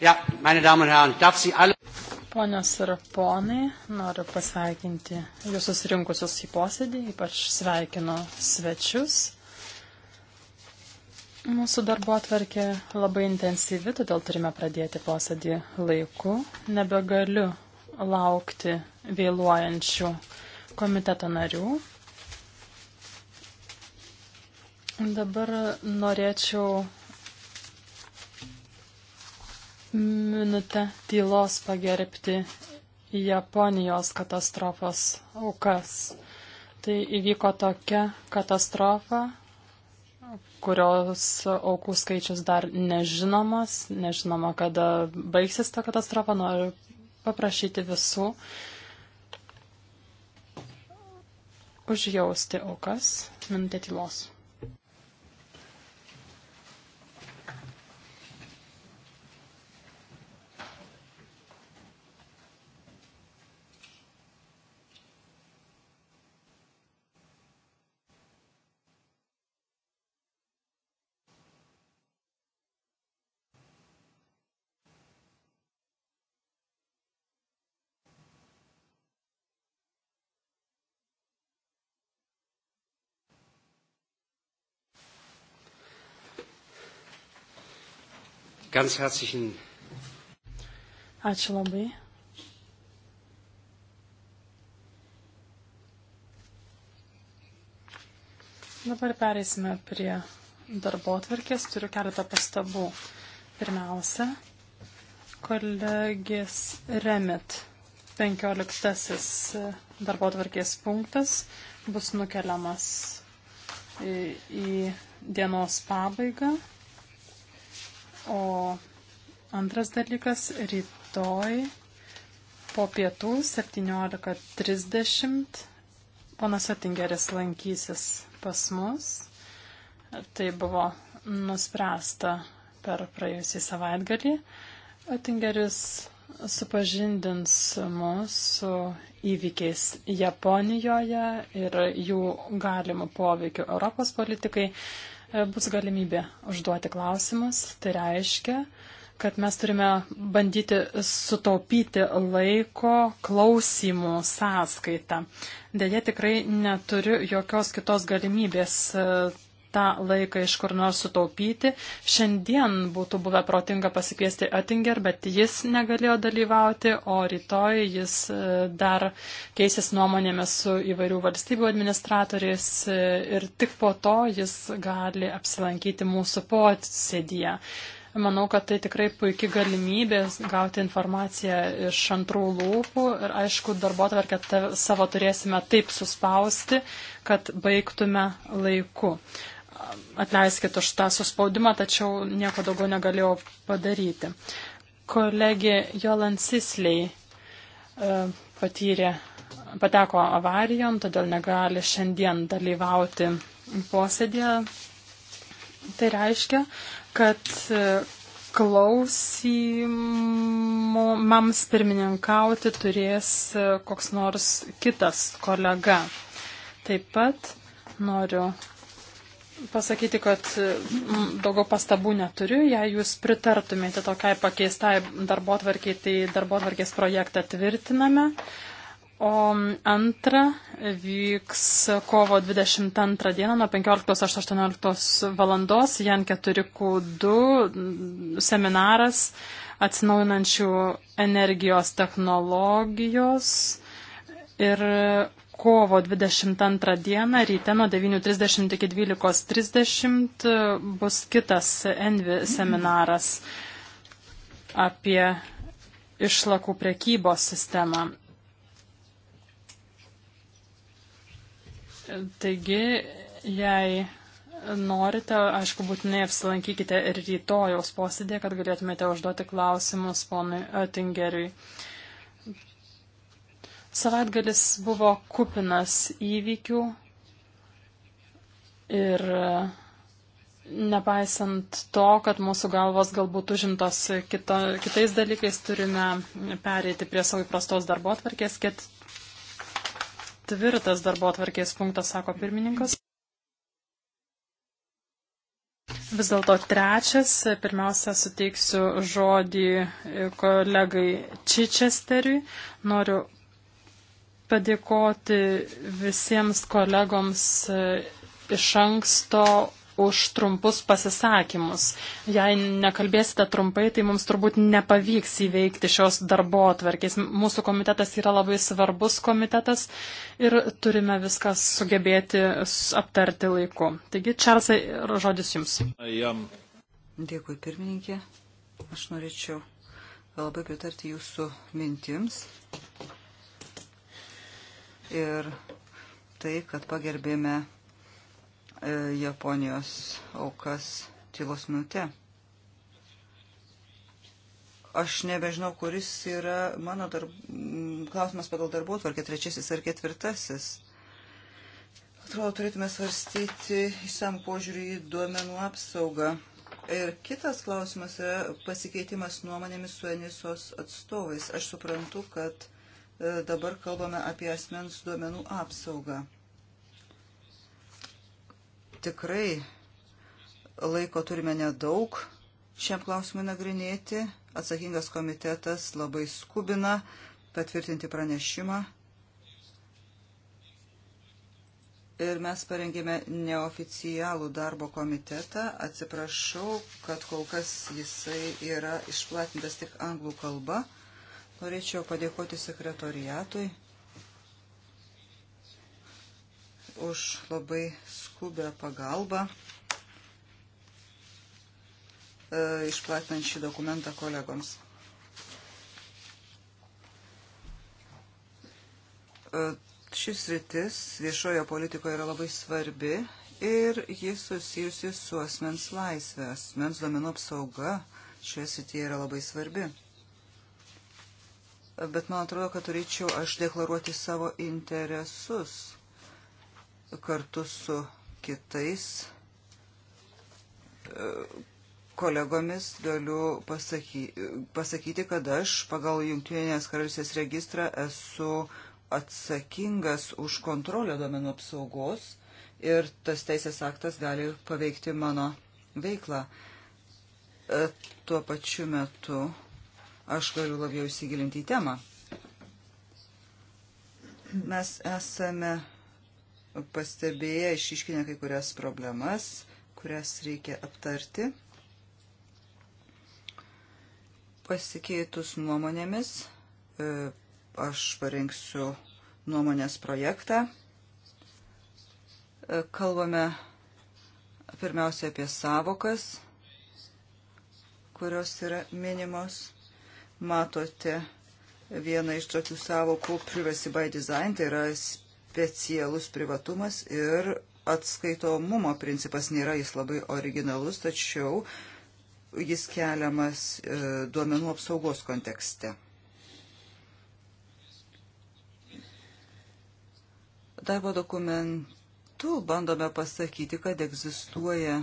Ja, meine Damen und Herren, darf Sie alle. Ponios ir ponai, noriu pasveikinti jūs susirinkusius į posėdį, ypač sveikinu svečius. Mūsų darbo atverkė labai intensyvi, todėl turime pradėti posėdį laiku. Nebegaliu laukti vėluojančių komiteto narių. Dabar norėčiau minutę tylos pagerbti Japonijos katastrofos aukas. Tai įvyko tokia katastrofa, kurios aukų skaičius dar nežinomas, nežinoma, kada baigsis ta katastrofa, noriu paprašyti visų užjausti aukas minutę tylos. Ganz herzlichen. Ačiū labai. Dabar pereisime prie darbo atvarkės. Turiu keletą pastabų. Pirmiausia, kolegės Remit 15 darbo atvarkės punktas bus nukeliamas į, į dienos pabaigą. O antras dalykas, rytoj po pietų 17.30 ponas Atingeris lankysis pas mus. Tai buvo nuspręsta per praėjusį savaitgalį. Atingeris supažindins mus su įvykiais Japonijoje ir jų galimu poveikiu Europos politikai. E, bus galimybė užduoti klausimus. Tai reiškia, kad mes turime bandyti sutaupyti laiko klausimų sąskaitą. Deja, tikrai neturiu jokios kitos galimybės e, tą laiką iš kur nors sutaupyti. Šiandien būtų buvę protinga pasikviesti Atinger, bet jis negalėjo dalyvauti, o rytoj jis e, dar keisės nuomonėmis su įvairių valstybių administratoriais e, ir tik po to jis gali apsilankyti mūsų posėdyje. Manau, kad tai tikrai puikia galimybė gauti informaciją iš antrų lūpų ir aišku, darbo atverkę savo turėsime taip suspausti, kad baigtume laiku. Atleiskit už tą suspaudimą, tačiau nieko daugiau negalėjau padaryti. Kolegė Jolan Sisliai e, patyrė, pateko avarijom, todėl negali šiandien dalyvauti posėdėje. Tai reiškia, kad e, klausimams pirmininkauti turės e, koks nors kitas kolega. Taip pat noriu pasakyti, kad mm, daugiau pastabų neturiu. Jei jūs pritartumėte tokiai pakeistai darbo tvarkiai, tai darbo tvarkės projektą tvirtiname. O mm, antra vyks kovo 22 dieną nuo 15.18 valandos Jan 4Q2 mm, seminaras atsinaujinančių energijos technologijos ir kovo 22 dieną ryte nuo 9.30 iki 12.30 bus kitas Envi seminaras apie išlakų prekybos sistemą. Taigi, jei norite, aišku, būtinai apsilankykite ir rytojaus posėdėje, kad galėtumėte užduoti klausimus ponui Oettingeriui. Uh, Savatgalis buvo kupinas įvykių ir e, nepaisant to, kad mūsų galvos galbūt užimtos kita, kitais dalykais, turime pereiti prie savo įprastos darbo atvarkės. Ketvirtas darbo atvarkės punktas, sako pirmininkas. Vis dėlto trečias, pirmiausia, suteiksiu žodį kolegai Čičesteriui. Noriu padėkoti visiems kolegoms e, iš anksto už trumpus pasisakymus. Jei nekalbėsite trumpai, tai mums turbūt nepavyks įveikti šios darbo atverkės. Mūsų komitetas yra labai svarbus komitetas ir turime viską sugebėti aptarti laiku. Taigi, Čarlzai, žodis Jums. Dėkui, pirmininkė. Aš norėčiau labai pritarti Jūsų mintims ir tai, kad pagerbėme e, Japonijos aukas tylos minutė. Aš nebežinau, kuris yra mano darb... klausimas pagal darbo tvarkė, trečiasis ar ketvirtasis. Atrodo, turėtume svarstyti įsam požiūrį į duomenų apsaugą. Ir kitas klausimas yra pasikeitimas nuomonėmis su Enisos atstovais. Aš suprantu, kad E, dabar kalbame apie asmens duomenų apsaugą. Tikrai laiko turime nedaug šiam klausimui nagrinėti. Atsakingas komitetas labai skubina patvirtinti pranešimą. Ir mes parengėme neoficialų darbo komitetą. Atsiprašau, kad kol kas jisai yra išplatintas tik anglų kalba norėčiau padėkoti sekretoriatui už labai skubę pagalbą e, išplatinant šį dokumentą kolegoms. E, šis rytis viešojo politikoje yra labai svarbi ir jis susijusi su asmens laisvė. Asmens domenų apsauga šioje srityje yra labai svarbi bet man atrodo, kad turėčiau aš deklaruoti savo interesus kartu su kitais e, kolegomis galiu pasaky, pasakyti, kad aš pagal Junktinės karalystės registrą esu atsakingas už kontrolę domenų apsaugos ir tas teisės aktas gali paveikti mano veiklą. E, tuo pačiu metu aš galiu labiau įsigilinti į temą. Mes esame pastebėję, išiškinę kai kurias problemas, kurias reikia aptarti. Pasikeitus nuomonėmis, e, aš parengsiu nuomonės projektą. E, kalbame pirmiausia apie savokas, kurios yra minimos matote vieną iš tokių savokų privacy by design, tai yra specialus privatumas ir atskaitomumo principas nėra jis labai originalus, tačiau jis keliamas e, duomenų apsaugos kontekste. Darbo dokumentu bandome pasakyti, kad egzistuoja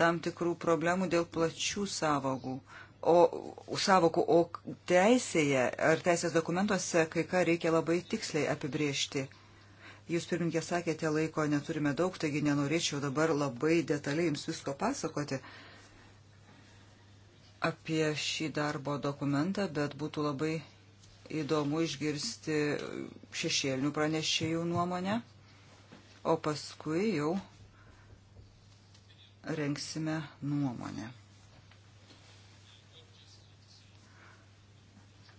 tam tikrų problemų dėl plačių savogų o savokų, o teisėje ar teisės dokumentuose kai ką reikia labai tiksliai apibriežti. Jūs pirmininkė sakėte, laiko neturime daug, taigi nenorėčiau dabar labai detaliai jums visko pasakoti apie šį darbo dokumentą, bet būtų labai įdomu išgirsti šešėlinių pranešėjų nuomonę, o paskui jau rengsime nuomonę.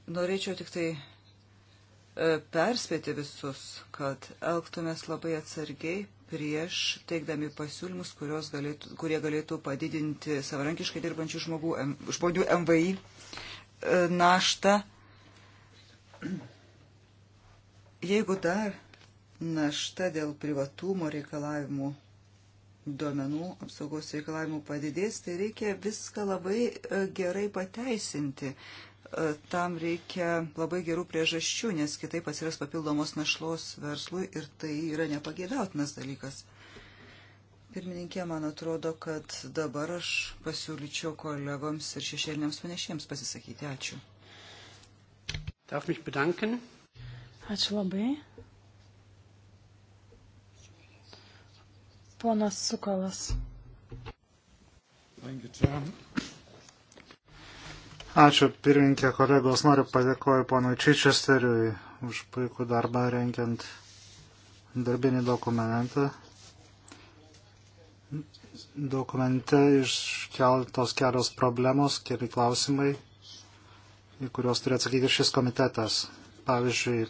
Norėčiau tik tai e, perspėti visus, kad elgtumės labai atsargiai prieš teikdami pasiūlymus, galėtų, kurie galėtų padidinti savarankiškai dirbančių žmogų, žmonių MVI e, naštą. Jeigu dar našta dėl privatumo reikalavimų, duomenų apsaugos reikalavimų padidės, tai reikia viską labai e, gerai pateisinti. E, tam reikia labai gerų priežasčių, nes kitaip atsiras papildomos našlos verslui ir tai yra nepageidautinas dalykas. Pirmininkė, man atrodo, kad dabar aš pasiūlyčiau kolegoms ir šešėliniams panešėjams pasisakyti. Ačiū. Darf mich bedanken. Ačiū labai. Ponas Sukalas. Thank you, Chair. Ačiū pirmininkė kolegos, noriu padėkoju ponui Čičesteriui už puikų darbą renkiant darbinį dokumentą. Dokumente iškeltos kelios problemos, keli klausimai, į kuriuos turi atsakyti šis komitetas. Pavyzdžiui,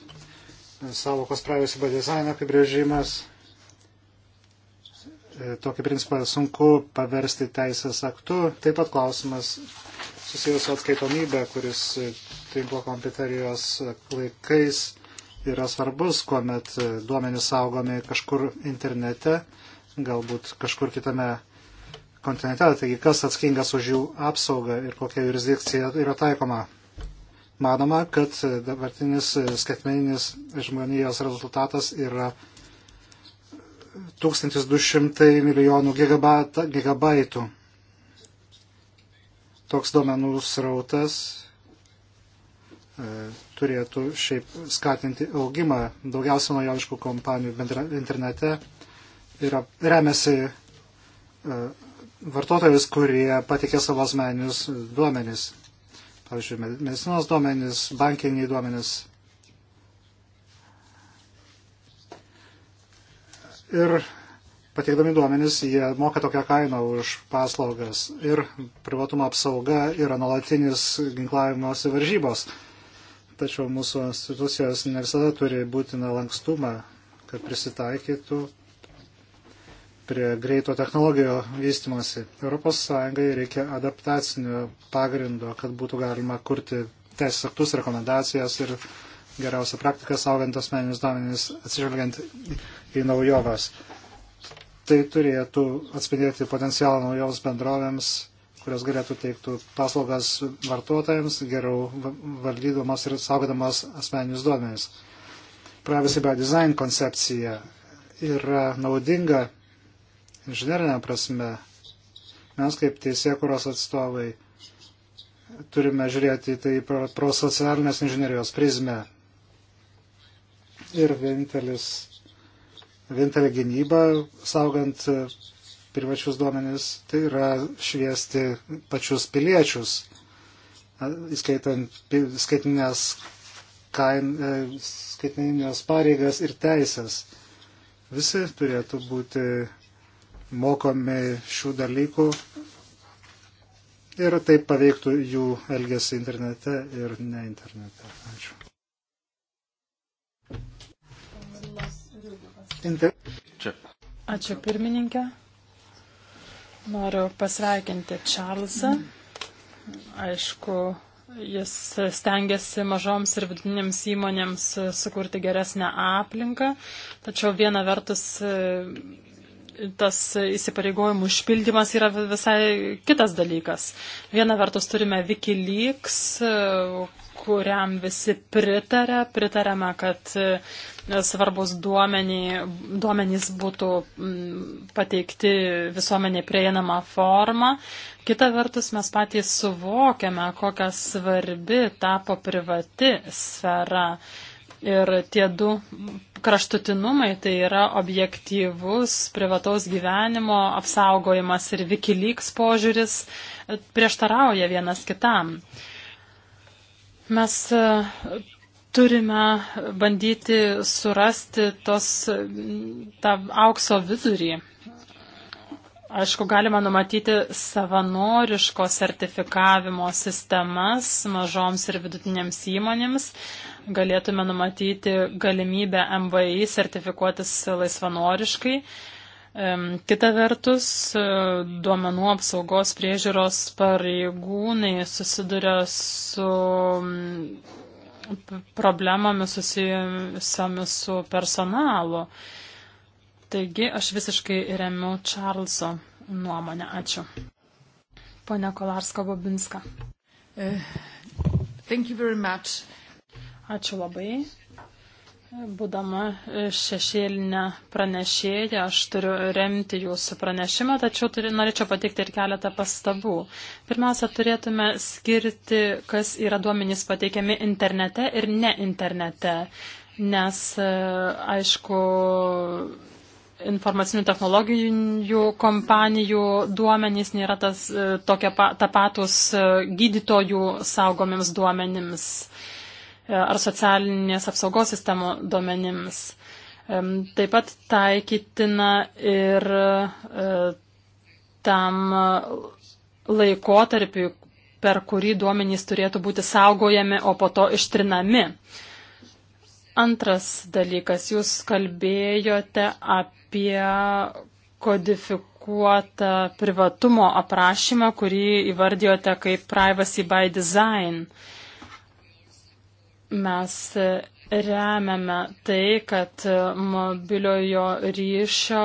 savokos privacy by design apibrėžimas. E, tokį principą sunku paversti teisės aktu. Taip pat klausimas susijęs su atskaitomybė, kuris e, tinklo kompiuterijos laikais yra svarbus, kuomet e, duomenys saugomi kažkur internete, galbūt kažkur kitame kontinente. Taigi, kas atsakingas už jų apsaugą ir kokia jurisdikcija yra taikoma? Manoma, kad dabartinis skaitmeninis žmonijos rezultatas yra 1200 milijonų gigabaitų toks duomenų srautas e, turėtų šiaip skatinti augimą. Daugiausia naujoviškų kompanijų internete yra, remiasi e, vartotojus, kurie patikė savo asmeninius duomenys. Pavyzdžiui, medicinos duomenys, bankiniai duomenys. Ir pateikdami duomenis, jie moka tokią kainą už paslaugas. Ir privatumo apsauga yra nuolatinis ginklavimosi varžybos. Tačiau mūsų institucijos ne visada turi būtiną lankstumą, kad prisitaikytų prie greito technologijų vystimosi. ES reikia adaptacinio pagrindo, kad būtų galima kurti teisės aktus, rekomendacijas ir geriausią praktiką saugant asmeninius duomenys atsižvelgiant į naujoves tai turėtų atspindėti potencialą naujoms bendrovėms, kurios galėtų teiktų paslaugas vartotojams, geriau valdydamas ir saugodamas asmeninius duomenys. Privacy by design koncepcija yra naudinga inžinerinė prasme. Mes kaip teisėkuros atstovai turime žiūrėti tai pro socialinės inžinerijos prizmę. Ir vienintelis vienintelė gynyba, saugant e, privačius duomenis, tai yra šviesti pačius piliečius, įskaitant skaitinės, kain, e, skaitinės pareigas ir teisės. Visi turėtų būti mokomi šių dalykų ir taip paveiktų jų elgesį internete ir ne internete. Ačiū. Inter... Čia. Ačiū pirmininkė. Noriu pasveikinti Čarlzą. Aišku, jis stengiasi mažoms ir vidutinėms įmonėms sukurti geresnę aplinką, tačiau viena vertus e, tas įsipareigojimų išpildymas yra visai kitas dalykas. Viena vertus turime Wikileaks, kuriam visi pritarė. Pritarėme, kad e, svarbus duomenį, duomenys būtų pateikti visuomenė prieinama forma. Kita vertus, mes patys suvokiame, kokia svarbi tapo privati sfera. Ir tie du kraštutinumai tai yra objektyvus privataus gyvenimo apsaugojimas ir Wikileaks požiūris e, prieštarauja vienas kitam. Uh, Mes e, turime bandyti surasti tos, tą aukso vidurį. Aišku, galima numatyti savanoriško sertifikavimo sistemas mažoms ir vidutinėms įmonėms. Galėtume numatyti galimybę MVI sertifikuotis laisvanoriškai. Uh, Kita vertus, e, duomenų apsaugos priežiūros pareigūnai susiduria su problemomis susijusiamis su personalu. Taigi aš visiškai remiu Čarlzo nuomonę. Ačiū. Pone Kolarska Bobinska. Eh, Ačiū labai. Būdama e, šešėlinė pranešėja, aš turiu remti jūsų pranešimą, tačiau turi, norėčiau pateikti ir keletą pastabų. Pirmiausia, turėtume skirti, kas yra duomenys pateikiami internete ir ne internete, nes, e, aišku, informacinių technologijų kompanijų duomenys nėra tas, e, tokia, tapatus gydytojų saugomiems duomenims. E, ar socialinės apsaugos sistemų duomenims. E, taip pat taikytina ir e, tam laikotarpiu, per kurį duomenys turėtų būti saugojami, o po to ištrinami. Antras dalykas, jūs kalbėjote apie kodifikuotą privatumo aprašymą, kurį įvardijote kaip privacy by design. Uh, Mes remiame tai, kad mobiliojo ryšio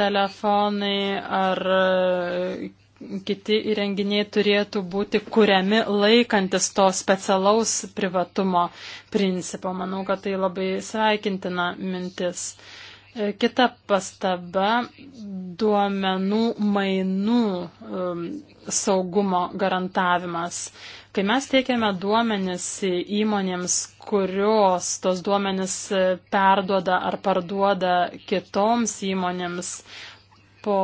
telefonai ar e, kiti įrenginiai turėtų būti kuriami laikantis to specialaus privatumo principo. Manau, kad tai labai sveikintina mintis. E, kita pastaba - duomenų mainų um, saugumo garantavimas. Uh, Kai mes teikiame duomenis įmonėms, kurios tos duomenis e, perduoda ar parduoda kitoms įmonėms, po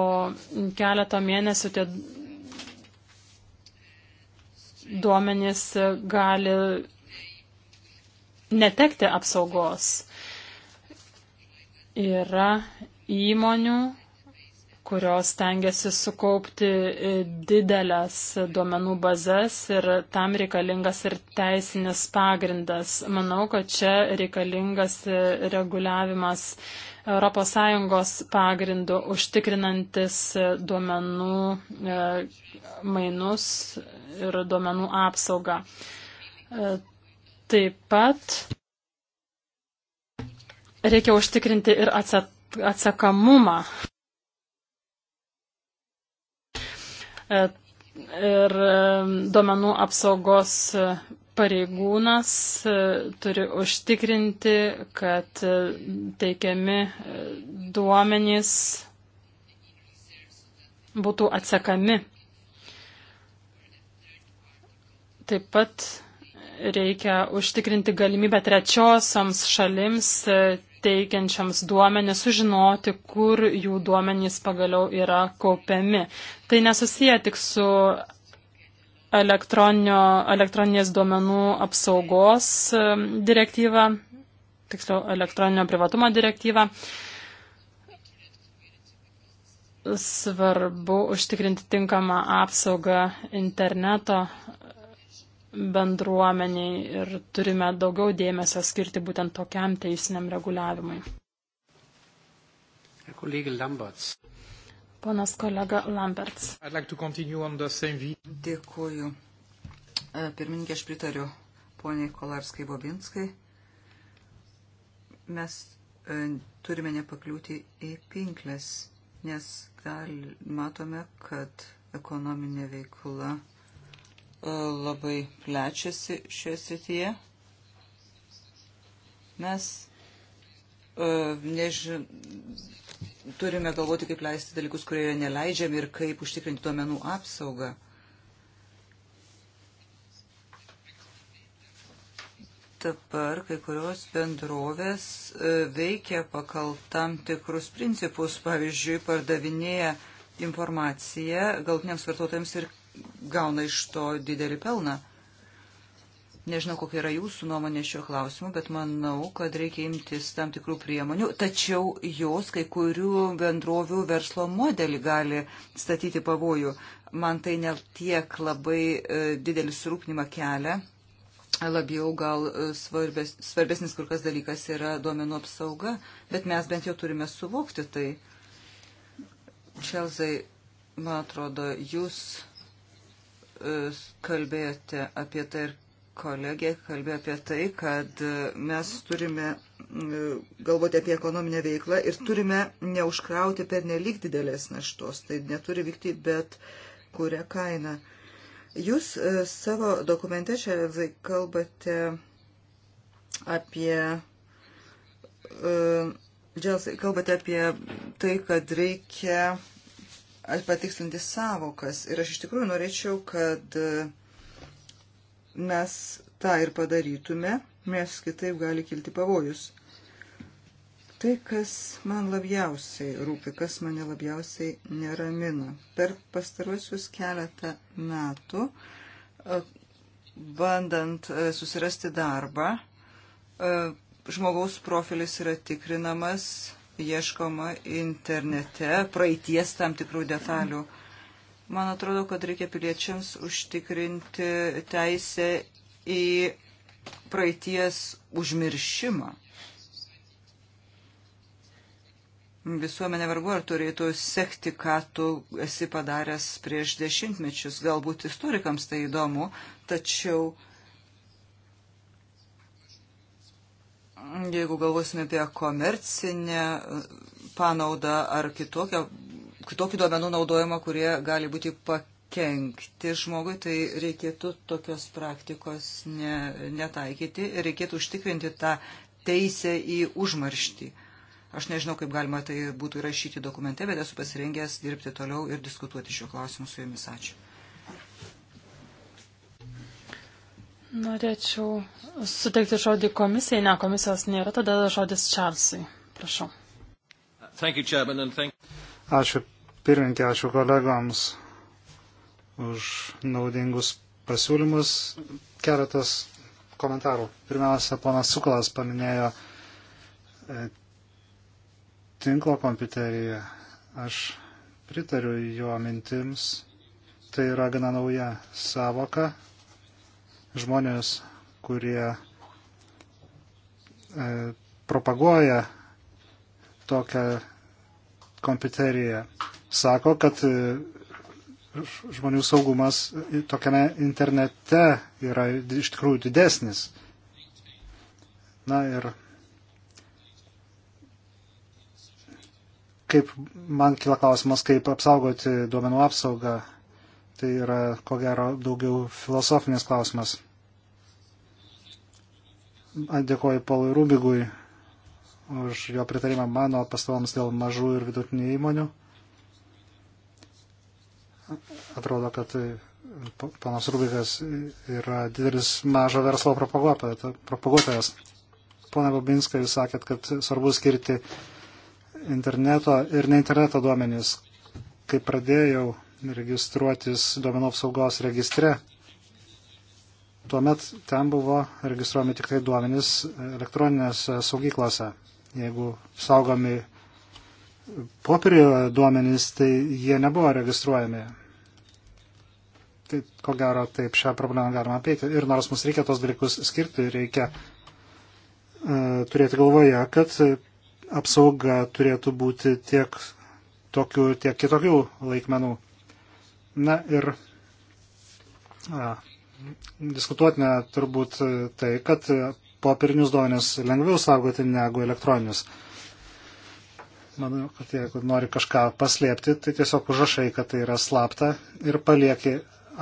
keleto mėnesių tie duomenys e, gali netekti apsaugos. Yra įmonių, kurios tengiasi sukaupti e, didelės duomenų bazės ir tam reikalingas ir teisinis pagrindas. Manau, kad čia reikalingas e, reguliavimas ES pagrindu užtikrinantis e, duomenų mainus ir duomenų apsaugą. Taip pat reikia užtikrinti ir atsakomumą. E, ir e, duomenų apsaugos pareigūnas e, turi užtikrinti, kad teikiami duomenys būtų atsekami. Taip pat reikia užtikrinti galimybę trečiosiams šalims teikiančiams duomenys sužinoti, kur jų duomenys pagaliau yra kaupiami. Tai nesusiję tik su elektroninės duomenų apsaugos direktyva, tiksliau elektroninio privatumo direktyva. Svarbu užtikrinti tinkamą apsaugą interneto bendruomeniai ir turime daugiau dėmesio skirti būtent tokiam teisiniam reguliavimui. Ponas kolega Lamberts. Like Dėkuoju. E, pirmininkė, aš pritariu poniai Kolarskai Bobinskai. Mes e, turime nepakliūti į pinklės, nes gal matome, kad ekonominė veikla labai plečiasi šioje srityje. Mes e, nežin, turime galvoti, kaip leisti dalykus, kurie yra neleidžiami ir kaip užtikrinti duomenų apsaugą. dabar kai kurios bendrovės e, veikia pakal tam tikrus principus, pavyzdžiui, pardavinėja informaciją galtiniams vartotojams ir gauna iš to didelį pelną. Nežinau, kokia yra jūsų nuomonė šiuo klausimu, bet manau, kad reikia imtis tam tikrų priemonių. Tačiau jos kai kurių bendrovių verslo modelį gali statyti pavojų. Man tai net tiek labai e, didelis rūpnimą kelia. Labiau gal e, svarbes, svarbesnis kur kas dalykas yra duomenų apsauga, bet mes bent jau turime suvokti tai. Čelzai, man atrodo, jūs E, kalbėjote apie tai ir kolegė kalbėjo apie tai, kad e, mes turime e, galvoti apie ekonominę veiklą ir turime neužkrauti per nelik didelės naštos. Tai neturi vykti, bet kuria kaina. Jūs savo dokumente šiandien tai kalbate apie. Dželsai, kalbate apie tai, kad reikia patikslinti savokas. Ir aš iš tikrųjų norėčiau, kad e, mes tą ir padarytume, nes kitaip gali kilti pavojus. Tai, kas man labiausiai rūpi, kas mane labiausiai neramina. Per pastaruosius keletą metų, e, bandant e, susirasti darbą, žmogaus profilis yra tikrinamas ieškoma internete praeities tam tikrų detalių. Man atrodo, kad reikia piliečiams užtikrinti teisę į praeities užmiršimą. Visuomenė vargu ar turėtų sekti, ką tu esi padaręs prieš dešimtmečius. Galbūt istorikams tai įdomu, tačiau jeigu galvosime apie komercinę e, panaudą ar kitokią, kitokį duomenų naudojimą, kurie gali būti pakenkti žmogui, tai reikėtų tokios praktikos ne, netaikyti ir reikėtų užtikrinti tą teisę į užmarštį. Aš nežinau, kaip galima tai būtų įrašyti dokumente, bet esu pasirengęs dirbti toliau ir diskutuoti šiuo klausimu su jumis. Ačiū. Norėčiau suteikti žodį komisijai, ne komisijos nėra, tada žodis Čarlzui. Prašau. Ačiū pirmininkė, ačiū kolegoms už naudingus pasiūlymus. Keletas komentarų. Pirmiausia, ponas Sukalas paminėjo e, tinklo kompiuterį. Aš pritariu jo mintims. Tai yra gana nauja savoka, žmonės, kurie e, propaguoja tokią kompiuteriją, sako, kad e, žmonių saugumas tokiame internete yra iš tikrųjų didesnis. Na ir kaip man kila klausimas, kaip apsaugoti duomenų apsaugą, tai yra ko gero daugiau filosofinės klausimas dėkoju Paului Rubigui už jo pritarimą mano pastovams dėl mažų ir vidutinių įmonių. Atrodo, kad e, panas Rubikas yra didelis mažo verslo propaguotojas. Pone Babinska, jūs sakėt, kad svarbu skirti interneto ir ne interneto duomenys. Kai pradėjau registruotis duomenų apsaugos registre, tuomet ten buvo registruojami tik tai duomenys elektroninėse saugyklose. Jeigu saugomi popierio duomenys, tai jie nebuvo registruojami. Tai ko gero taip šią problemą galima apeiti. Ir nors mums reikia tos dalykus skirti, reikia uh, turėti galvoje, kad apsauga turėtų būti tiek tokių, tiek kitokių laikmenų. Na ir a, diskutuotina turbūt tai, kad popierinius duomenis lengviau saugoti negu elektroninius. Manau, kad jeigu nori kažką paslėpti, tai tiesiog užrašai, kad tai yra slapta ir palieki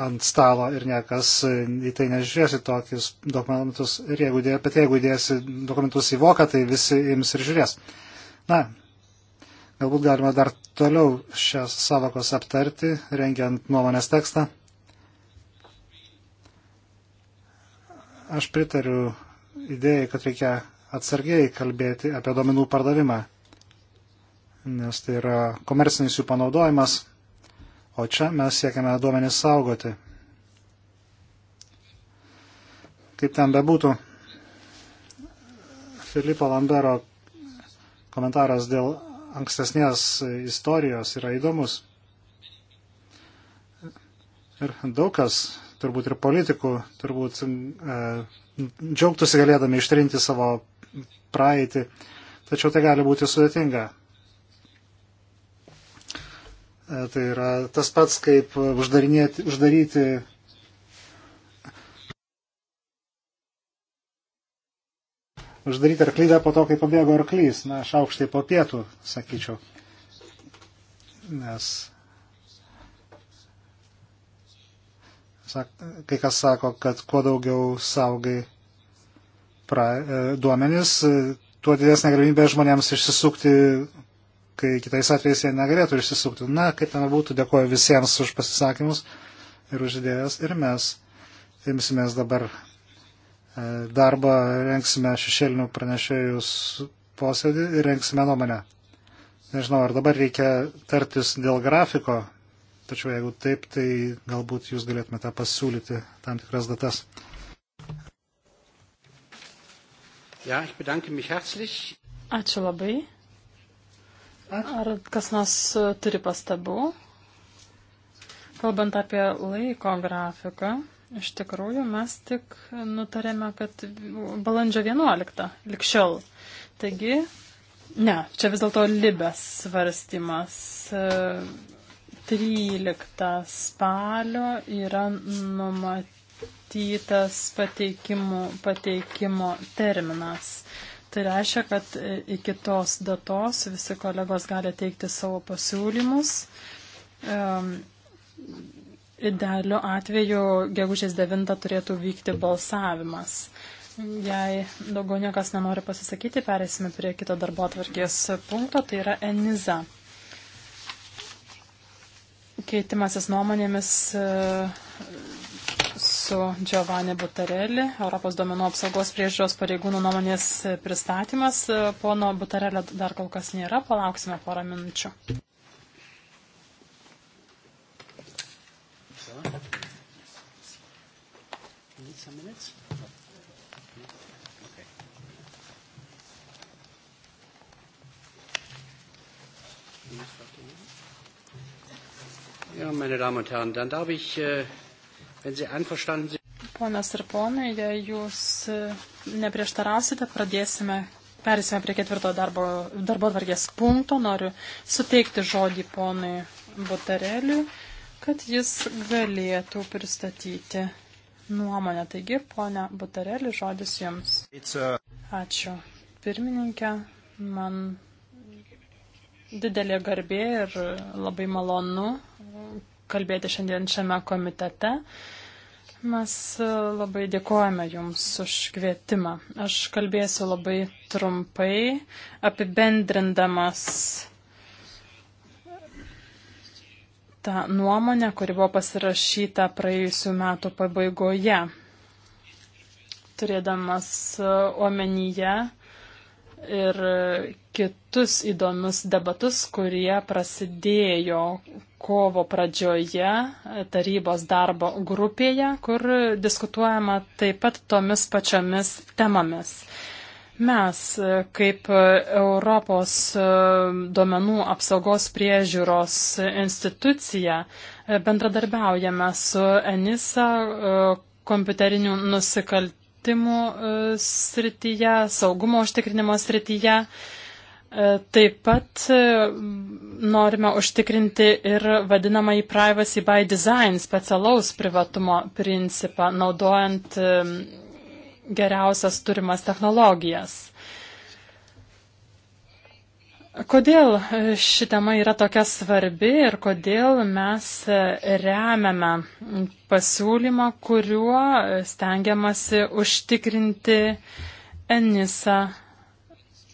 ant stalo ir niekas į tai nežiūrėsi tokius dokumentus. Ir jeigu, dė, bet jeigu dėsi dokumentus į voką, tai visi ims ir žiūrės. Na, galbūt galima dar toliau šias savakos aptarti, rengiant nuomonės tekstą. Aš pritariu idėjai, kad reikia atsargiai kalbėti apie domenų pardavimą, nes tai yra komercinis jų panaudojimas, o čia mes siekiame duomenis saugoti. Kaip ten bebūtų, Filipo Lambero komentaras dėl ankstesnės istorijos yra įdomus. Ir daug kas turbūt ir politikų, turbūt e, džiaugtųsi galėdami ištrinti savo praeitį, tačiau tai gali būti sudėtinga. E, tai yra tas pats, kaip uždaryti uždaryti arklydę po to, kai pabėgo arklys, na, šaukštai po pietų, sakyčiau. Nes kai kas sako, kad kuo daugiau saugai pra, e, duomenis, e, tuo didesnė galimybė žmonėms išsisukti, kai kitais atvejais jie negalėtų išsisukti. Na, kaip ten būtų, dėkuoju visiems už pasisakymus ir už idėjas. Ir mes imsimės dabar e, darbą, renksime šešėlinių pranešėjus posėdį ir renksime nuomonę. Nežinau, ar dabar reikia tartis dėl grafiko, Tačiau jeigu taip, tai galbūt jūs galėtumėte pasiūlyti tam tikras datas. Ja, ich bedanke mich herzlich. Ačiū labai. Ar kas nors e, turi pastabų? Kalbant apie laiko grafiką, iš tikrųjų mes tik nutarėme, kad balandžio 11 likščiau. Taigi, ne, čia vis dėlto libės svarstymas. E, 13 spalio yra numatytas pateikimo, pateikimo terminas. Tai reiškia, kad e, iki tos datos visi kolegos gali teikti savo pasiūlymus. Idealiu atveju gegužės 9 turėtų vykti balsavimas. Jei daugiau niekas nenori pasisakyti, perėsime prie kito darbo atvarkės punkto, tai yra ENIZA keitimasis nuomonėmis e, su Giovanni Butarelli, Europos duomenų apsaugos priežiūros pareigūnų nuomonės pristatymas. E, pono Butarelio dar kol kas nėra, palauksime porą minučių. Ja, meine Damen und Herren, dann darf ich, äh, wenn Sie einverstanden sind. Ponas ir ponai, jei jūs äh, neprieštarausite, pradėsime, perėsime prie ketvirto darbo, darbo tvarkės punkto. Noriu suteikti žodį ponui Butareliui, kad jis galėtų pristatyti nuomonę. Taigi, ponia Butarelį, žodis jums. A... Uh, Ačiū. Pirmininkė, man didelė garbė ir labai malonu e, kalbėti šiandien šiame komitete. Mes e, labai dėkojame Jums už kvietimą. Aš kalbėsiu labai trumpai, apibendrindamas e, tą nuomonę, kuri buvo pasirašyta praėjusių metų pabaigoje, turėdamas omenyje, ir kitus įdomius debatus, kurie prasidėjo kovo pradžioje tarybos darbo grupėje, kur diskutuojama taip pat tomis pačiomis temomis. Mes, kaip Europos duomenų apsaugos priežiūros institucija, bendradarbiaujame su ENISA kompiuterinių nusikaltimų vertimų e, srityje, saugumo užtikrinimo srityje. E, taip pat e, norime užtikrinti ir vadinamąjį privacy by design, specialaus privatumo principą, naudojant geriausias turimas technologijas. Kodėl e, ši tema yra tokia svarbi ir kodėl mes e, remiame pasiūlymą, kuriuo e, stengiamasi užtikrinti Enisa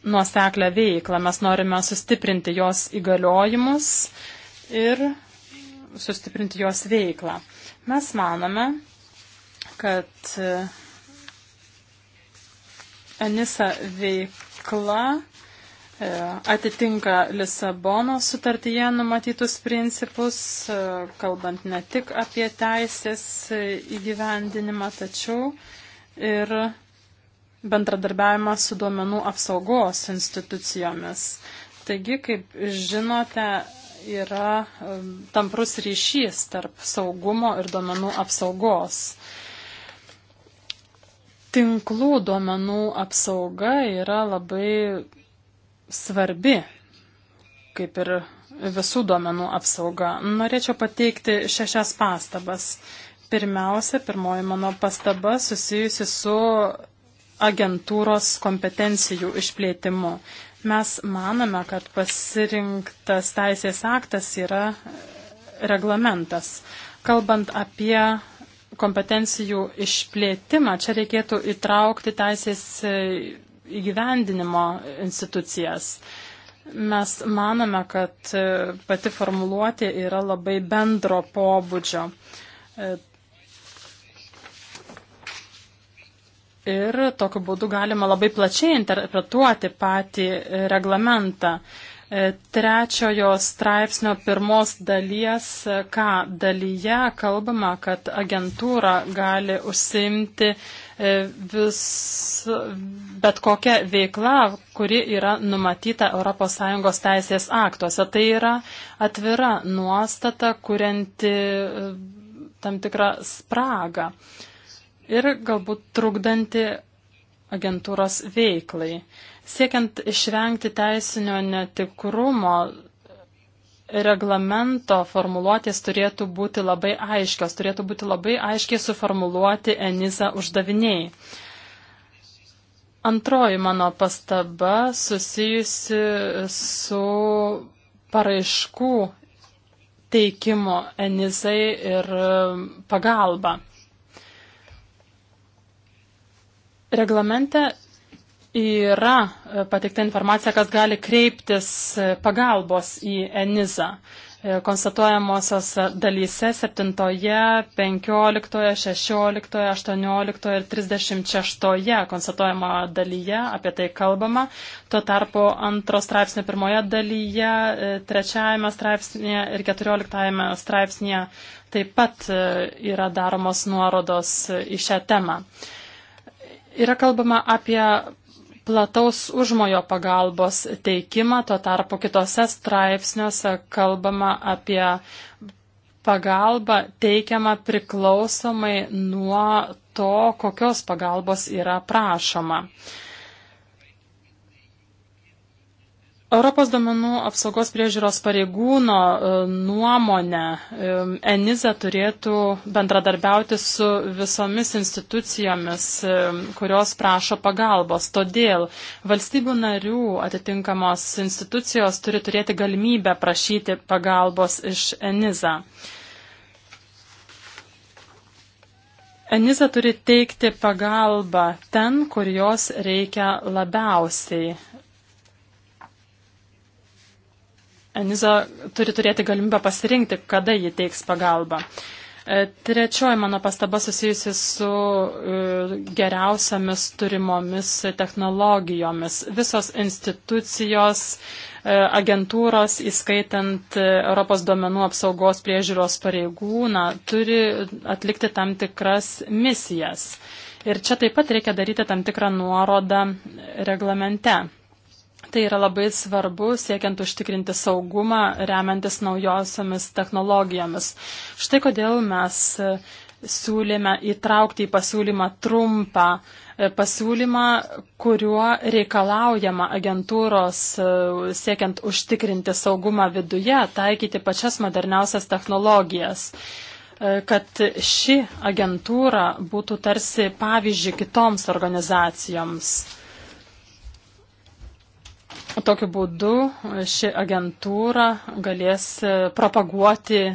nuoseklę veiklą. Mes norime sustiprinti jos įgaliojimus ir sustiprinti jos veiklą. Mes manome, kad Enisa veikla E, atitinka Lisabono sutartyje numatytus principus, e, kalbant ne tik apie teisės įgyvendinimą, tačiau ir bendradarbiavimą su duomenų apsaugos institucijomis. Taigi, kaip žinote, yra e, tamprus ryšys tarp saugumo ir duomenų apsaugos. Tinklų duomenų apsauga yra labai svarbi, kaip ir visų duomenų apsauga. Norėčiau pateikti šešias pastabas. Pirmiausia, pirmoji mano pastaba susijusi su agentūros kompetencijų išplėtimu. Mes manome, kad pasirinktas teisės aktas yra reglamentas. Kalbant apie kompetencijų išplėtimą, čia reikėtų įtraukti teisės įgyvendinimo institucijas. Mes manome, kad e, pati formuluotė yra labai bendro pobūdžio. E, ir tokiu būdu galima labai plačiai interpretuoti patį e, reglamentą. Trečiojo straipsnio pirmos dalies, ką dalyje kalbama, kad agentūra gali užsimti E, vis, bet kokia veikla, kuri yra numatyta ES teisės aktuose. Tai yra atvira nuostata, kurianti e, tam tikrą spragą ir galbūt trukdanti agentūros veiklai. Siekiant išvengti teisinio netikrumo, reglamento formuluotės turėtų būti labai aiškios, turėtų būti labai aiškiai suformuluoti Enisa uždaviniai. Antroji mano pastaba susijusi su paraiškų teikimo Enizai ir um, pagalba. Reglamente yra e, pateikta informacija, kas gali kreiptis e, pagalbos į Enizą. E, konstatuojamosios dalyse 7, 15, 16, 18 ir 36 konstatuojama dalyje apie tai kalbama. Tuo tarpu antro straipsnio pirmoje dalyje, trečiajame straipsnėje ir keturioliktajame straipsnėje taip pat yra daromos nuorodos į šią temą. Yra kalbama apie plataus užmojo pagalbos teikimą, tuo tarpu kitose straipsniuose kalbama apie pagalbą teikiamą priklausomai nuo to, kokios pagalbos yra prašoma. Europos domenų apsaugos priežiūros pareigūno e, nuomonė e, Eniza turėtų bendradarbiauti su visomis institucijomis, e, kurios prašo pagalbos. Todėl valstybių narių atitinkamos institucijos turi turėti galimybę prašyti pagalbos iš Eniza. Eniza turi teikti pagalbą ten, kur jos reikia labiausiai Eniza turi turėti galimybę pasirinkti, kada ji teiks pagalbą. E, trečioji mano pastaba susijusi su e, geriausiamis turimomis technologijomis. Visos institucijos, e, agentūros, įskaitant Europos duomenų apsaugos priežiūros pareigūną, turi atlikti tam tikras misijas. Ir čia taip pat reikia daryti tam tikrą nuorodą reglamente. Tai yra labai svarbu siekiant užtikrinti saugumą remiantis naujosiamis technologijomis. Štai kodėl mes e, siūlėme įtraukti į pasiūlymą trumpą e, pasiūlymą, kuriuo reikalaujama agentūros e, siekiant užtikrinti saugumą viduje, taikyti pačias moderniausias technologijas kad ši agentūra būtų tarsi pavyzdžiui kitoms organizacijoms. Tokiu būdu ši agentūra galės e, propaguoti e,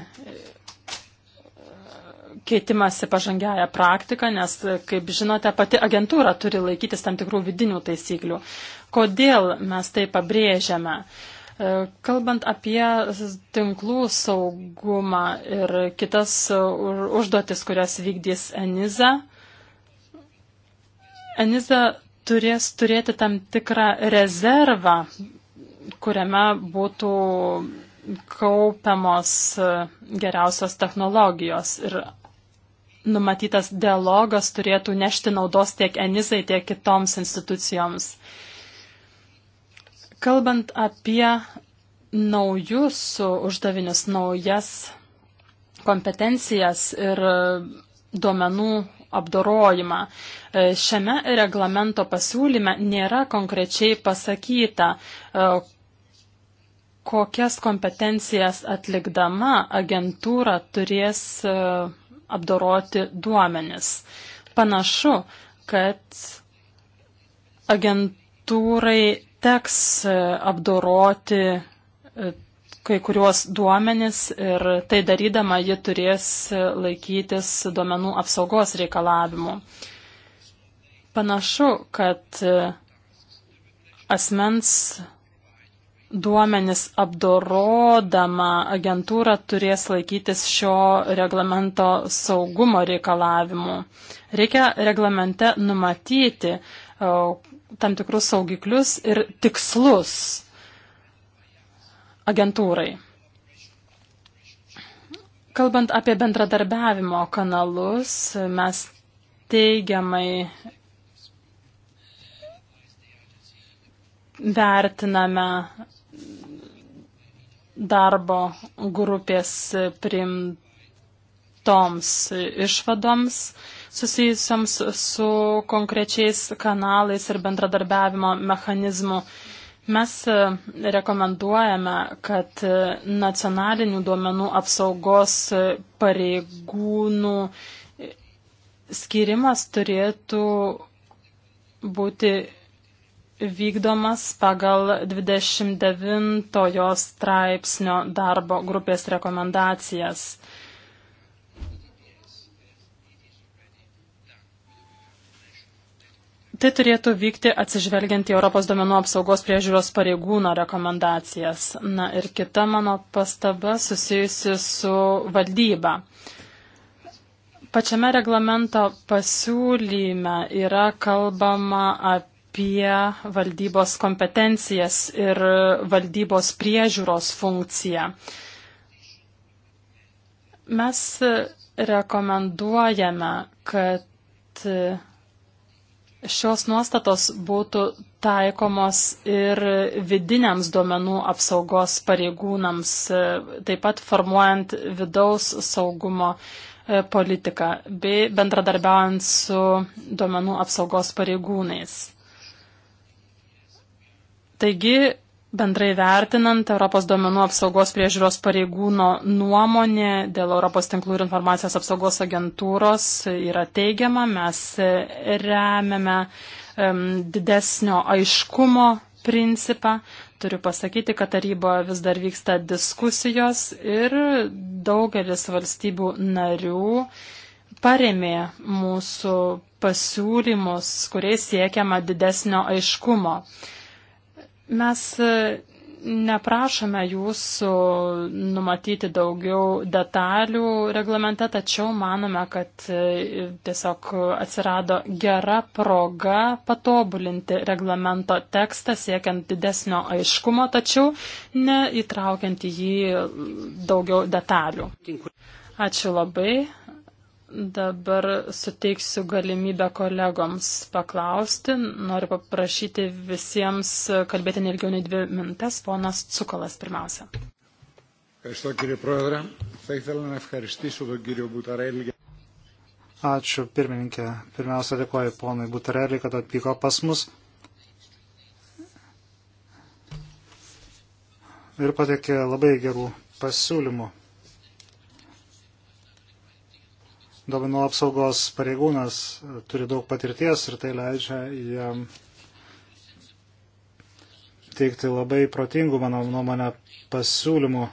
keitimąsi pažangiają praktiką, nes, e, kaip žinote, pati agentūra turi laikytis tam tikrų vidinių taisyklių. Kodėl mes tai pabrėžiame? Kalbant apie tinklų saugumą ir kitas užduotis, kurias vykdys Eniza, Eniza turės turėti tam tikrą rezervą, kuriame būtų kaupiamos e, geriausios technologijos ir numatytas dialogas turėtų nešti naudos tiek Enizai, tiek kitoms institucijoms. Kalbant apie naujus uždavinius, naujas kompetencijas ir e, duomenų apdorojimą. E, šiame reglamento pasiūlyme nėra konkrečiai pasakyta, e, kokias kompetencijas atlikdama agentūra turės e, apdoroti duomenis. Panašu, kad agentūrai teks apdoroti kai kuriuos duomenis ir tai darydama ji turės laikytis duomenų apsaugos reikalavimų. Panašu, kad e, asmens duomenis apdorodama agentūra turės laikytis šio reglamento saugumo reikalavimų. Reikia reglamente numatyti e, tam tikrus saugiklius ir tikslus agentūrai. Kalbant apie bendradarbiavimo kanalus, mes teigiamai vertiname darbo grupės priimtoms išvadoms susijusiams su konkrečiais kanalais ir bendradarbiavimo mechanizmų uh, Mes e, rekomenduojame, kad e, nacionalinių duomenų apsaugos e, pareigūnų skirimas turėtų būti vykdomas pagal 29 straipsnio darbo grupės rekomendacijas. Tai turėtų vykti atsižvelgiant į Europos domenų apsaugos priežiūros pareigūno rekomendacijas. Na ir kita mano pastaba susijusi su valdyba. Pačiame reglamento pasiūlyme yra kalbama apie valdybos kompetencijas ir valdybos priežiūros funkciją. Mes rekomenduojame, kad Šios nuostatos būtų taikomos ir vidiniams duomenų apsaugos pareigūnams, e, taip pat formuojant vidaus saugumo e, politiką bei bendradarbiaujant su duomenų apsaugos pareigūnais. Taigi Bendrai vertinant, Europos duomenų apsaugos priežiūros pareigūno nuomonė dėl Europos tinklų ir informacijos apsaugos agentūros yra teigiama. Mes remiame um, didesnio aiškumo principą. Turiu pasakyti, kad taryboje vis dar vyksta diskusijos ir daugelis valstybių narių paremė mūsų pasiūlymus, kuriais siekiama didesnio aiškumo. Mes e, neprašome jūsų numatyti daugiau detalių reglamente, tačiau manome, kad e, tiesiog atsirado gera proga patobulinti reglamento tekstą, siekiant didesnio aiškumo, tačiau neįtraukiant į jį daugiau detalių. Ačiū labai. Dabar suteiksiu galimybę kolegoms paklausti. Noriu paprašyti visiems kalbėti nelgiau nei dvi mintes. Ponas Cukolas pirmiausia. Ačiū pirmininkė. Pirmiausia, dėkoju ponui Butarelį, kad atvyko pas mus. Ir patekė labai gerų pasiūlymų. Duomenų apsaugos pareigūnas turi daug patirties ir tai leidžia jam teikti labai protingų, mano nuomonę, pasiūlymų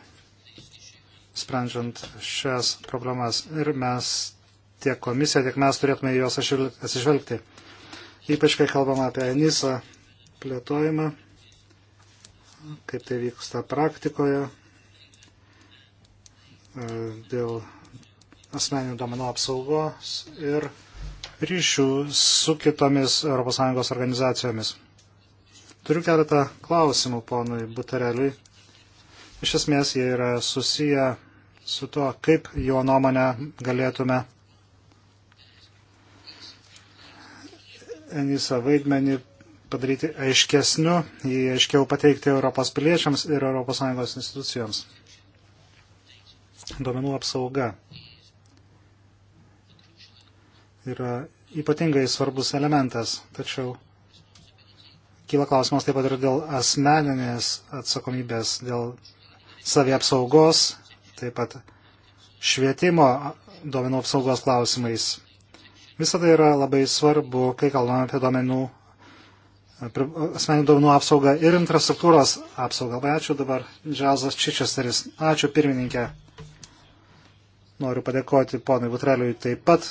sprendžiant šias problemas. Ir mes tiek komisija, tiek mes turėtume į juos atsižvelgti. Ypač kai kalbama apie Enisa plėtojimą, kaip tai vyksta praktikoje e, dėl asmeninių domenų apsaugos ir ryšių su kitomis ES organizacijomis. Turiu keletą klausimų ponui Butereliui. Iš esmės jie yra susiję su tuo, kaip jo nuomonę galėtume Enisa vaidmenį padaryti aiškesniu, jį aiškiau pateikti Europos piliečiams ir ES institucijoms. Duomenų apsauga yra ypatingai svarbus elementas. Tačiau kyla klausimas taip pat ir dėl asmeninės atsakomybės, dėl saviapsaugos, taip pat švietimo duomenų apsaugos klausimais. Visą tai yra labai svarbu, kai kalbame apie duomenų, asmeninių duomenų apsaugą ir infrastruktūros apsaugą. Labai ačiū dabar, Džiazas Čičesteris. Ačiū pirmininkė. Noriu padėkoti ponui Butreliui taip pat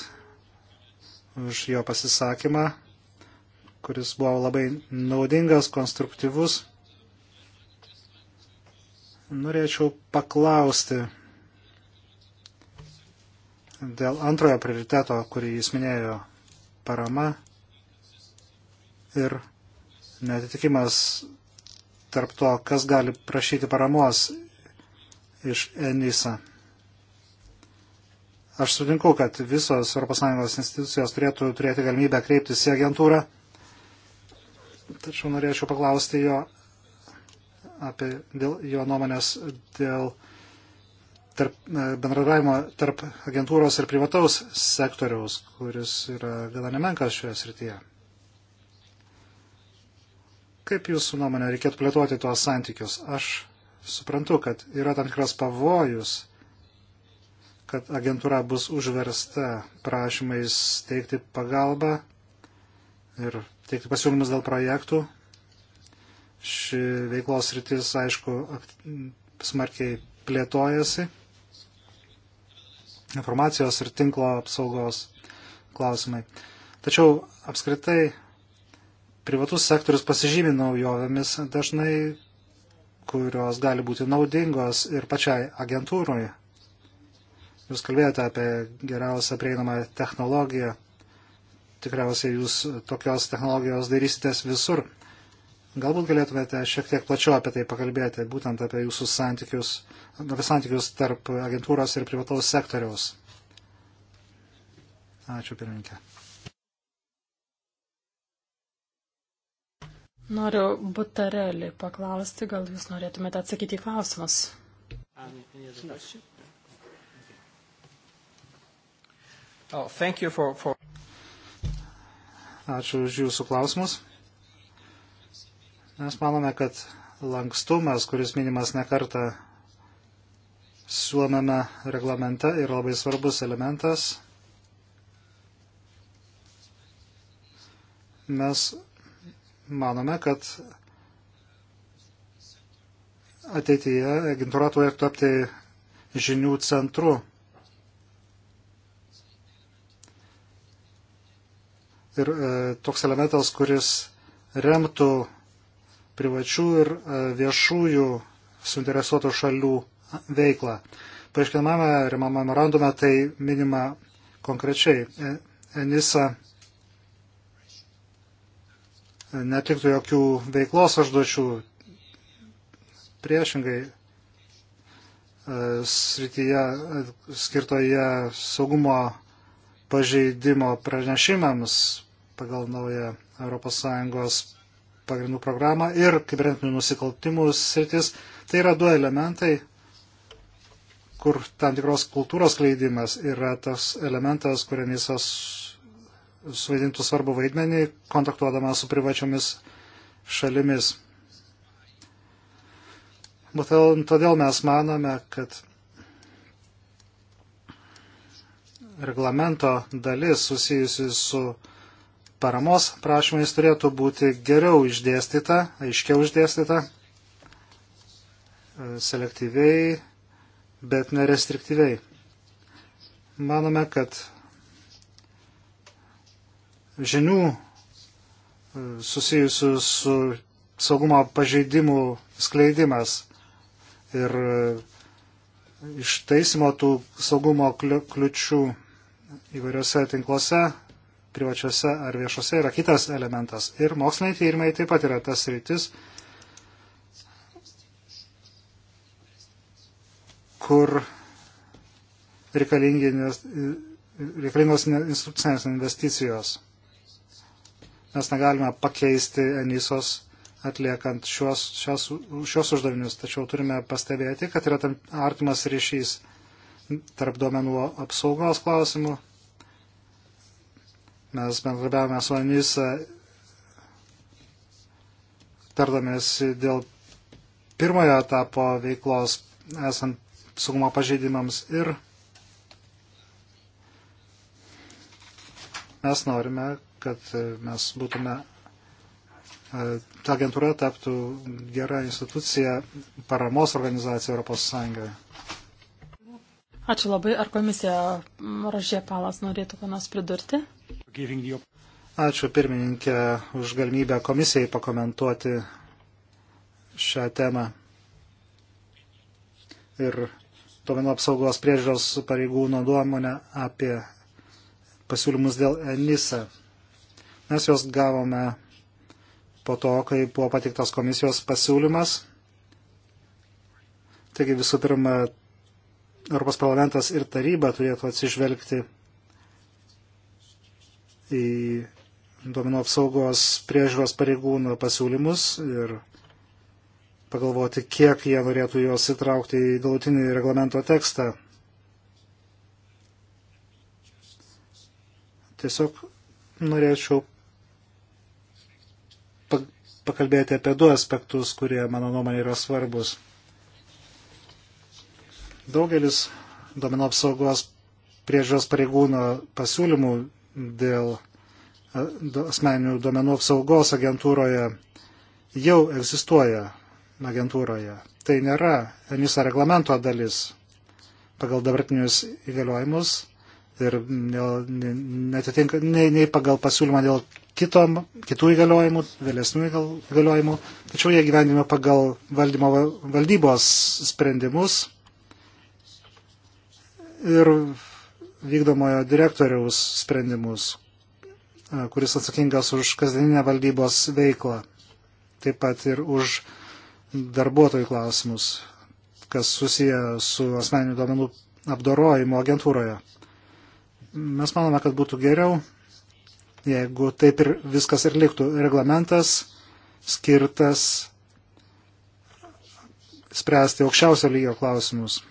už jo pasisakymą, kuris buvo labai naudingas, konstruktyvus. Norėčiau paklausti dėl antrojo prioriteto, kurį jis minėjo - parama ir netitikimas tarp to, kas gali prašyti paramos iš Enisa. Aš sutinku, kad visos ES institucijos turėtų turėti galimybę kreiptis į agentūrą, tačiau norėčiau paklausti jo apie dėl, jo nuomonės dėl tarp, e, bendradarbiavimo tarp agentūros ir privataus sektoriaus, kuris yra gana nemenkas šioje srityje. Kaip jūsų nuomonė reikėtų plėtoti tuos santykius? Aš suprantu, kad yra tam tikras pavojus kad agentūra bus užversta prašymais teikti pagalbą ir teikti pasiūlymus dėl projektų. Ši veiklos rytis, aišku, smarkiai plėtojasi. Informacijos ir tinklo apsaugos klausimai. Tačiau apskritai privatus sektorius pasižymi naujovėmis dažnai, kurios gali būti naudingos ir pačiai agentūroje Jūs kalbėjote apie geriausią prieinamą technologiją. Tikriausiai jūs tokios technologijos darysitės visur. Galbūt galėtumėte šiek tiek plačiau apie tai pakalbėti, būtent apie jūsų santykius, apie santykius tarp agentūros ir privataus sektoriaus. Ačiū, pirmininkė. Noriu butarelį paklausti, gal jūs norėtumėte atsakyti į klausimus. Any, any Oh, for, for... Ačiū už Jūsų klausimus. Mes manome, kad lankstumas, kuris minimas nekartą siūlomame reglamente, yra labai svarbus elementas. Mes manome, kad ateityje agentūra turėtų tapti žinių centru ir e, toks elementas, kuris remtų privačių ir e, viešųjų suinteresuotų šalių veiklą. Paaiškinamame memorandume tai minima konkrečiai. E, Enisa netliktų jokių veiklos užduočių. Priešingai, e, srityje e, skirtoje saugumo pažeidimo pranešimams pagal naują ES pagrindų programą ir kibernetinių nusikaltimų sritis. Tai yra du elementai, kur tam tikros kultūros kleidimas yra tas elementas, kuriame jis suvaidintų svarbu vaidmenį, kontaktuodamas su privačiomis šalimis. Būtent todėl mes manome, kad reglamento dalis susijusi su paramos prašymais turėtų būti geriau išdėstyta, aiškiau išdėstyta, e, selektyviai, bet nerestriktyviai. Manome, kad žinių e, susijusių su saugumo pažeidimų skleidimas ir e, ištaisimo tų saugumo kliučių įvairiuose tinkluose, privačiuose ar viešuose yra kitas elementas. Ir moksliniai tyrimai taip pat yra tas rytis, kur reikalingos institucinės investicijos. Mes negalime pakeisti Enisos atliekant šios, šios, šios uždavinius, tačiau turime pastebėti, kad yra tam artimas ryšys tarp duomenų apsaugos klausimų. Mes bendradarbiavome su Anisa, tardomės dėl pirmojo etapo veiklos esant saugumo pažeidimams ir mes norime, kad mes būtume, e, ta agentūra taptų gera institucija, paramos organizacija Europos Sąjungoje. Ačiū labai. Ar komisija Rožė Palas norėtų ką nors pridurti? Ačiū pirmininkė už galimybę komisijai pakomentuoti šią temą. Ir duomenų apsaugos priežiūros pareigūno duomonę apie pasiūlymus dėl NISA. Mes juos gavome po to, kai buvo patiktas komisijos pasiūlymas. Taigi visų pirma, Europos parlamentas ir taryba turėtų atsižvelgti į duomenų apsaugos priežiūros pareigūnų pasiūlymus ir pagalvoti, kiek jie norėtų juos įtraukti į galutinį reglamento tekstą. Tiesiog norėčiau pakalbėti apie du aspektus, kurie, mano nuomonė, yra svarbus. Daugelis domino apsaugos priežiūros pareigūno pasiūlymų dėl e, asmeninių duomenų apsaugos agentūroje jau egzistuoja agentūroje. Tai nėra ENISA reglamento dalis. Pagal dabartinius įgaliojimus ir netitinka, nei, nei pagal pasiūlymą dėl kito, kitų įgaliojimų, vėlesnių įgaliojimų, tačiau jie gyvendime pagal valdymo, valdybos sprendimus ir vykdomojo direktoriaus sprendimus, kuris atsakingas už kasdieninę valdybos veiklą, taip pat ir už darbuotojų klausimus, kas susiję su asmeninių duomenų apdorojimo agentūroje. Mes manome, kad būtų geriau, jeigu taip ir viskas ir liktų. Reglamentas skirtas spręsti aukščiausio lygio klausimus.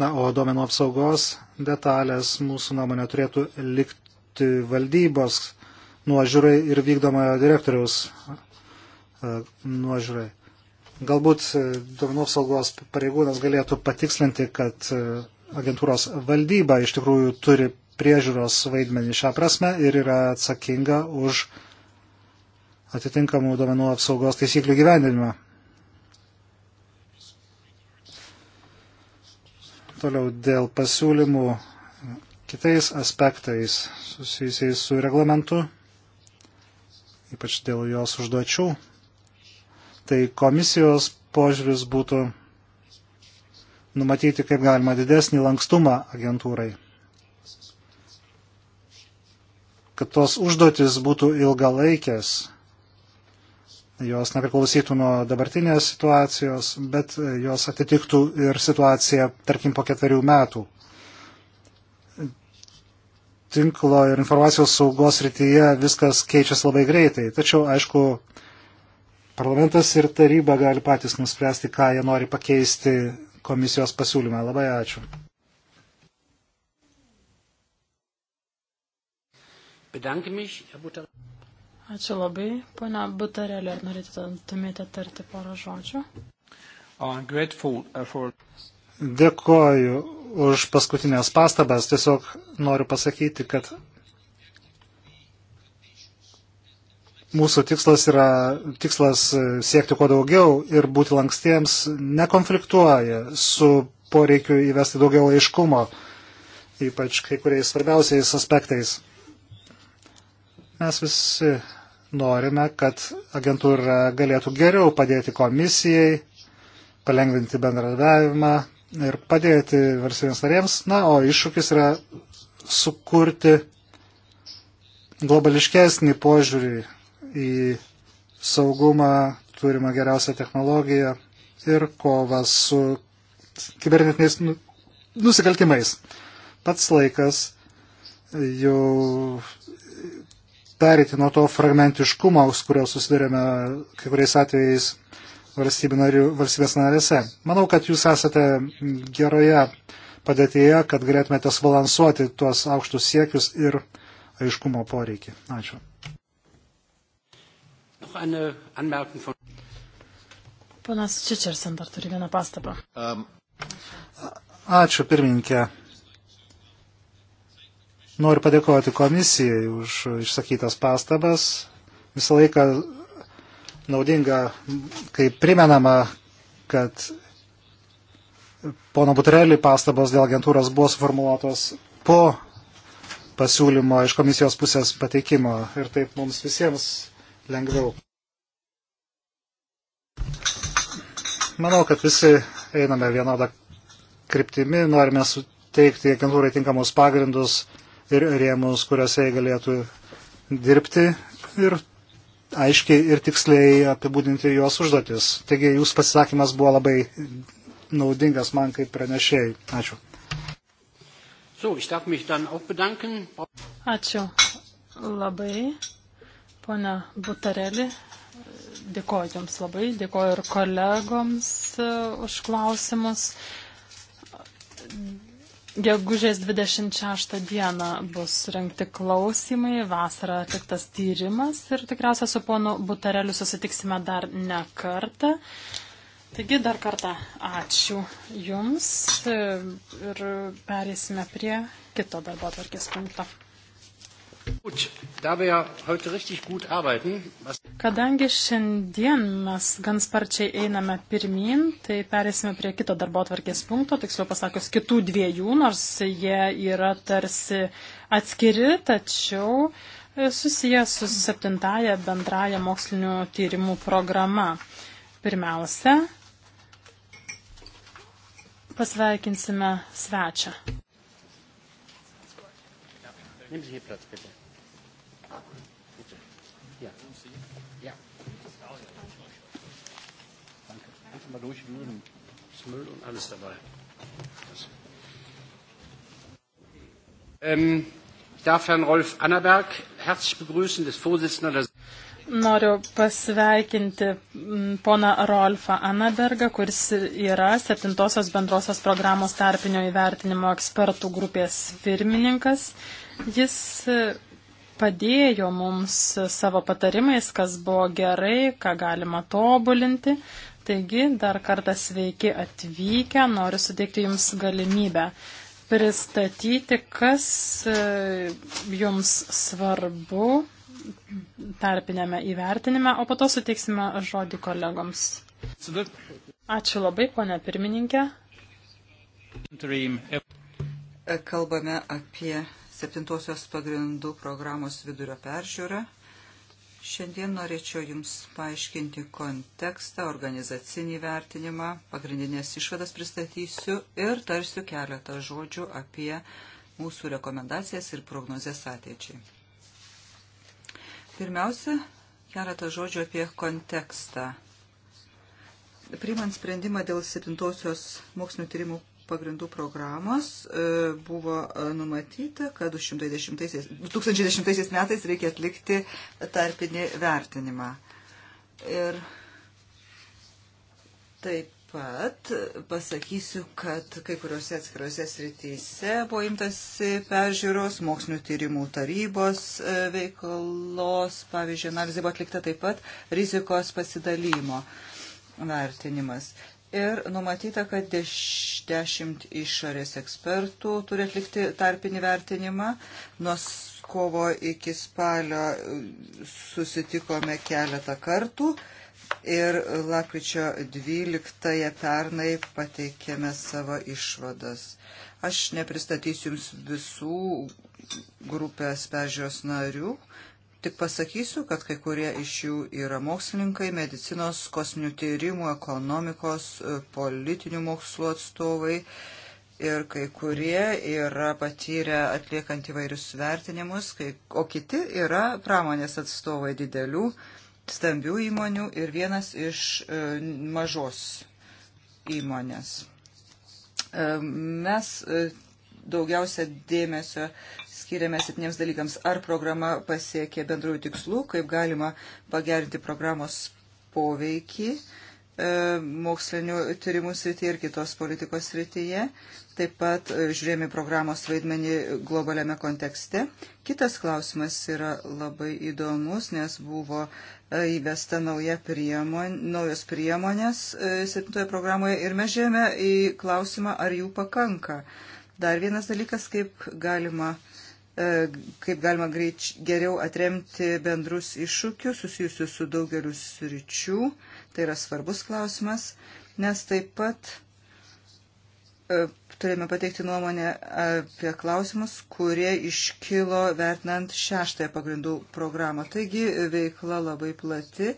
Na, o domenų apsaugos detalės mūsų nuomonė turėtų likti valdybos nuožiūrai ir vykdomojo direktoriaus e, nuožiūrai. Galbūt e, duomenų apsaugos pareigūnas galėtų patikslinti, kad e, agentūros valdyba iš tikrųjų turi priežiūros vaidmenį šią prasme ir yra atsakinga už atitinkamų duomenų apsaugos taisyklių gyvendinimą. Toliau dėl pasiūlymų kitais aspektais susijusiais su reglamentu, ypač dėl jos užduočių, tai komisijos požiūris būtų numatyti kaip galima didesnį lankstumą agentūrai, kad tos užduotis būtų ilgalaikės jos nepriklausytų nuo dabartinės situacijos, bet e, jos atitiktų ir situaciją, tarkim, po ketverių metų. Tinklo ir informacijos saugos rytyje viskas keičiasi labai greitai, tačiau, aišku, parlamentas ir taryba gali patys nuspręsti, ką jie nori pakeisti komisijos pasiūlymą. Labai ačiū. Bedanke mich, Herr Butter. Ačiū labai. Pone Butarelė, ar norėtumėte tarti porą žodžių? Uh, uh, Dėkoju už paskutinės pastabas. Tiesiog noriu pasakyti, kad mūsų tikslas yra tikslas uh, siekti kuo daugiau ir būti lankstiems nekonfliktuoja su poreikiu įvesti daugiau aiškumo, ypač kai kuriais svarbiausiais aspektais. Mes visi norime, kad agentūra galėtų geriau padėti komisijai, palengvinti bendradavimą ir padėti valstybėms narėms. Na, o iššūkis yra sukurti globališkesnį požiūrį į saugumą, turimą geriausią technologiją ir kovą su kibernetiniais nu- nusikaltimais. Pats laikas jau perėti nuo to fragmentiškumo, su kurio susidurėme kai kuriais atvejais valstybės narėse. Manau, kad jūs esate geroje padėtėje, kad galėtumėte subalansuoti tuos aukštus siekius ir aiškumo poreikį. Ačiū. Panas Čičersen dar turi vieną pastabą. Ačiū pirmininkė. Noriu padėkoti komisijai už išsakytas pastabas. Visą laiką naudinga, kai primenama, kad pono Butrelį pastabos dėl agentūros buvo suformuoluotos po pasiūlymo iš komisijos pusės pateikimo ir taip mums visiems lengviau. Manau, kad visi einame vienodą kryptimį, norime suteikti agentūrai tinkamus pagrindus ir rėmus, kuriuose jie galėtų dirbti ir aiškiai ir tiksliai apibūdinti jos užduotis. Taigi jūs pasisakymas buvo labai naudingas man kaip pranešėjai. Ačiū. So, Ačiū labai, ponia Butareli. Dėkoju Jums labai, dėkoju ir kolegoms e, už klausimus Gegužės 26 dieną bus rengti klausimai, vasarą atliktas tyrimas ir tikriausia su ponu Butareliu susitiksime dar ne kartą. Taigi dar kartą ačiū Jums ir perėsime prie kito darbo atvarkės punkto. Kadangi šiandien mes gan sparčiai einame pirmin, tai perėsime prie kito darbo atvarkės punkto, tiksliau pasakius kitų dviejų, nors jie yra tarsi atskiri, tačiau e, susijęs su septintaja bendraja mokslinio tyrimų programa. Pirmiausia, pasveikinsime svečią. Nehmen Sie hier Platz, bitte. Bitte. Ja. Ja. Danke. Einfach mal durchwühlen. Ist Müll und alles dabei. Das. Ähm, ich darf Herrn Rolf Annerberg herzlich begrüßen, des Vorsitzenden der Noriu pasveikinti poną Rolfą Anabergą, kuris yra 7 bendrosios programos tarpinio įvertinimo ekspertų grupės pirmininkas. Jis padėjo mums savo patarimais, kas buvo gerai, ką galima tobulinti. Taigi, dar kartą sveiki atvykę, noriu suteikti Jums galimybę pristatyti, kas e, Jums svarbu tarpinėme įvertinime, o po to suteiksime žodį kolegoms. Ačiū labai, ponė pirmininkė. Kalbame apie septintosios pagrindų programos vidurio peržiūra. Šiandien norėčiau Jums paaiškinti kontekstą, organizacinį vertinimą, pagrindinės išvadas pristatysiu ir tarsiu keletą žodžių apie mūsų rekomendacijas ir prognozes ateičiai. Pirmiausia, keletą žodžių apie kontekstą. Priimant sprendimą dėl septintosios mokslinio tyrimų pagrindų programos e, buvo e, numatyta, kad 2010, 2010 metais reikia atlikti tarpinį vertinimą. Ir taip pat pasakysiu, kad kai kuriuose atskiruose srityse buvo imtasi peržiūros mokslinių tyrimų tarybos e, veiklos, pavyzdžiui, analizė buvo atlikta taip pat rizikos pasidalymo vertinimas. Ir numatyta, kad deš, dešimt išorės ekspertų turi atlikti tarpinį vertinimą. Nuo kovo iki spalio e, susitikome keletą kartų ir lakryčio 12-ąją pernai pateikėme savo išvadas. Aš nepristatysiu Jums visų grupės peržiūros narių, Tik pasakysiu, kad kai kurie iš jų yra mokslininkai, medicinos, kosminių tyrimų, ekonomikos, e, politinių mokslų atstovai ir kai kurie yra patyrę atliekant įvairius vertinimus, kai, o kiti yra pramonės atstovai didelių, stambių įmonių ir vienas iš e, mažos įmonės. E, mes e, daugiausia dėmesio skiriame septyniems dalykams. Ar programa pasiekė bendrųjų tikslų, kaip galima pagerinti programos poveikį e, mokslinių tyrimų srityje ir kitos politikos srityje. Taip pat e, žiūrėjome programos vaidmenį globaliame kontekste. Kitas klausimas yra labai įdomus, nes buvo e, įvesta nauja priemon, naujos priemonės septintoje programoje ir mes žiūrėjome į klausimą, ar jų pakanka. Dar vienas dalykas, kaip galima uh, E, kaip galima greič, geriau atremti bendrus iššūkius susijusius su daugeliu sričių. Tai yra svarbus klausimas, nes taip pat e, turėjome pateikti nuomonę apie klausimus, kurie iškilo vertinant šeštąją pagrindų programą. Taigi veikla labai plati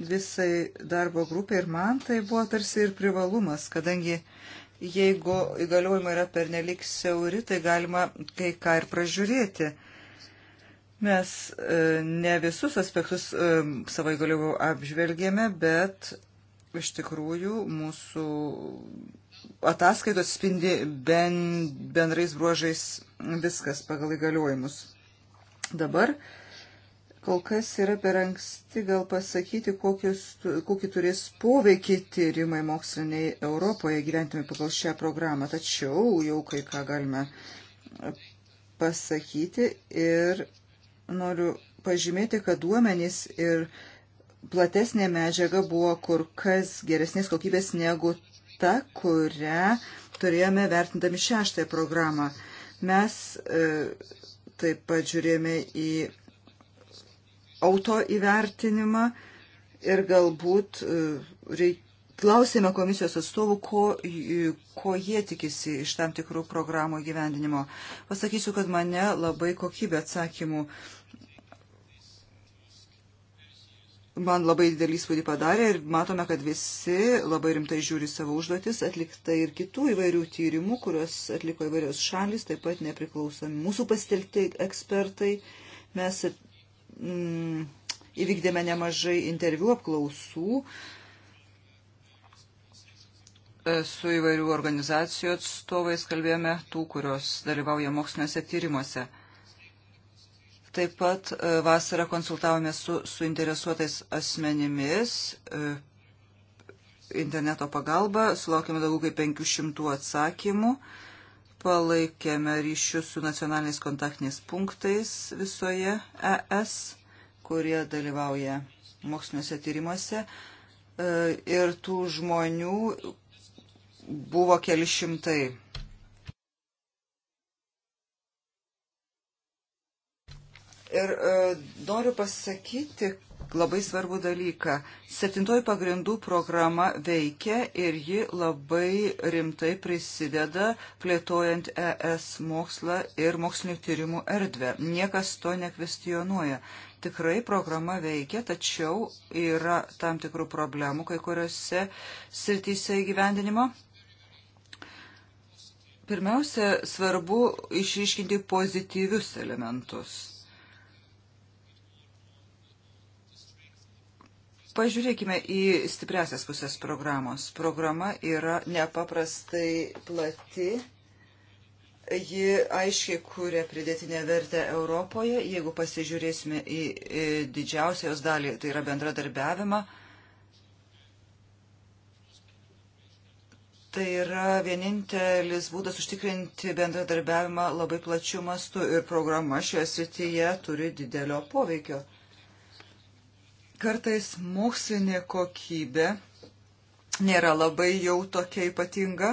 visai darbo grupė ir man tai buvo tarsi ir privalumas, kadangi jeigu įgaliojimai yra pernelik siauri, tai galima kai ką ir pražiūrėti. Mes e, ne visus aspektus e, savo įgaliojimų apžvelgėme, bet iš tikrųjų mūsų ataskaitos spindi ben, bendrais bruožais viskas pagal įgaliojimus. Dabar uh, Kol kas yra per anksti gal pasakyti, kokius, kokį turės poveikį tyrimai moksliniai Europoje gyventimi pagal šią programą. Tačiau jau kai ką galime pasakyti ir noriu pažymėti, kad duomenys ir platesnė medžiaga buvo kur kas geresnės kokybės negu ta, kurią turėjome vertindami šeštąją programą. Mes e, taip pat žiūrėjome į auto įvertinimą ir galbūt e, reik, klausėme komisijos atstovų, ko, e, ko jie tikisi iš tam tikrų programų gyvendinimo. Pasakysiu, kad mane labai kokybė atsakymų. Man labai didelį įspūdį padarė ir matome, kad visi labai rimtai žiūri savo užduotis, atlikta ir kitų įvairių tyrimų, kuriuos atliko įvairios šalis, taip pat nepriklausomi mūsų pasitelkti ekspertai. Mes mm, įvykdėme nemažai interviu apklausų e, su įvairių organizacijų atstovais, kalbėjome tų, kurios dalyvauja moksliniuose tyrimuose. Taip pat e, vasarą konsultavome su suinteresuotais asmenimis e, interneto pagalba, sulaukėme daugiau kaip 500 atsakymų. E, palaikėme ryšius su nacionaliniais kontaktiniais punktais visoje ES, kurie dalyvauja moksliniuose tyrimuose. E, ir tų žmonių buvo keli šimtai. Ir e, noriu pasakyti, labai svarbų dalyką. Septintoji pagrindų programa veikia ir ji labai rimtai prisideda plėtojant ES mokslą ir mokslinio tyrimų erdvę. Niekas to nekvestionuoja. Tikrai programa veikia, tačiau yra tam tikrų problemų kai kuriuose srityse įgyvendinimo. Pirmiausia, svarbu išryškinti pozityvius elementus Pažiūrėkime į stipresias pusės programos. Programa yra nepaprastai plati. Ji aiškiai kūrė pridėtinę vertę Europoje. Jeigu pasižiūrėsime į, į didžiausios dalį, tai yra bendradarbiavimą, tai yra vienintelis būdas užtikrinti bendradarbiavimą labai plačių mastų ir programa šioje srityje turi didelio poveikio. Kartais mokslinė kokybė nėra labai jau tokia ypatinga,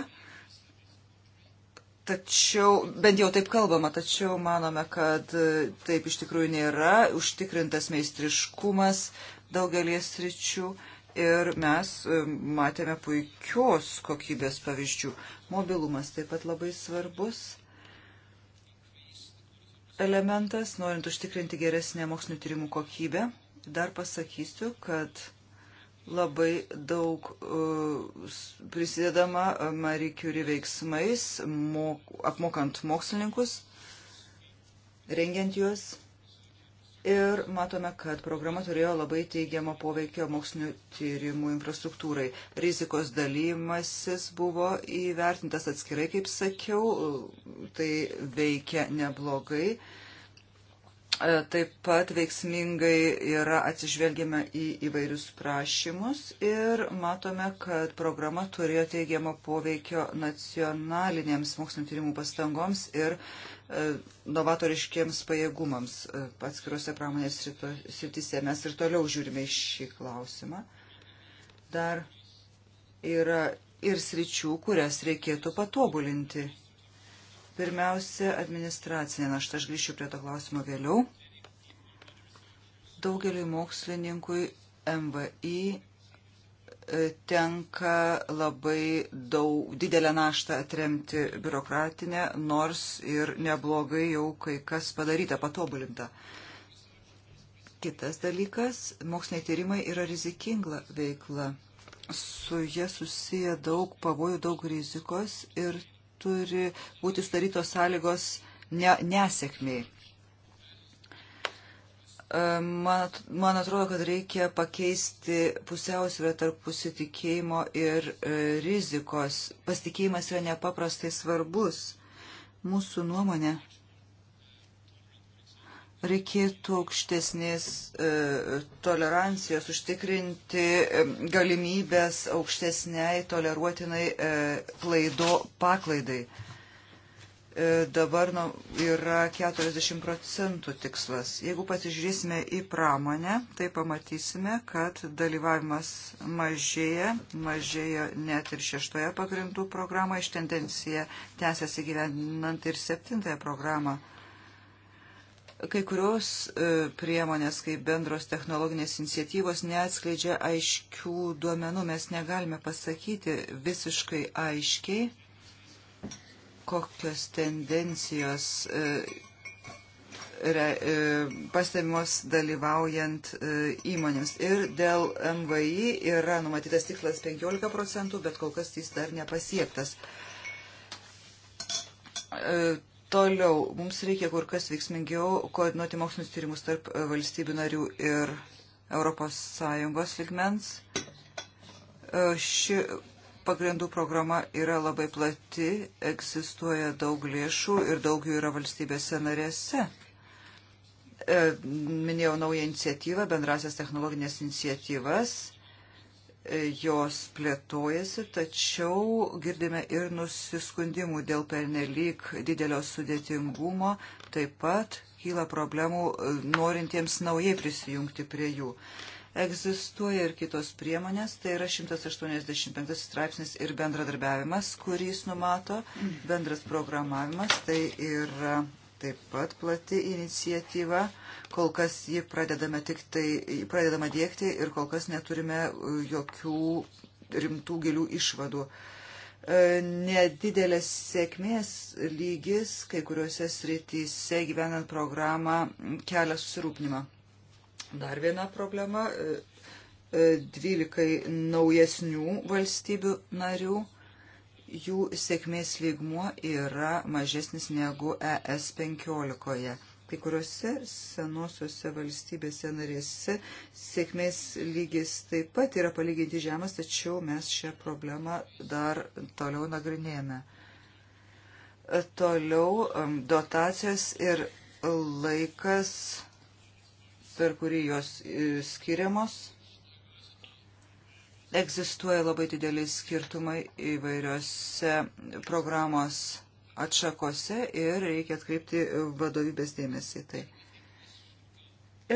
tačiau, bent jau taip kalbama, tačiau manome, kad e, taip iš tikrųjų nėra, užtikrintas meistriškumas daugelies ryčių ir mes e, matėme puikios kokybės pavyzdžių. Mobilumas taip pat labai svarbus elementas, norint užtikrinti geresnę mokslinių tyrimų kokybę. Dar pasakysiu, kad labai daug e, prisidedama e, Marie Curie veiksmais, mok, apmokant mokslininkus, rengiant juos. Ir matome, kad programa turėjo labai teigiamą poveikio mokslinio tyrimų infrastruktūrai. Rizikos dalymasis buvo įvertintas atskirai, kaip sakiau, e, tai veikia neblogai. E, taip pat veiksmingai yra atsižvelgiama į įvairius prašymus ir matome, kad programa turėjo teigiamą poveikio nacionalinėms mokslinio tyrimų pastangoms ir e, novatoriškiems pajėgumams e, atskiruose pramonės srityse. Mes ir toliau žiūrime į šį klausimą. Dar yra ir sričių, kurias reikėtų patobulinti Pirmiausia, administracinė našta, aš grįšiu prie to klausimo vėliau. Daugeliui mokslininkui MVI e, tenka labai daug, didelę naštą atremti biurokratinę, nors ir neblogai jau kai kas padaryta, patobulinta. Kitas dalykas - moksliniai tyrimai yra rizikinga veikla. Su jie susiję daug pavojų, daug rizikos ir turi būti sudarytos sąlygos ne, nesėkmiai. Man, man atrodo, kad reikia pakeisti pusiausvyrą tarp pasitikėjimo ir e, rizikos. Pasitikėjimas yra nepaprastai svarbus. Mūsų nuomonė reikėtų aukštesnės e, tolerancijos, užtikrinti e, galimybės aukštesniai toleruotinai e, klaido paklaidai. E, dabar nu, yra 40 procentų tikslas. Jeigu pasižiūrėsime į pramonę, tai pamatysime, kad dalyvavimas mažėja, mažėja net ir šeštoje pagrindų programoje, iš tendencija tęsiasi gyvenant ir septintąją programą. E, Kai kurios e, priemonės, kaip bendros technologinės iniciatyvos, neatskleidžia aiškių duomenų. Mes negalime pasakyti visiškai aiškiai, kokios tendencijos e, e, pastebimos dalyvaujant įmonėms. Ir dėl MVI yra numatytas tikslas 15 procentų, bet kol kas jis dar nepasiektas Toliau, mums reikia kur kas veiksmingiau koordinuoti mokslinius tyrimus tarp e, valstybių narių ir ES ligmens. E, ši pagrindų programa yra labai plati, egzistuoja daug lėšų ir daug jų yra valstybėse narėse. E, minėjau naują iniciatyvą, bendrasias technologinės iniciatyvas jos plėtojasi, tačiau girdime ir nusiskundimų dėl pernelyg didelio sudėtingumo, taip pat kyla problemų e, norintiems naujai prisijungti prie jų. Egzistuoja ir kitos priemonės, tai yra 185 straipsnis ir bendradarbiavimas, kuris numato bendras programavimas, tai yra taip pat plati iniciatyva. Kol kas ji pradedama, tik tai, pradedama dėkti ir kol kas neturime e, jokių rimtų gilių išvadų. E, nedidelės sėkmės lygis kai kuriuose srityse gyvenant programą kelia susirūpnimą. Dar viena problema e, - 12 naujesnių valstybių narių jų sėkmės lygmuo yra mažesnis negu ES 15. Kai kuriuose senosiuose valstybėse narėse sėkmės lygis taip pat yra palyginti žemas, tačiau mes šią problemą dar toliau nagrinėjame. Toliau um, dotacijos ir laikas, per kurį jos e, skiriamos Egzistuoja labai dideli skirtumai įvairiose programos atšakose ir reikia atkreipti vadovybės dėmesį į tai.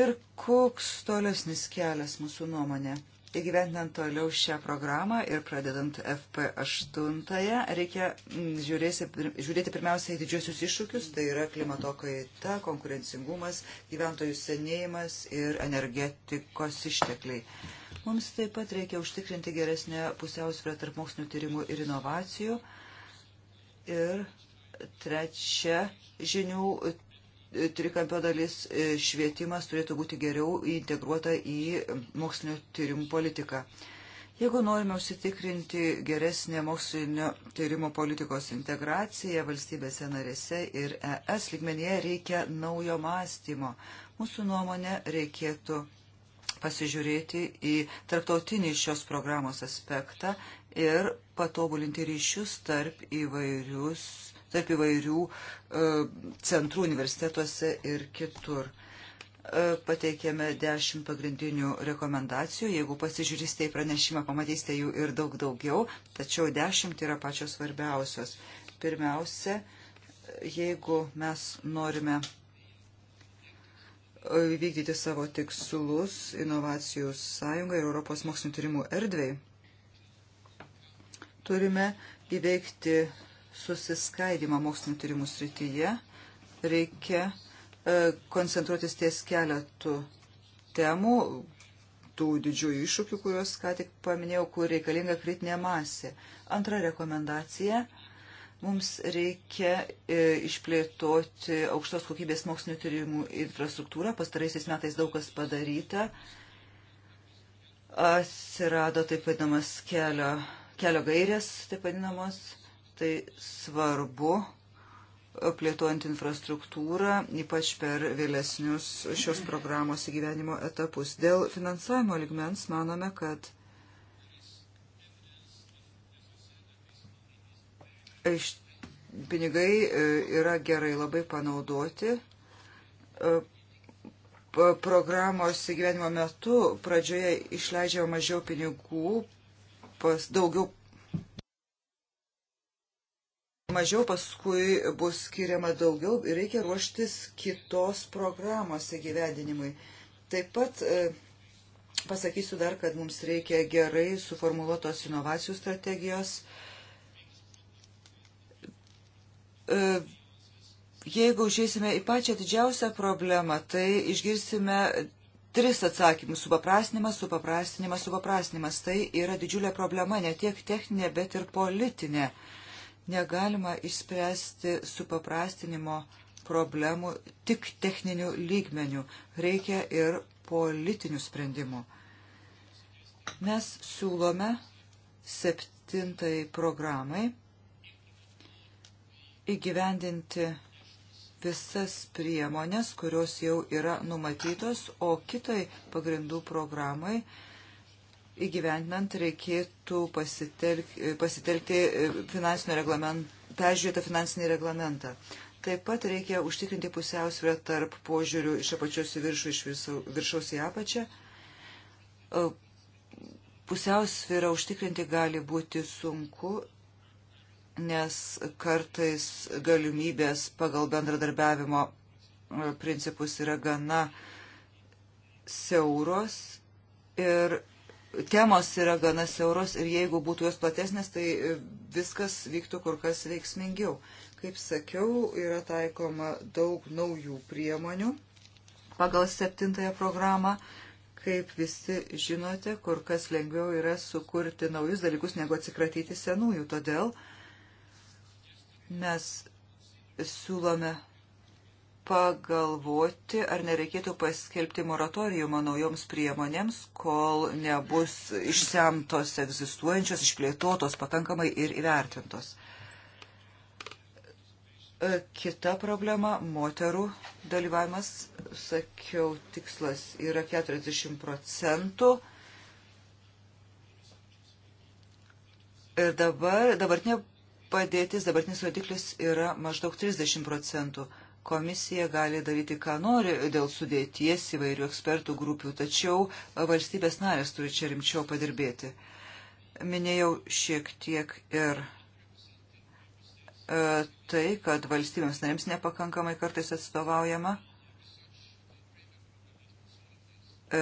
Ir koks tolesnis kelias mūsų nuomonė? Įgyventinant toliau šią programą ir pradedant FP8, reikia mm, žiūrėsi, žiūrėti pirmiausia į didžiosius iššūkius, tai yra klimato kaita, konkurencingumas, gyventojų senėjimas ir energetikos ištekliai. Mums taip pat reikia užtikrinti geresnę pusiausvyrą tarp mokslinių tyrimų ir inovacijų. Ir trečia žinių trikampio dalis e, švietimas turėtų būti geriau integruota į mokslinio tyrimų politiką. Jeigu norime užsitikrinti geresnę mokslinio tyrimo politikos integraciją valstybėse narėse ir ES lygmenyje reikia naujo mąstymo. Mūsų nuomonė reikėtų pasižiūrėti į tarptautinį šios programos aspektą ir patobulinti ryšius tarp įvairius tarp įvairių e, centrų universitetuose ir kitur. E, pateikėme dešimt pagrindinių rekomendacijų. Jeigu pasižiūrėsite į pranešimą, pamatysite jų ir daug daugiau, tačiau dešimt yra pačios svarbiausios. Pirmiausia, jeigu mes norime vykdyti savo tikslus inovacijų sąjungai ir Europos mokslinio tyrimų erdvėjai, turime įveikti susiskaidimą mokslinio tyrimų srityje. Reikia e, koncentruotis ties keletų temų, tų didžiųjų iššūkių, kuriuos ką tik paminėjau, kur reikalinga kritinė masė. Antra rekomendacija Mums reikia e, išplėtoti aukštos kokybės mokslinio tyrimų infrastruktūrą. Pastaraisiais metais daug kas padaryta. Atsirado taip vadinamas kelio, kelio gairės, taip vadinamos. Tai svarbu e, plėtojant infrastruktūrą, ypač per vėlesnius šios programos įgyvenimo etapus. Dėl finansavimo ligmens manome, kad pinigai e, yra gerai labai panaudoti. E, programos įgyvenimo metu pradžioje išleidžiama mažiau pinigų, pas daugiau mažiau, paskui bus skiriama daugiau ir reikia ruoštis kitos programos įgyvedinimui. Taip pat e, pasakysiu dar, kad mums reikia gerai suformuoluotos inovacijų strategijos. E, E, jeigu užėsime į pačią didžiausią problemą, tai išgirsime tris atsakymus - supaprastinimas, supaprastinimas, supaprastinimas. Tai yra didžiulė problema, ne tiek techninė, bet ir politinė. Negalima išspręsti supaprastinimo problemų tik techninių lygmenių. Reikia ir politinių sprendimų. Mes siūlome septintai programai įgyvendinti visas priemonės, kurios jau yra numatytos, o kitai pagrindų programai įgyvendinant reikėtų pasitelk, pasitelkti e, finansinio reglamentą, peržiūrėtą finansinį reglamentą. Taip pat reikia užtikrinti pusiausvę tarp požiūrių iš apačios į viršų, iš viso, viršaus į apačią. E, pusiausvyrą užtikrinti gali būti sunku nes kartais galimybės pagal bendradarbiavimo e, principus yra gana siauros ir temos yra gana siauros ir jeigu būtų jos platesnės, tai e, viskas vyktų kur kas veiksmingiau. Kaip sakiau, yra taikoma daug naujų priemonių pagal septintąją programą. Kaip visi žinote, kur kas lengviau yra sukurti naujus dalykus, negu atsikratyti senųjų. Todėl uh, Mes siūlome pagalvoti, ar nereikėtų paskelbti moratoriumą naujoms priemonėms, kol nebus išsemtos egzistuojančios, išplėtotos pakankamai ir įvertintos. E, kita problema - moterų dalyvavimas. Sakiau, tikslas yra 40 procentų. Ir e, dabar, dabartinė padėtis, dabartinis rodiklis yra maždaug 30 procentų. Komisija gali daryti, ką nori dėl sudėties įvairių ekspertų grupių, tačiau valstybės narės turi čia rimčiau padirbėti. Minėjau šiek tiek ir e, tai, kad valstybėms narėms nepakankamai kartais atstovaujama. E,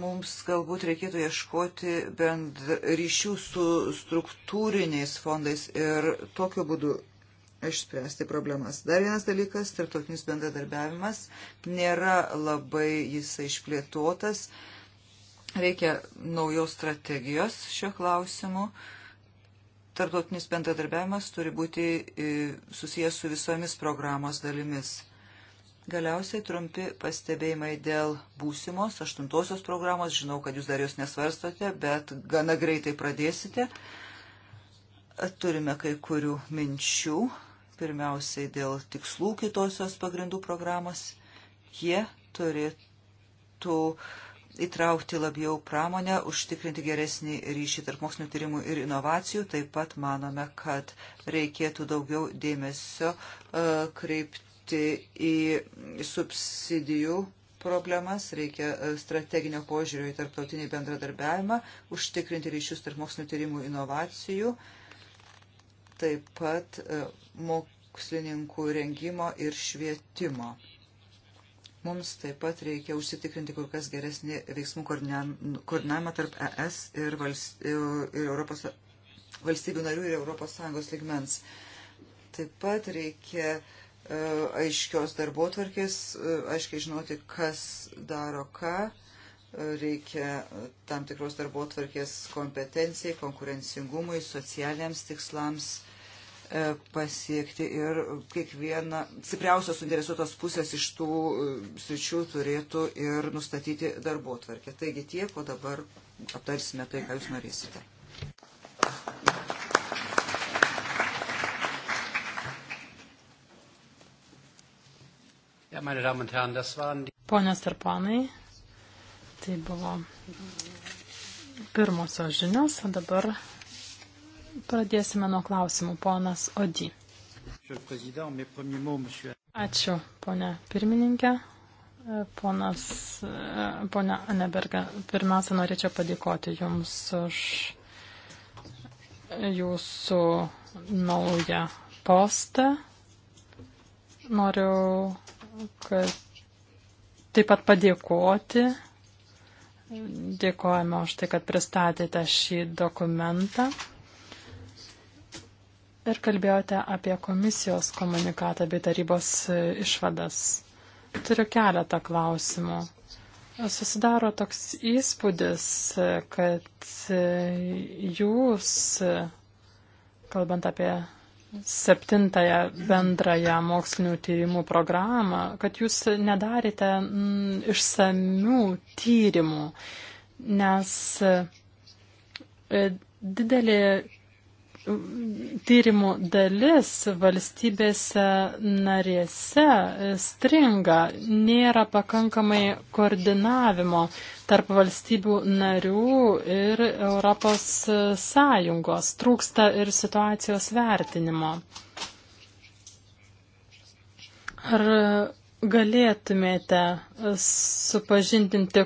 mums galbūt reikėtų ieškoti bend ryšių su struktūriniais fondais ir tokiu būdu išspręsti problemas. Dar vienas dalykas - tarptautinis bendradarbiavimas. Nėra labai jisai išplėtotas. Reikia naujos strategijos šio klausimu. Tarptautinis bendradarbiavimas turi būti e, susijęs su visomis programos dalimis. Galiausiai trumpi pastebėjimai dėl būsimos aštuntosios programos. Žinau, kad jūs dar jos nesvarstote, bet gana greitai pradėsite. Turime kai kurių minčių. Pirmiausiai dėl tikslų kitosios pagrindų programos. Jie turėtų įtraukti labiau pramonę, užtikrinti geresnį ryšį tarp mokslinio tyrimų ir inovacijų. Taip pat manome, kad reikėtų daugiau dėmesio e, kreipti atsižvelgti į subsidijų problemas, reikia e, strateginio požiūrio į tarptautinį bendradarbiavimą, užtikrinti ryšius tarp mokslinio tyrimų inovacijų, taip pat e, mokslininkų rengimo ir švietimo. Mums taip pat reikia užsitikrinti kur kas geresnį veiksmų koordinavimą tarp ES ir, valst, e, ir Europos, valstybių narių ir ES lygmens. Taip pat reikia uh, E, aiškios darbo tvarkės, e, aiškiai žinoti, kas daro ką, e, reikia tam tikros darbo tvarkės kompetencijai, konkurencingumui, socialiniams tikslams pasiekti ir kiekviena stipriausios suinteresuotos pusės iš tų sričių turėtų ir nustatyti darbo tvarkę. Taigi tiek, o dabar aptarsime tai, ką jūs norėsite. Ponios ir ponai, tai buvo pirmosios žinios, o dabar pradėsime nuo klausimų. Ponas Odi. Ačiū, ponia pirmininkė. Ponas, ponia Aneberga, pirmiausia, norėčiau padėkoti Jums už Jūsų naują postą. Noriu kad taip pat padėkoti. Dėkojame už tai, kad pristatėte šį dokumentą ir kalbėjote apie komisijos komunikatą bei tarybos išvadas. Turiu keletą klausimų. Susidaro toks įspūdis, kad jūs, kalbant apie septintąją bendrąją mokslinių tyrimų programą, kad jūs nedarėte mm, išsamių tyrimų, nes e, didelė tyrimų dalis valstybėse narėse stringa, nėra pakankamai koordinavimo tarp valstybių narių ir Europos Sąjungos, trūksta ir situacijos vertinimo. Ar galėtumėte supažindinti,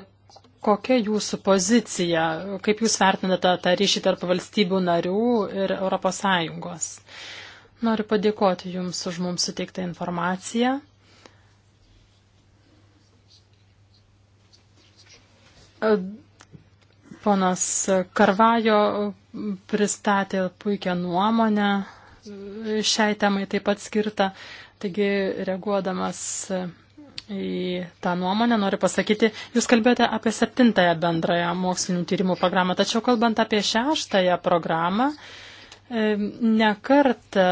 kokia jūsų pozicija, kaip jūs vertinate tą ryšį tarp valstybių narių ir ES? Noriu padėkoti Jums už mums suteiktą informaciją. Ponas Karvajo pristatė puikią nuomonę šiai temai taip pat skirtą, taigi reaguodamas į tą nuomonę, noriu pasakyti, jūs kalbėjote apie septintąją bendrąją mokslinių tyrimų programą, tačiau kalbant apie šeštąją programą, e, nekart e,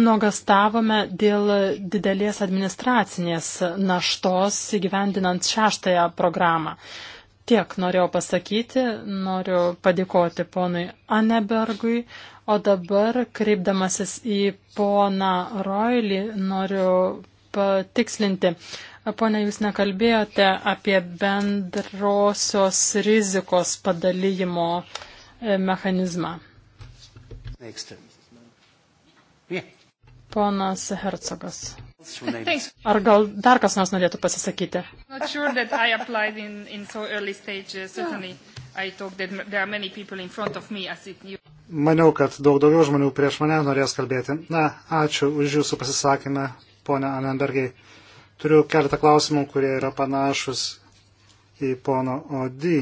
nuogastavome dėl didelės administracinės naštos įgyvendinant šeštąją programą. Tiek norėjau pasakyti, noriu padėkoti ponui Anebergui O dabar, kreipdamasis į poną Roilį, noriu patikslinti. Pone, jūs nekalbėjote apie bendrosios rizikos padalyjimo e, mechanizmą. Ponas Hercogas. Ar gal dar kas nors norėtų pasisakyti? Sure in, in so uh, you... Maniau, kad daug daugiau žmonių prieš mane norės kalbėti. Na, ačiū už jūsų pasisakymą, ponia Anenbergai. Turiu keletą klausimų, kurie yra panašus į pono Odį.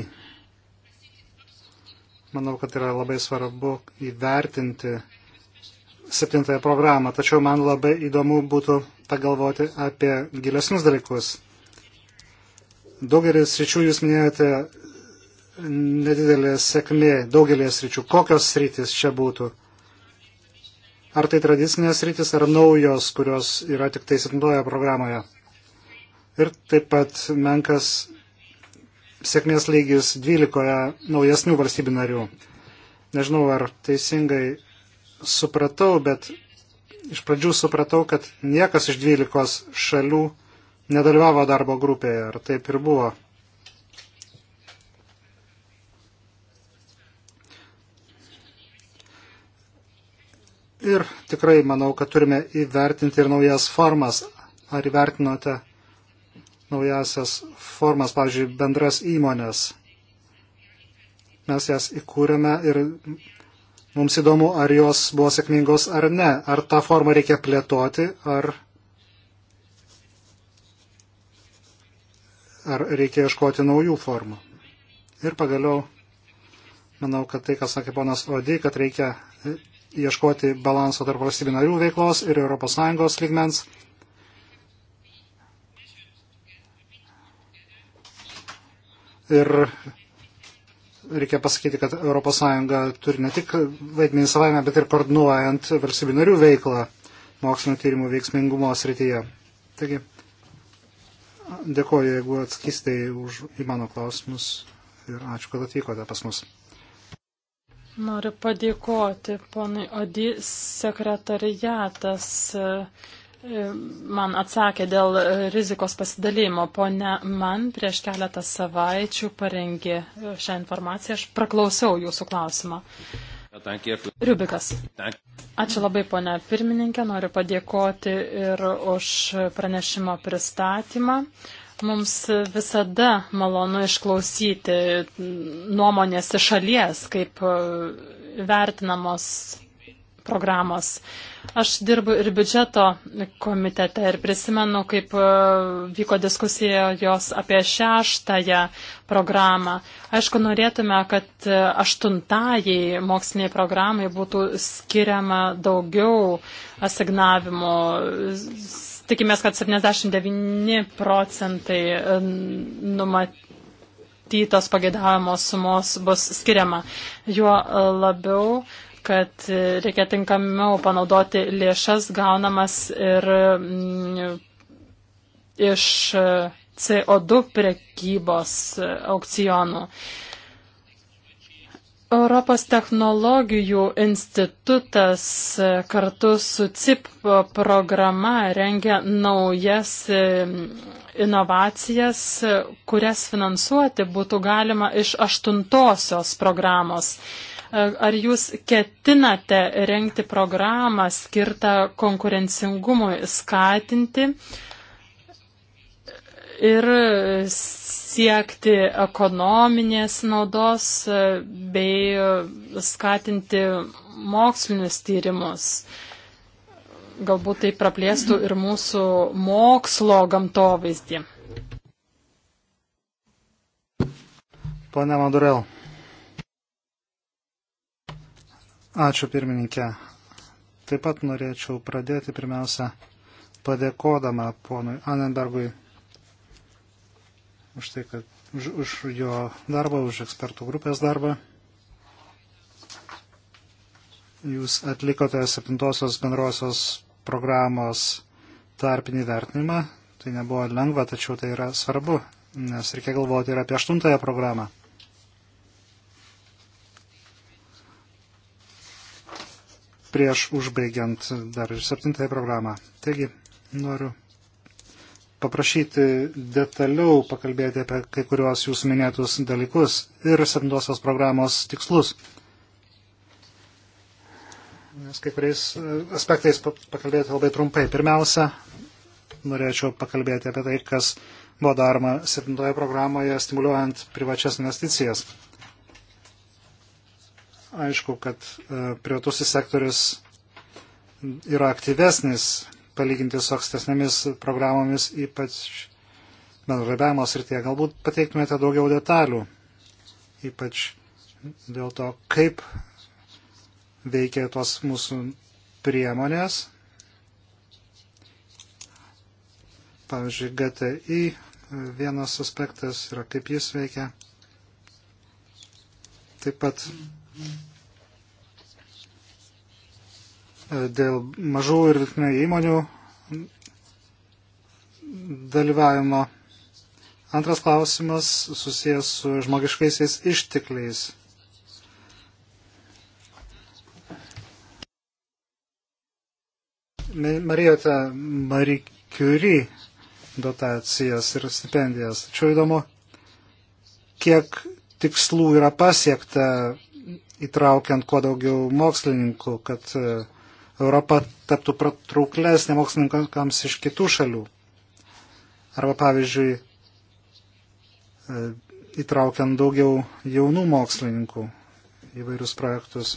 Manau, kad yra labai svarbu įvertinti septintąją programą, tačiau man labai įdomu būtų pagalvoti apie gilesnius dalykus. Daugelis sričių jūs minėjote nedidelė sėkmė daugelės sričių. Kokios sritis čia būtų? Ar tai tradicinės sritis, ar naujos, kurios yra tik tai septintoje programoje? Ir taip pat menkas sėkmės lygis 12 naujesnių valstybių narių. Nežinau, ar teisingai supratau, bet iš pradžių supratau, kad niekas iš 12 šalių nedalyvavo darbo grupėje, ar taip ir buvo. Ir tikrai manau, kad turime įvertinti ir naujas formas. Ar įvertinote naujasias formas, pavyzdžiui, bendras įmonės? Mes jas įkūrėme ir Mums įdomu, ar jos buvo sėkmingos ar ne, ar tą formą reikia plėtoti, ar, ar reikia ieškoti naujų formų. Ir pagaliau, manau, kad tai, kas sakė ponas Odi, kad reikia ieškoti balanso tarp valstybių narių veiklos ir ES lygmens. Ir reikia pasakyti, kad ES turi ne tik vaidmenį savaime, bet ir koordinuojant valstybių narių veiklą mokslinio tyrimų veiksmingumo srityje. Taigi, dėkoju, jeigu atsakysite už, į mano klausimus ir ačiū, kad atvykote pas mus. Noriu padėkoti ponui Odi sekretariatas. Uh, man atsakė dėl e, rizikos pasidalymo. Pone, man prieš keletą savaičių parengė e, šią informaciją, aš praklausiau jūsų klausimą. Rubikas. Ačiū labai, ponia pirmininkė, noriu padėkoti ir už pranešimo pristatymą. Mums visada malonu išklausyti nuomonės iš šalies, kaip e, vertinamos programos. Aš dirbu ir biudžeto komitete ir prisimenu, kaip e, vyko diskusija jos apie šeštąją programą. Aišku, norėtume, kad e, aštuntajai moksliniai programai būtų skiriama daugiau asignavimo. Tikimės, kad 79 procentai numatyti e, numatytos pagėdavimo sumos bus skiriama. Juo labiau, kad reikia tinkamiau panaudoti lėšas gaunamas ir mm, iš CO2 prekybos aukcionų. Europos technologijų institutas kartu su CIP programa rengia naujas mm, inovacijas, kurias finansuoti būtų galima iš aštuntosios programos. Ar jūs ketinate renkti programą skirtą konkurencingumui skatinti ir siekti ekonominės naudos bei skatinti mokslinius tyrimus? Galbūt tai praplėstų ir mūsų mokslo gamtovaizdį. Pane Madurel. Ačiū pirmininkė. Taip pat norėčiau pradėti pirmiausia padėkodama ponui Anenbergui už tai, kad už, už jo darbą, už ekspertų grupės darbą. Jūs atlikote septintosios bendrosios programos tarpinį vertinimą. Tai nebuvo lengva, tačiau tai yra svarbu, nes reikia galvoti ir apie aštuntąją programą. prieš užbaigiant dar ir septintąją programą. Taigi, noriu paprašyti detaliau pakalbėti apie kai kuriuos jūsų minėtus dalykus ir septintosios programos tikslus. Nes kai kuriais e, aspektais pakalbėti labai trumpai. Pirmiausia, norėčiau pakalbėti apie tai, kas buvo daroma septintoje programoje stimuliuojant privačias investicijas aišku, kad e, privatusis sektorius yra aktyvesnis palyginti su ankstesnėmis programomis, ypač bendradarbiavimo srityje. Galbūt pateiktumėte daugiau detalių, ypač dėl to, kaip veikia tos mūsų priemonės. Pavyzdžiui, GTI e, vienas aspektas yra kaip jis veikia. Taip pat dėl mažų ir vidutinių įmonių dalyvavimo. Antras klausimas susijęs su žmogiškaisiais ištekliais. Marijote Marie Curie dotacijas ir stipendijas. Tačiau įdomu, kiek tikslų yra pasiekta įtraukiant kuo daugiau mokslininkų, kad e, Europa taptų trauklesnė mokslininkams iš kitų šalių. Arba pavyzdžiui, e, įtraukiant daugiau jaunų mokslininkų įvairius projektus.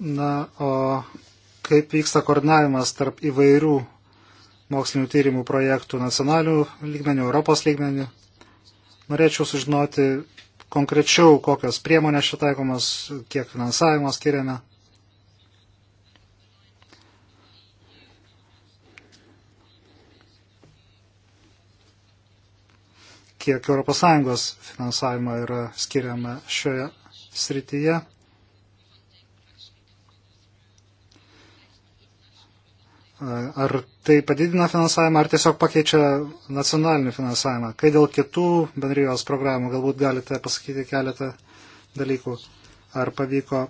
Na, o kaip vyksta koordinavimas tarp įvairių mokslinių tyrimų projektų nacionalių lygmenių, Europos lygmenių? Norėčiau sužinoti konkrečiau, kokios priemonės čia taikomas, kiek finansavimo skiriame. kiek ES finansavimo yra skiriama šioje srityje. Ar tai padidina finansavimą, ar tiesiog pakeičia nacionalinį finansavimą? Kai dėl kitų bendrijos programų galbūt galite pasakyti keletą dalykų. Ar pavyko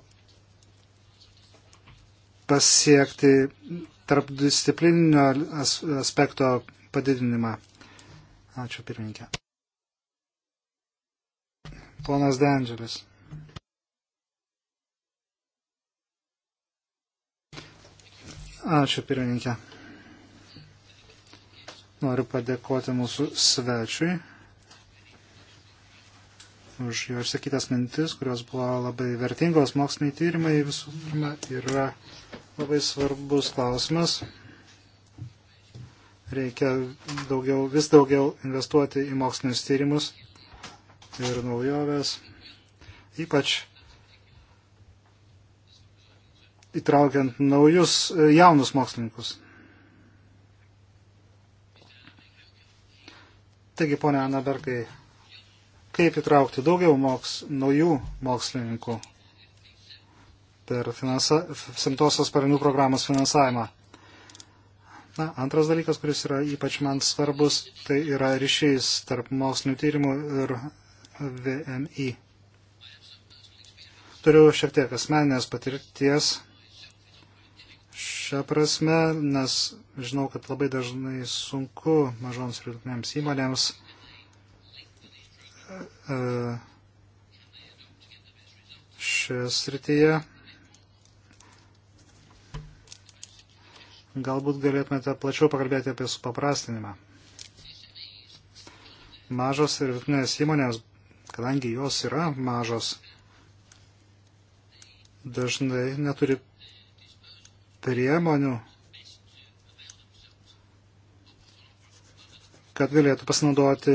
pasiekti tarp disciplininio aspekto padidinimą? Ačiū pirmininkė. Ponas Dendželis. Ačiū pirmininkė. Noriu padėkoti mūsų svečiui už jo išsakytas mintis, kurios buvo labai vertingos. Moksliniai tyrimai visų pirma yra labai svarbus klausimas. Reikia daugiau, vis daugiau investuoti į mokslinius tyrimus ir naujoves. Ypač įtraukiant naujus e, jaunus mokslininkus. Taigi, ponia Anaberkai, kaip įtraukti daugiau moks, naujų mokslininkų per finansa, simtosios pareigų programos finansavimą? Na, antras dalykas, kuris yra ypač man svarbus, tai yra ryšys tarp mokslinių tyrimų ir VMI. Turiu šiek tiek asmeninės patirties šią prasme, nes žinau, kad labai dažnai sunku mažoms ir vidutinėms įmonėms e, šioje srityje. Galbūt galėtumėte plačiau pakalbėti apie supaprastinimą. Mažos ir vidutinės įmonės, kadangi jos yra mažos, dažnai neturi priemonių, kad galėtų pasinaudoti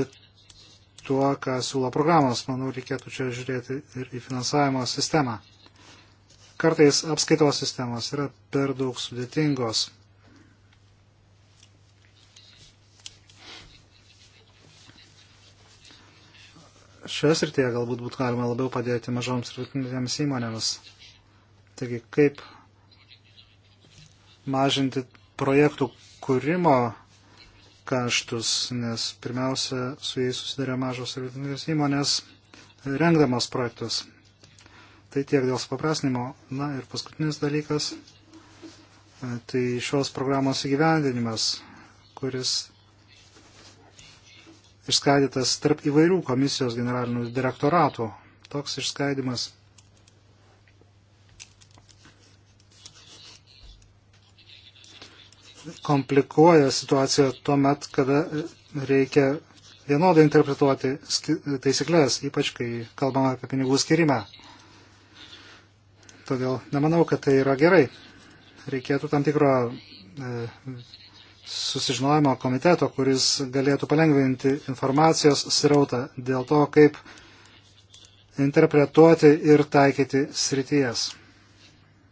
tuo, ką siūlo programos. Manau, reikėtų čia žiūrėti ir į finansavimo sistemą. Kartais apskaitos sistemos yra per daug sudėtingos. šioje srityje galbūt būtų galima labiau padėti mažoms ir vidutinėms įmonėms. Taigi, kaip mažinti projektų kūrimo kaštus, nes pirmiausia, su jais susidarė mažos ir vidutinės įmonės rengdamos projektus. Tai tiek dėl supaprasnimo. Na ir paskutinis dalykas e, - tai šios programos įgyvendinimas, kuris išskaidytas tarp įvairių komisijos generalinių direktoratų. Toks išskaidimas komplikuoja situaciją tuo met, kada reikia vienodai interpretuoti taisyklės, ypač kai kalbama apie pinigų skirimą. Todėl nemanau, kad tai yra gerai. Reikėtų tam tikro e, susižinojimo komiteto, kuris galėtų palengvinti informacijos srautą dėl to, kaip interpretuoti ir taikyti srities.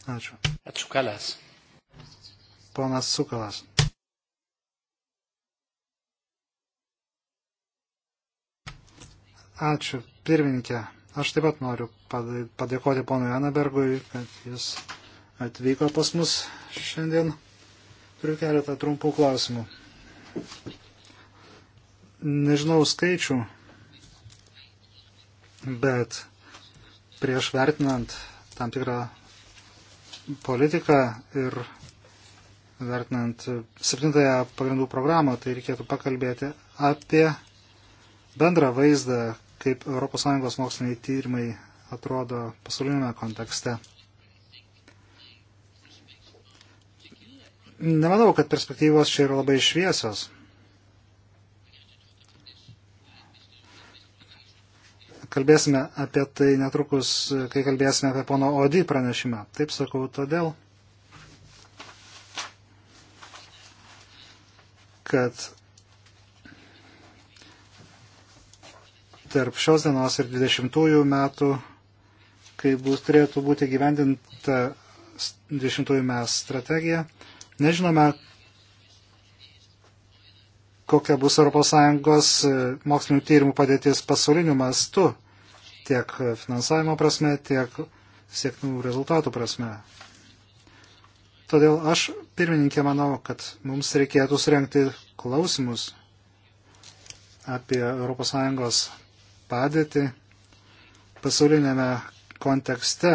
Ačiū. Ačiū, Kalės ponas Sukalas. Ačiū, pirmininkė. Aš taip pat noriu padėkoti ponui Anabergui, kad jis atvyko pas mus šiandien. Turiu keletą trumpų klausimų. Nežinau skaičių, bet prieš vertinant tam tikrą politiką ir vertinant septintąją pagrindų programą, tai reikėtų pakalbėti apie bendrą vaizdą, kaip ES moksliniai tyrimai atrodo pasaulinėme kontekste. Nemanau, kad perspektyvos čia yra labai šviesios. Kalbėsime apie tai netrukus, kai kalbėsime apie pono Odį pranešimą. Taip sakau todėl, kad tarp šios dienos ir 20 metų, kai bus, turėtų būti gyvendinta 20 metų strategija, nežinome, kokia bus ES e, mokslinių tyrimų padėtis pasauliniu mastu, tiek finansavimo prasme, tiek siektinų rezultatų prasme. Todėl aš, pirmininkė, manau, kad mums reikėtų surenkti klausimus apie ES padėtį pasaulinėme kontekste,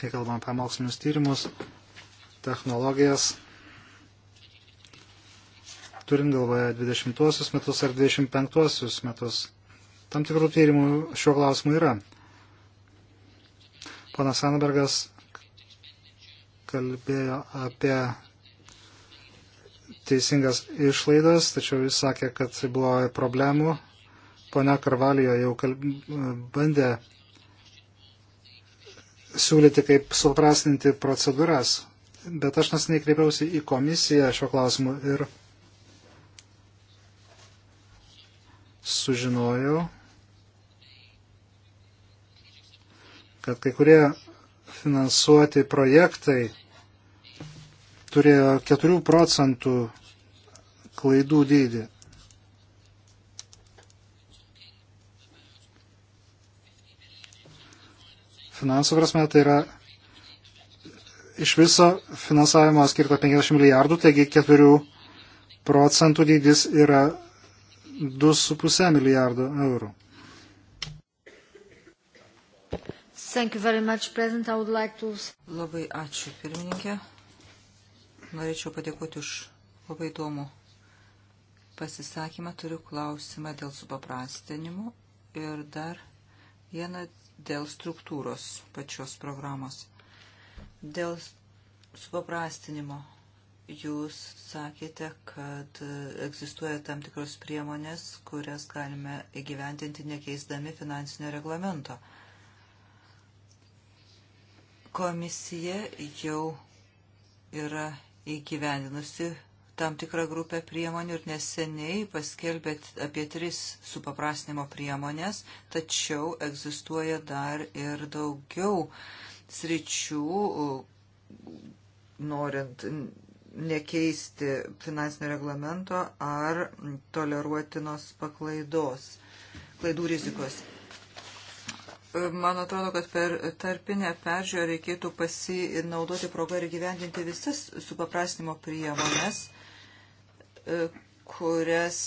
kai kalbam apie mokslinius tyrimus, technologijas, turint galvoje 20-osius metus ar 25-osius metus. Tam tikrų tyrimų šiuo klausimu yra. Ponas Sandbergas kalbėjo apie teisingas išlaidas, tačiau jis sakė, kad buvo problemų. Pone Karvalijo jau kalb... bandė siūlyti, kaip suprastinti procedūras, bet aš nesiniai kreipiausi į komisiją šio klausimu ir sužinojau, kad kai kurie finansuoti projektai turėjo 4 procentų klaidų dydį. Finansų prasme tai yra iš viso finansavimo skirta 50 milijardų, taigi 4 procentų dydis yra 2,5 milijardo eurų. Like to... Labai ačiū, pirmininkė. Norėčiau padėkoti už labai įdomų pasisakymą. Turiu klausimą dėl supaprastinimų ir dar vieną dėl struktūros pačios programos. Dėl supaprastinimo jūs sakėte, kad egzistuoja tam tikros priemonės, kurias galime įgyventinti nekeisdami finansinio reglamento. Komisija jau yra įgyvendinusi tam tikrą grupę priemonių ir neseniai paskelbėt apie tris supaprastinimo priemonės, tačiau egzistuoja dar ir daugiau sričių, norint nekeisti finansinio reglamento ar toleruotinos paklaidos, klaidų rizikos. Mm man atrodo, kad per tarpinę peržiūrą reikėtų pasinaudoti progą ir gyvendinti visas supaprastinimo priemonės, e, kurias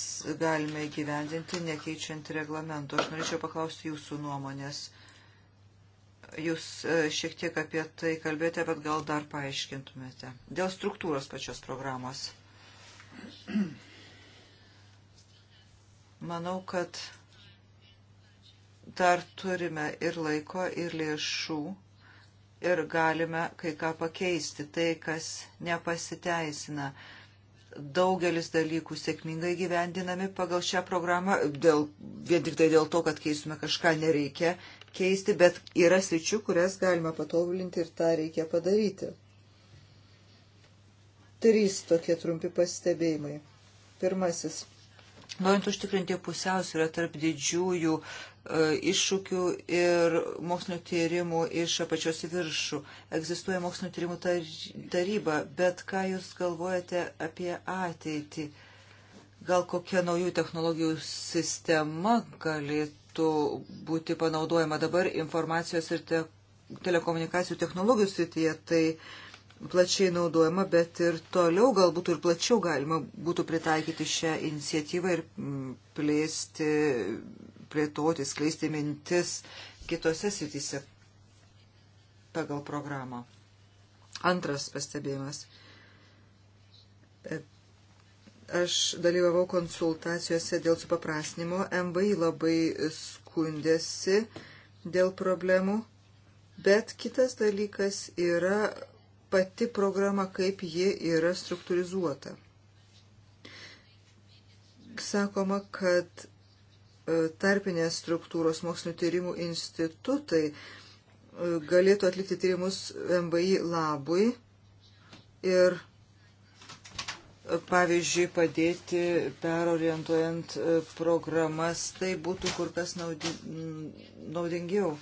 galime gyvendinti, nekeičiant reglamento. Aš norėčiau paklausti jūsų nuomonės. Jūs e, šiek tiek apie tai kalbėjote, bet gal dar paaiškintumėte. Dėl struktūros pačios programos. Manau, kad dar turime ir laiko, ir lėšų, ir galime kai ką pakeisti, tai, kas nepasiteisina. Daugelis dalykų sėkmingai gyvendinami pagal šią programą, dėl, vien tik tai dėl to, kad keisime kažką nereikia keisti, bet yra sričių, kurias galima patobulinti ir tą reikia padaryti. Trys tokie trumpi pastebėjimai. Pirmasis. Norint užtikrinti pusiausvyrą tarp didžiųjų E, iššūkių ir mokslinio tyrimų iš apačios į viršų. Egzistuoja mokslinio tyrimų taryba, bet ką Jūs galvojate apie ateitį? Gal kokia naujų technologijų sistema galėtų būti panaudojama dabar informacijos ir te telekomunikacijų technologijų srityje, tai plačiai naudojama, bet ir toliau galbūt ir plačiau galima būtų pritaikyti šią iniciatyvą ir plėsti plėtoti, skleisti mintis kitose srityse pagal programą. Antras pastebėjimas. Aš dalyvavau konsultacijose dėl supaprasnimo. MVI labai skundėsi dėl problemų, bet kitas dalykas yra pati programa, kaip ji yra struktūrizuota. Sakoma, kad E, tarpinės struktūros mokslinio tyrimų institutai e, galėtų atlikti tyrimus MBI labui ir, e, pavyzdžiui, padėti perorientuojant programas, tai būtų kur kas naudingiau.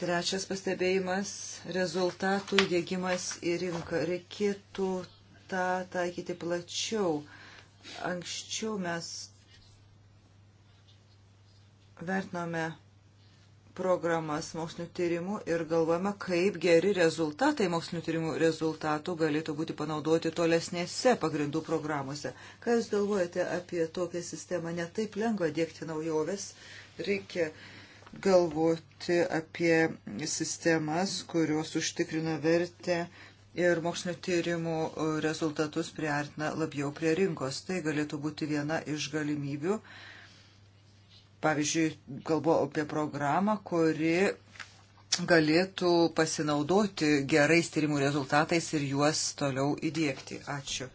Trečias pastebėjimas - rezultatų įdėgymas į rinką. Reikėtų tą taikyti plačiau. Anksčiau mes vertinome programas mokslinių tyrimų ir galvojame, kaip geri rezultatai mokslinių tyrimų rezultatų galėtų būti panaudoti tolesnėse pagrindų programuose. Ką Jūs galvojate apie tokią sistemą? Netaip lengva dėkti naujoves, reikia galvoti apie sistemas, kurios užtikrina vertę ir mokslinio tyrimų rezultatus priartina labiau prie rinkos. Tai galėtų būti viena iš galimybių Pavyzdžiui, kalbu apie programą, kuri galėtų pasinaudoti gerais tyrimų rezultatais ir juos toliau įdėkti. Ačiū.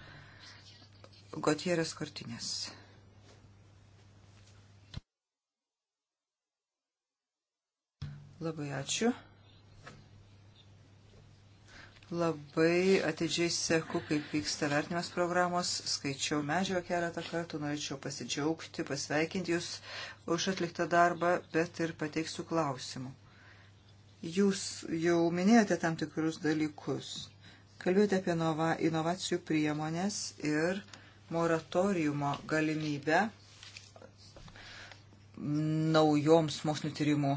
Gotieras Kortinės. Labai ačiū. Labai atidžiai seku, kaip vyksta vertinimas programos, skaičiau medžio keletą kartų, norėčiau pasidžiaugti, pasveikinti Jūs už atliktą darbą, bet ir pateiksiu klausimų. Jūs jau minėjote tam tikrus dalykus. Kalbėjote apie nova, inovacijų priemonės ir moratoriumo galimybę naujoms mokslinio tyrimų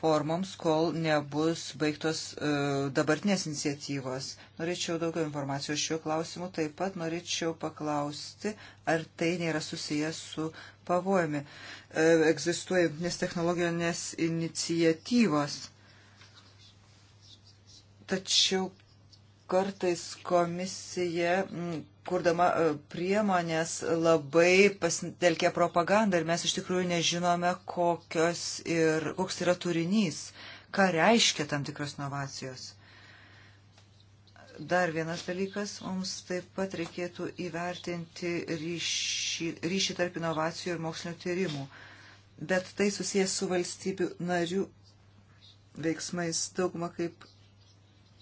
formoms, kol nebus baigtos e, dabartinės iniciatyvos. Norėčiau daugiau informacijos šiuo klausimu. Taip pat norėčiau paklausti, ar tai nėra susijęs su pavojami. E, egzistuoja jungtinės technologinės iniciatyvos. Tačiau kartais komisija kurdama e, priemonės labai pasitelkė propagandą ir mes iš tikrųjų nežinome, kokios ir koks yra turinys, ką reiškia tam tikros inovacijos. Dar vienas dalykas, mums taip pat reikėtų įvertinti ryšį, ryšį tarp inovacijų ir mokslinio tyrimų, bet tai susijęs su valstybių narių veiksmais daugma kaip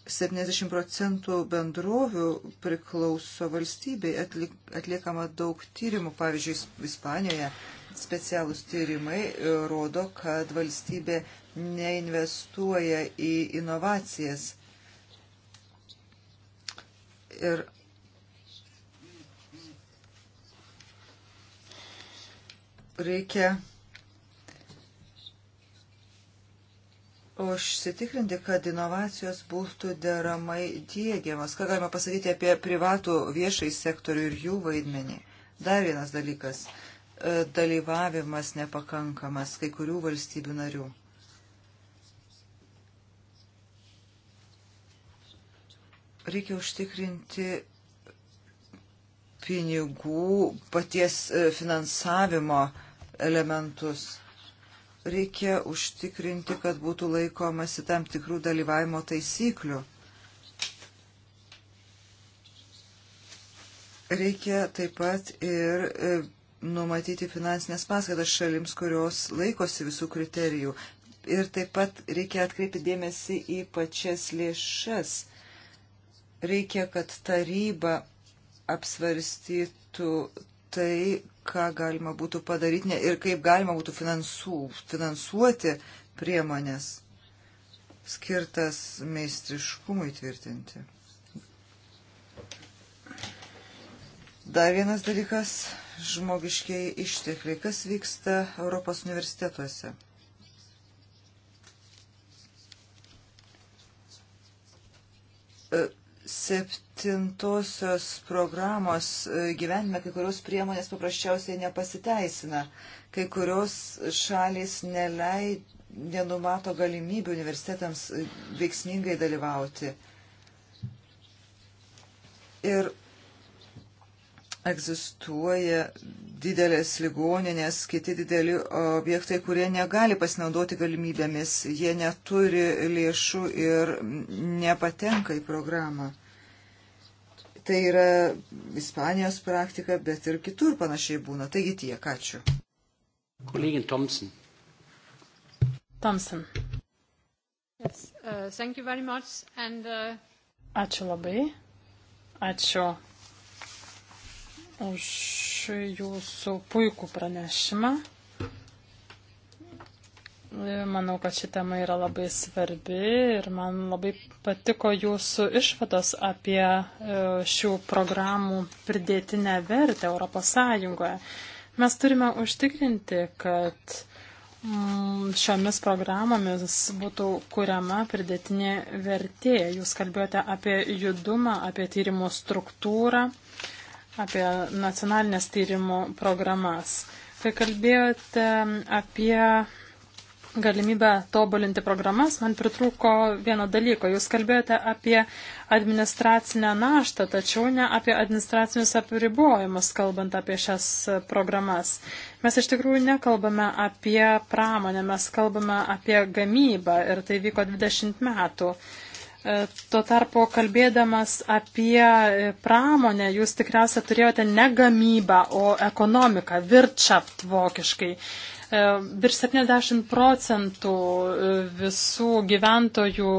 70 procentų bendrovių priklauso valstybei, atliekama daug tyrimų, pavyzdžiui, Ispanijoje specialūs tyrimai e, rodo, kad valstybė neinvestuoja į inovacijas. Ir reikia užsitikrinti, kad inovacijos būtų deramai dėgiamas? Ką galima pasakyti apie privatų viešai sektorių ir jų vaidmenį? Dar vienas dalykas e, - dalyvavimas nepakankamas kai kurių valstybių narių. Reikia užtikrinti pinigų paties e, finansavimo elementus Reikia užtikrinti, kad būtų laikomasi tam tikrų dalyvavimo taisyklių. Reikia taip pat ir e, numatyti finansinės paskatas šalims, kurios laikosi visų kriterijų. Ir taip pat reikia atkreipti dėmesį į pačias lėšas. Reikia, kad taryba apsvarstytų tai, ką galima būtų padaryti ne, ir kaip galima būtų finansų, finansuoti priemonės skirtas meistriškumui tvirtinti. Dar vienas dalykas - žmogiškiai ištekliai. Kas vyksta Europos universitetuose? E, septintosios programos e, gyvenime kai kurios priemonės paprasčiausiai nepasiteisina. Kai kurios šalis neleid, nenumato galimybių universitetams e, veiksmingai dalyvauti. Ir egzistuoja didelės ligoninės, kiti dideli objektai, kurie negali pasinaudoti galimybėmis, jie neturi lėšų ir nepatenka į programą. Tai yra Ispanijos praktika, bet ir kitur panašiai būna. Taigi tiek, ačiū. Kolegin Thompson. Thompson. Yes, uh, and, uh... Ačiū labai. Ačiū už jūsų puikų pranešimą. Manau, kad ši tema yra labai svarbi ir man labai patiko jūsų išvados apie e, šių programų pridėtinę vertę Europos Sąjungoje. Mes turime užtikrinti, kad mm, šiomis programomis būtų kuriama pridėtinė vertė. Jūs kalbėjote apie judumą, apie tyrimų struktūrą apie nacionalinės tyrimų programas. Kai kalbėjote apie galimybę tobulinti programas, man pritrūko vieno dalyko. Jūs kalbėjote apie administracinę naštą, tačiau ne apie administracinius apribojimus, kalbant apie šias programas. Mes iš tikrųjų nekalbame apie pramonę, mes kalbame apie gamybą ir tai vyko 20 metų. Uh, E, tuo tarpu kalbėdamas apie e, pramonę, jūs tikriausiai turėjote ne gamybą, o ekonomiką, virtšapt vokiškai. E, virš 70 procentų visų gyventojų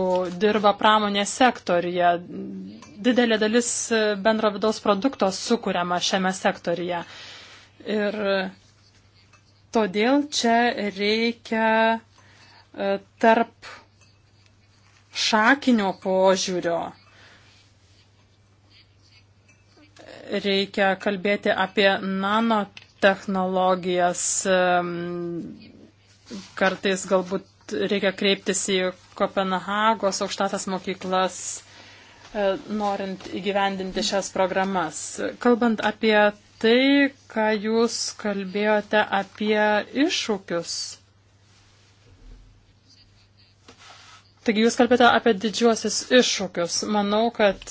dirba pramonės sektorija. Didelė dalis bendro vidaus produkto sukūriama šiame sektorija. Ir todėl čia reikia tarp šakinio požiūrio. Reikia kalbėti apie nanotehnologijas. Kartais galbūt reikia kreiptis į Kopenhagos aukštasias mokyklas, e, norint įgyvendinti šias programas. Kalbant apie tai, ką jūs kalbėjote apie iššūkius Taigi jūs kalbėte apie didžiuosius iššūkius. Manau, kad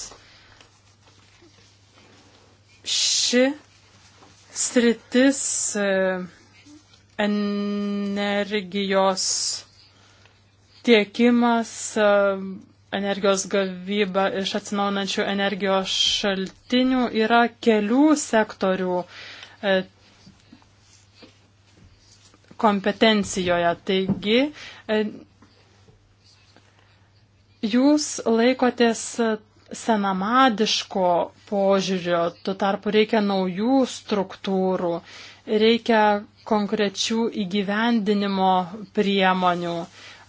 ši sritis e, energijos tiekimas, e, energijos gavyba iš atsinaunančių energijos šaltinių yra kelių sektorių e, kompetencijoje. Taigi Jūs laikotės senamadiško požiūrio, tu tarpu reikia naujų struktūrų, reikia konkrečių įgyvendinimo priemonių.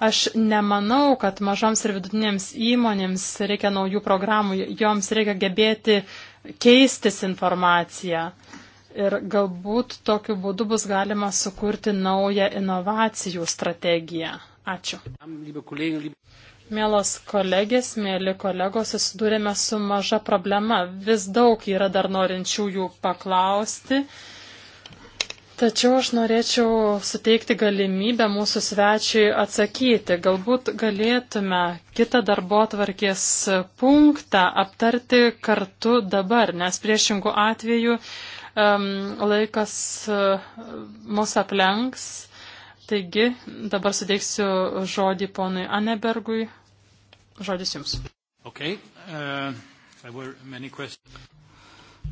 Aš nemanau, kad mažoms ir vidutinėms įmonėms reikia naujų programų, joms reikia gebėti keistis informaciją. Ir galbūt tokiu būdu bus galima sukurti naują inovacijų strategiją. Ačiū. Mielos kolegės, mėly kolegos, susidūrėme su maža problema. Vis daug yra dar norinčių jų paklausti. Tačiau aš norėčiau suteikti galimybę mūsų svečiui atsakyti. Galbūt galėtume kitą darbo atvarkės punktą aptarti kartu dabar, nes priešingų atveju um, laikas uh, mus aplenks. Taigi dabar suteiksiu žodį ponui Anebergui, Žodis Jums. Okay. Uh,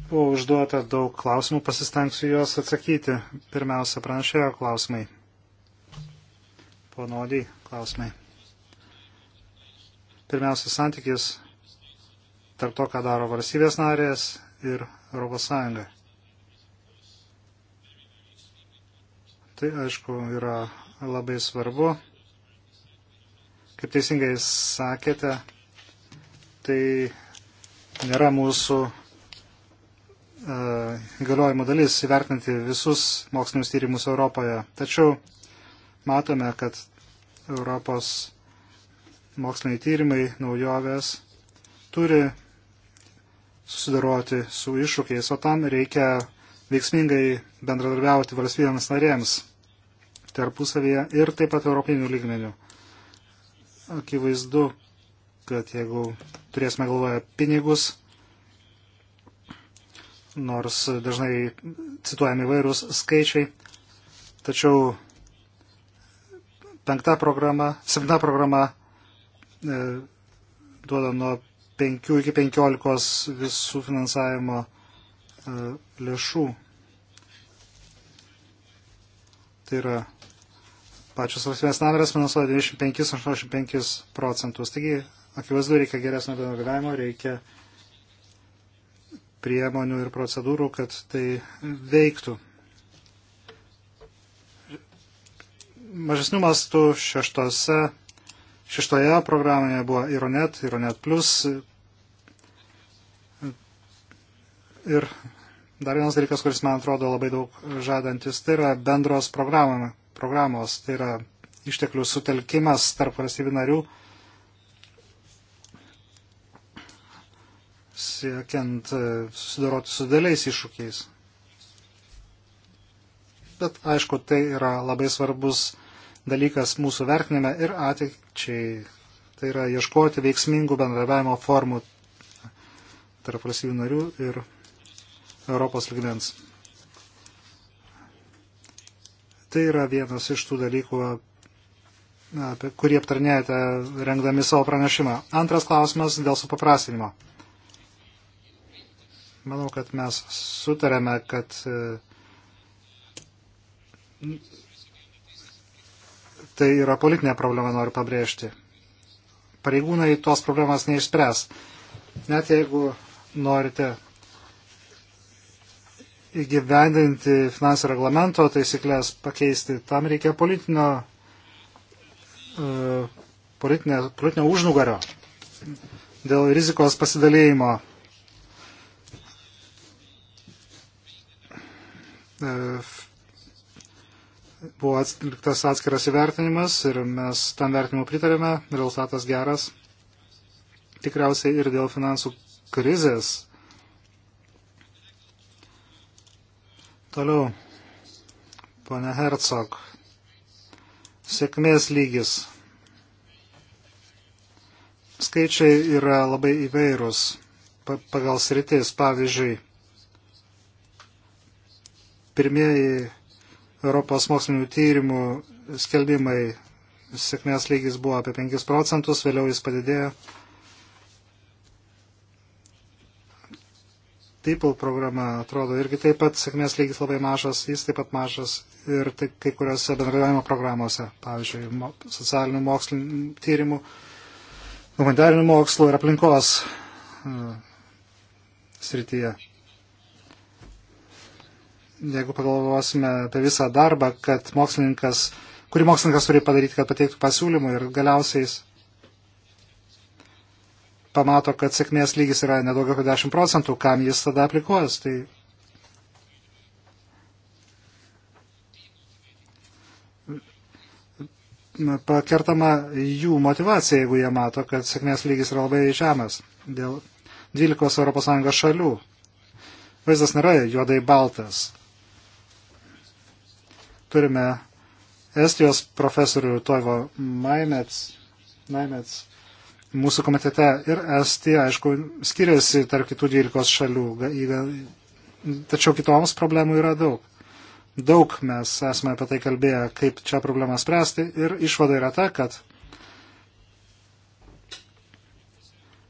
Buvo užduota daug klausimų, pasistengsiu juos atsakyti. Pirmiausia, pranešėjo klausimai. Ponodį klausimai. Pirmiausia, santykis tarp to, ką daro valstybės narės ir ES. Tai aišku yra labai svarbu. Kaip teisingai sakėte, tai nėra mūsų e, įgaliojimų uh, dalis įvertinti visus mokslinius tyrimus Europoje. Tačiau matome, kad Europos moksliniai tyrimai, naujovės turi susidaroti su iššūkiais, o tam reikia veiksmingai bendradarbiauti valstybėms narėms tarpusavyje ir taip pat europinių lygmenių akivaizdu, kad jeigu turėsime galvoje pinigus, nors dažnai cituojami vairūs skaičiai, tačiau penkta programa, septinta programa e, duoda nuo 5 iki 15 visų finansavimo e, lėšų. Tai yra pačios valstybės narės finansuoja 25-85 procentus. Taigi, akivaizdu, reikia geresnio bendradarbiavimo, reikia priemonių ir procedūrų, kad tai veiktų. Mažesnių mastų šeštose, šeštoje programoje buvo Ironet, Ironet Plus ir dar vienas dalykas, kuris man atrodo labai daug žadantis, tai yra bendros programoje programos, tai yra išteklių sutelkimas tarp valstybių narių, siekiant e, susidoroti su dėliais iššūkiais. Bet aišku, tai yra labai svarbus dalykas mūsų vertinime ir ateičiai. Tai yra ieškoti veiksmingų bendravimo formų tarp valstybių narių ir Europos lygmens. Tai yra vienas iš tų dalykų, apie kurį aptarnėjate rengdami savo pranešimą. Antras klausimas dėl supaprastinimo. Manau, kad mes sutarėme, kad e, tai yra politinė problema, noriu pabrėžti. Pareigūnai tos problemas neišspręs. Net jeigu norite įgyvendinti finansų reglamento taisyklės pakeisti, tam reikia politinio, e, politinio, politinio užnugario dėl rizikos pasidalėjimo. E, buvo atliktas atskiras įvertinimas ir mes tam vertinimu pritarėme, rezultatas geras. Tikriausiai ir dėl finansų krizės Toliau, ponė Hercog, sėkmės lygis. Skaičiai yra labai įvairūs pagal sritis. Pavyzdžiui, pirmieji Europos mokslinių tyrimų skelbimai sėkmės lygis buvo apie 5 procentus, vėliau jis padidėjo People programa atrodo irgi taip pat sėkmės lygis labai mažas, jis taip pat mažas ir tai kai kuriuose bendravimo programuose, pavyzdžiui, mo, socialinių mokslinių tyrimų, humanitarinių mokslų ir aplinkos uh, srityje. Jeigu pagalvosime apie visą darbą, kad mokslininkas, kurį mokslininkas turi padaryti, kad pateiktų pasiūlymų ir galiausiai jis pamato, kad sėkmės lygis yra nedaugiau kaip 10 procentų, kam jis tada aplikuos. Tai pakertama jų motivacija, jeigu jie mato, kad sėkmės lygis yra labai žemas dėl 12 ES šalių. Vaizdas nėra juodai baltas. Turime Estijos profesorių Toivo Maimets, Maimets mūsų komitete ir Estija, aišku, skiriasi tarp kitų 12 šalių, tačiau kitoms problemų yra daug. Daug mes esame apie tai kalbėję, kaip čia problemą spręsti ir išvada yra ta, kad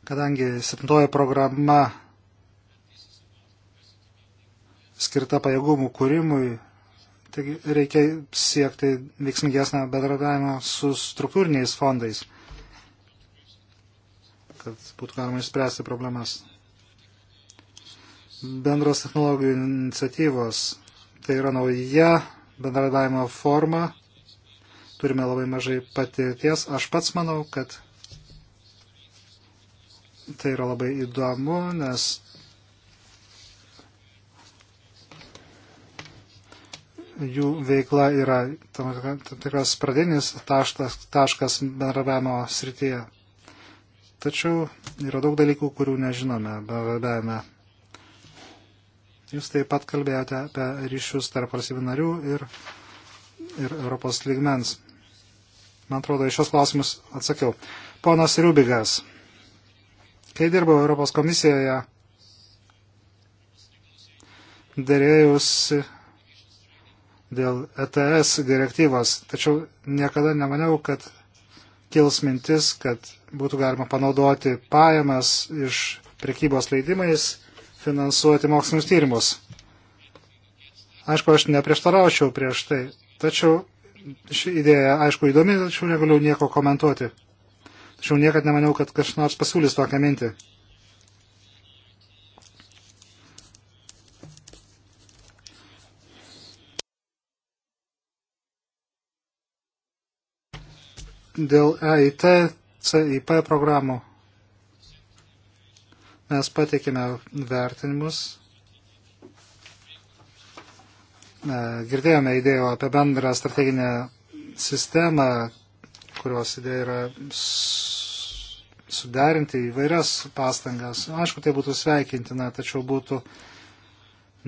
kadangi septintoji programa skirta pajėgumų kūrimui, taigi reikia siekti veiksmingesnę bendradavimą su struktūriniais fondais kad būtų galima išspręsti problemas. Bendros technologijų iniciatyvos. Tai yra nauja bendradavimo forma. Turime labai mažai patirties. Aš pats manau, kad tai yra labai įdomu, nes jų veikla yra tam tikras pradinis taškas, taškas bendravimo srityje. Tačiau yra daug dalykų, kurių nežinome, bevardavime. Jūs taip pat kalbėjote apie ryšius tarp valstybių narių ir, ir Europos lygmens. Man atrodo, iš šios klausimus atsakiau. Ponas Rubigas, kai dirbau Europos komisijoje, dėrėjusi dėl ETS direktyvos, tačiau niekada nemaniau, kad kils mintis, kad būtų galima panaudoti pajamas iš prekybos leidimais finansuoti mokslinius tyrimus. Aišku, aš neprieštaraučiau prieš tai, tačiau ši idėja, aišku, įdomi, tačiau negaliu nieko komentuoti. Tačiau niekad nemaniau, kad kažkas nors pasiūlys tokią mintį. dėl EIT, CIP programų. Mes pateikėme vertinimus. E, girdėjome idėjų apie bendrą strateginę sistemą, kurios idėja yra suderinti įvairias pastangas. Aišku, tai būtų sveikintina, tačiau būtų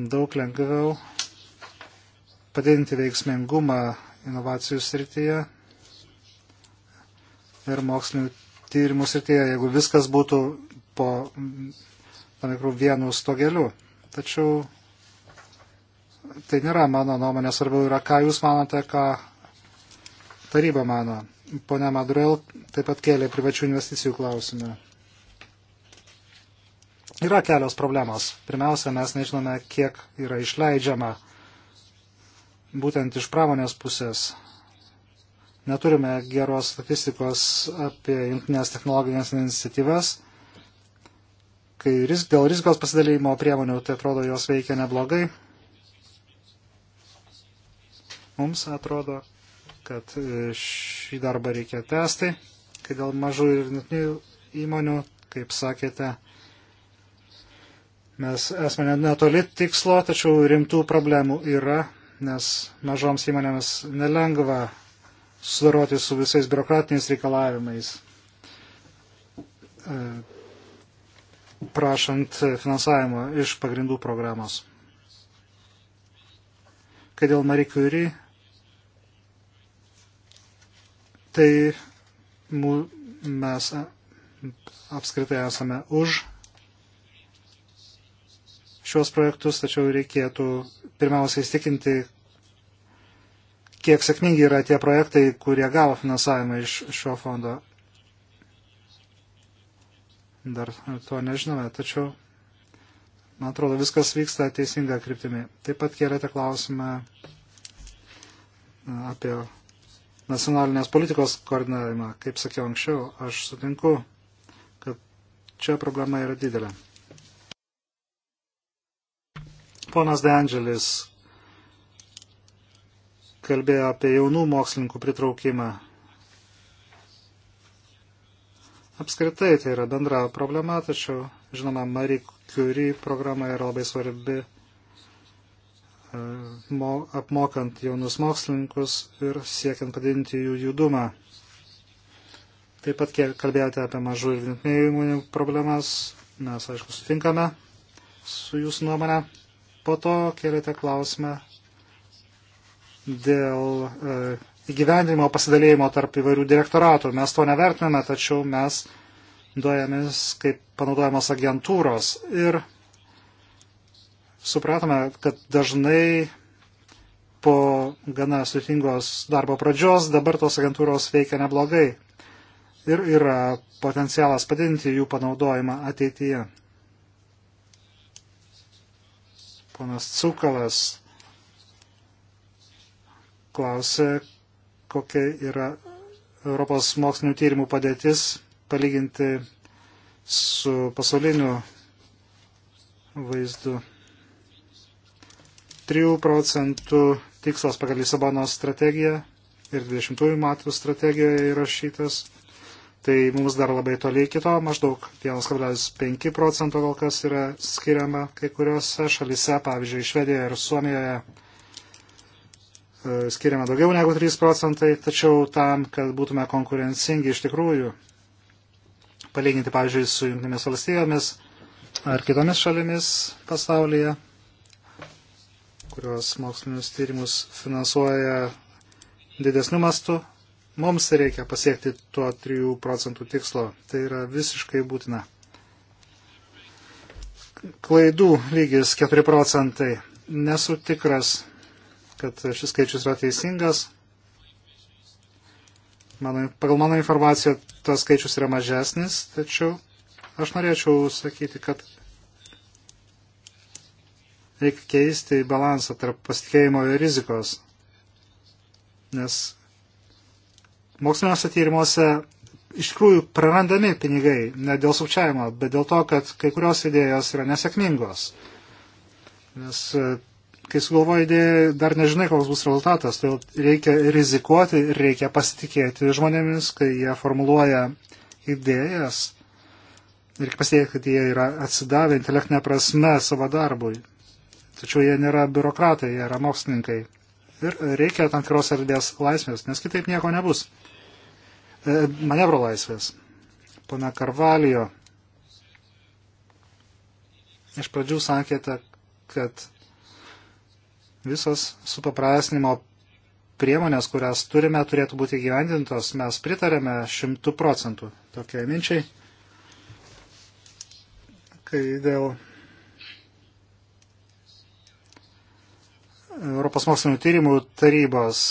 daug lengviau padidinti veiksmingumą inovacijų srityje ir mokslinių tyrimų srityje, jeigu viskas būtų po tam tikrų vienų stogelių. Tačiau tai nėra mano nuomonė, svarbiau yra, ką jūs manote, ką taryba mano. Pone Madurel taip pat kėlė privačių investicijų klausimą. Yra kelios problemos. Pirmiausia, mes nežinome, kiek yra išleidžiama būtent iš pramonės pusės neturime geros statistikos apie jungtinės technologinės iniciatyvas. Kai riz, dėl rizikos pasidalymo priemonių, tai atrodo, jos veikia neblogai. Mums atrodo, kad e, šį darbą reikia tęsti. Kai dėl mažų ir vidutinių įmonių, kaip sakėte, mes esame netoli tikslo, tačiau rimtų problemų yra, nes mažoms įmonėms nelengva sudaroti su visais biurokratiniais reikalavimais, e, prašant finansavimo iš pagrindų programos. Kai dėl Marie Curie, tai mes apskritai esame už šios projektus, tačiau reikėtų pirmiausia įstikinti, kiek sėkmingi yra tie projektai, kurie gavo finansavimą iš šio fondo. Dar to nežinome, tačiau, man atrodo, viskas vyksta teisinga kryptimi. Taip pat kėlėte klausimą apie nacionalinės politikos koordinavimą. Kaip sakiau anksčiau, aš sutinku, kad čia problema yra didelė. Ponas Deandželis kalbėjo apie jaunų mokslininkų pritraukimą. Apskritai tai yra bendra problema, tačiau, žinoma, Marie Curie programa yra labai svarbi e, apmokant jaunus mokslininkus ir siekiant padidinti jų judumą. Taip pat kalbėjote apie mažų ir vidutinių įmonių problemas. Mes, aišku, sutinkame su jūsų nuomonė. Po to kėlėte klausimą dėl e, įgyvendinimo pasidalėjimo tarp įvairių direktoratų. Mes to nevertiname, tačiau mes duojamis kaip panaudojamos agentūros. Ir supratome, kad dažnai po gana sudėtingos darbo pradžios dabar tos agentūros veikia neblogai ir yra potencialas padidinti jų panaudojimą ateityje. Ponas Cukalas klausė, kokia yra Europos mokslinių tyrimų padėtis palyginti su pasauliniu vaizdu. 3 procentų tikslas pagal Lisabonos strategiją ir 20 metų strategijoje įrašytas. Tai mums dar labai toliai kito, maždaug 1,5 procento kol kas yra skiriama kai kuriuose šalise, pavyzdžiui, Švedijoje ir Suomijoje E, skiriame daugiau negu 3 procentai, tačiau tam, kad būtume konkurencingi iš tikrųjų, palyginti, pavyzdžiui, su Junktinėmis valstybėmis ar kitomis šalimis pasaulyje, kurios mokslinius tyrimus finansuoja didesnių mastų, mums reikia pasiekti tuo 3 procentų tikslo. Tai yra visiškai būtina. Klaidų lygis 4 procentai. Nesu tikras, kad šis skaičius yra teisingas. Mano, pagal mano informaciją, tas skaičius yra mažesnis, tačiau aš norėčiau sakyti, kad reikia keisti balansą tarp pasitikėjimo ir rizikos. Nes moksliniuose tyrimuose iš tikrųjų prarandami pinigai ne dėl sukčiavimo, bet dėl to, kad kai kurios idėjos yra nesėkmingos. Nes kai sugalvoji idėją, dar nežinai, koks bus rezultatas, todėl tai reikia rizikuoti ir reikia pasitikėti žmonėmis, kai jie formuluoja idėjas. Reikia pasitikėti, kad jie yra atsidavę intelektinę prasme savo darbui. Tačiau jie nėra biurokratai, jie yra mokslininkai. Ir reikia tam tikros erdvės laisvės, nes kitaip nieko nebus. E, manevro laisvės. Pana Karvalijo. Iš pradžių sakėte, kad Visos supaprasnimo priemonės, kurias turime, turėtų būti gyvendintos. Mes pritarėme šimtų procentų tokiai minčiai, kai dėl Europos mokslinio tyrimų tarybos.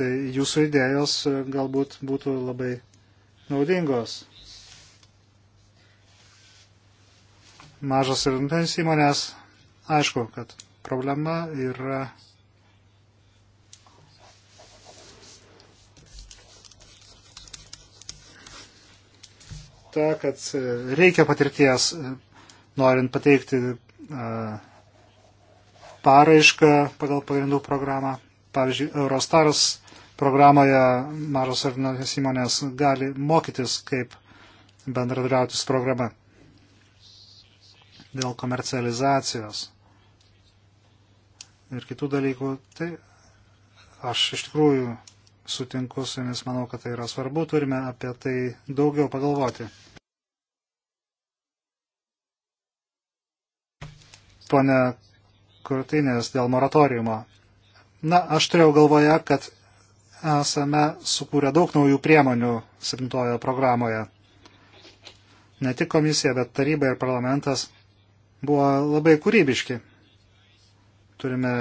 Tai jūsų idėjos e, galbūt būtų labai naudingos. Mažas ir nutenis įmonės, aišku, kad Problema yra ta, kad reikia patirties, norint pateikti paraišką pagal pagrindų programą. Pavyzdžiui, Eurostars programoje mažos ir naujas įmonės gali mokytis, kaip bendradarbiauti su programa dėl komercializacijos ir kitų dalykų. Tai aš iš tikrųjų sutinku su jumis, manau, kad tai yra svarbu, turime apie tai daugiau pagalvoti. Pone Kurtinės, dėl moratoriumo. Na, aš turėjau galvoje, kad esame sukūrę daug naujų priemonių septintojo programoje. Ne tik komisija, bet taryba ir parlamentas buvo labai kūrybiški turime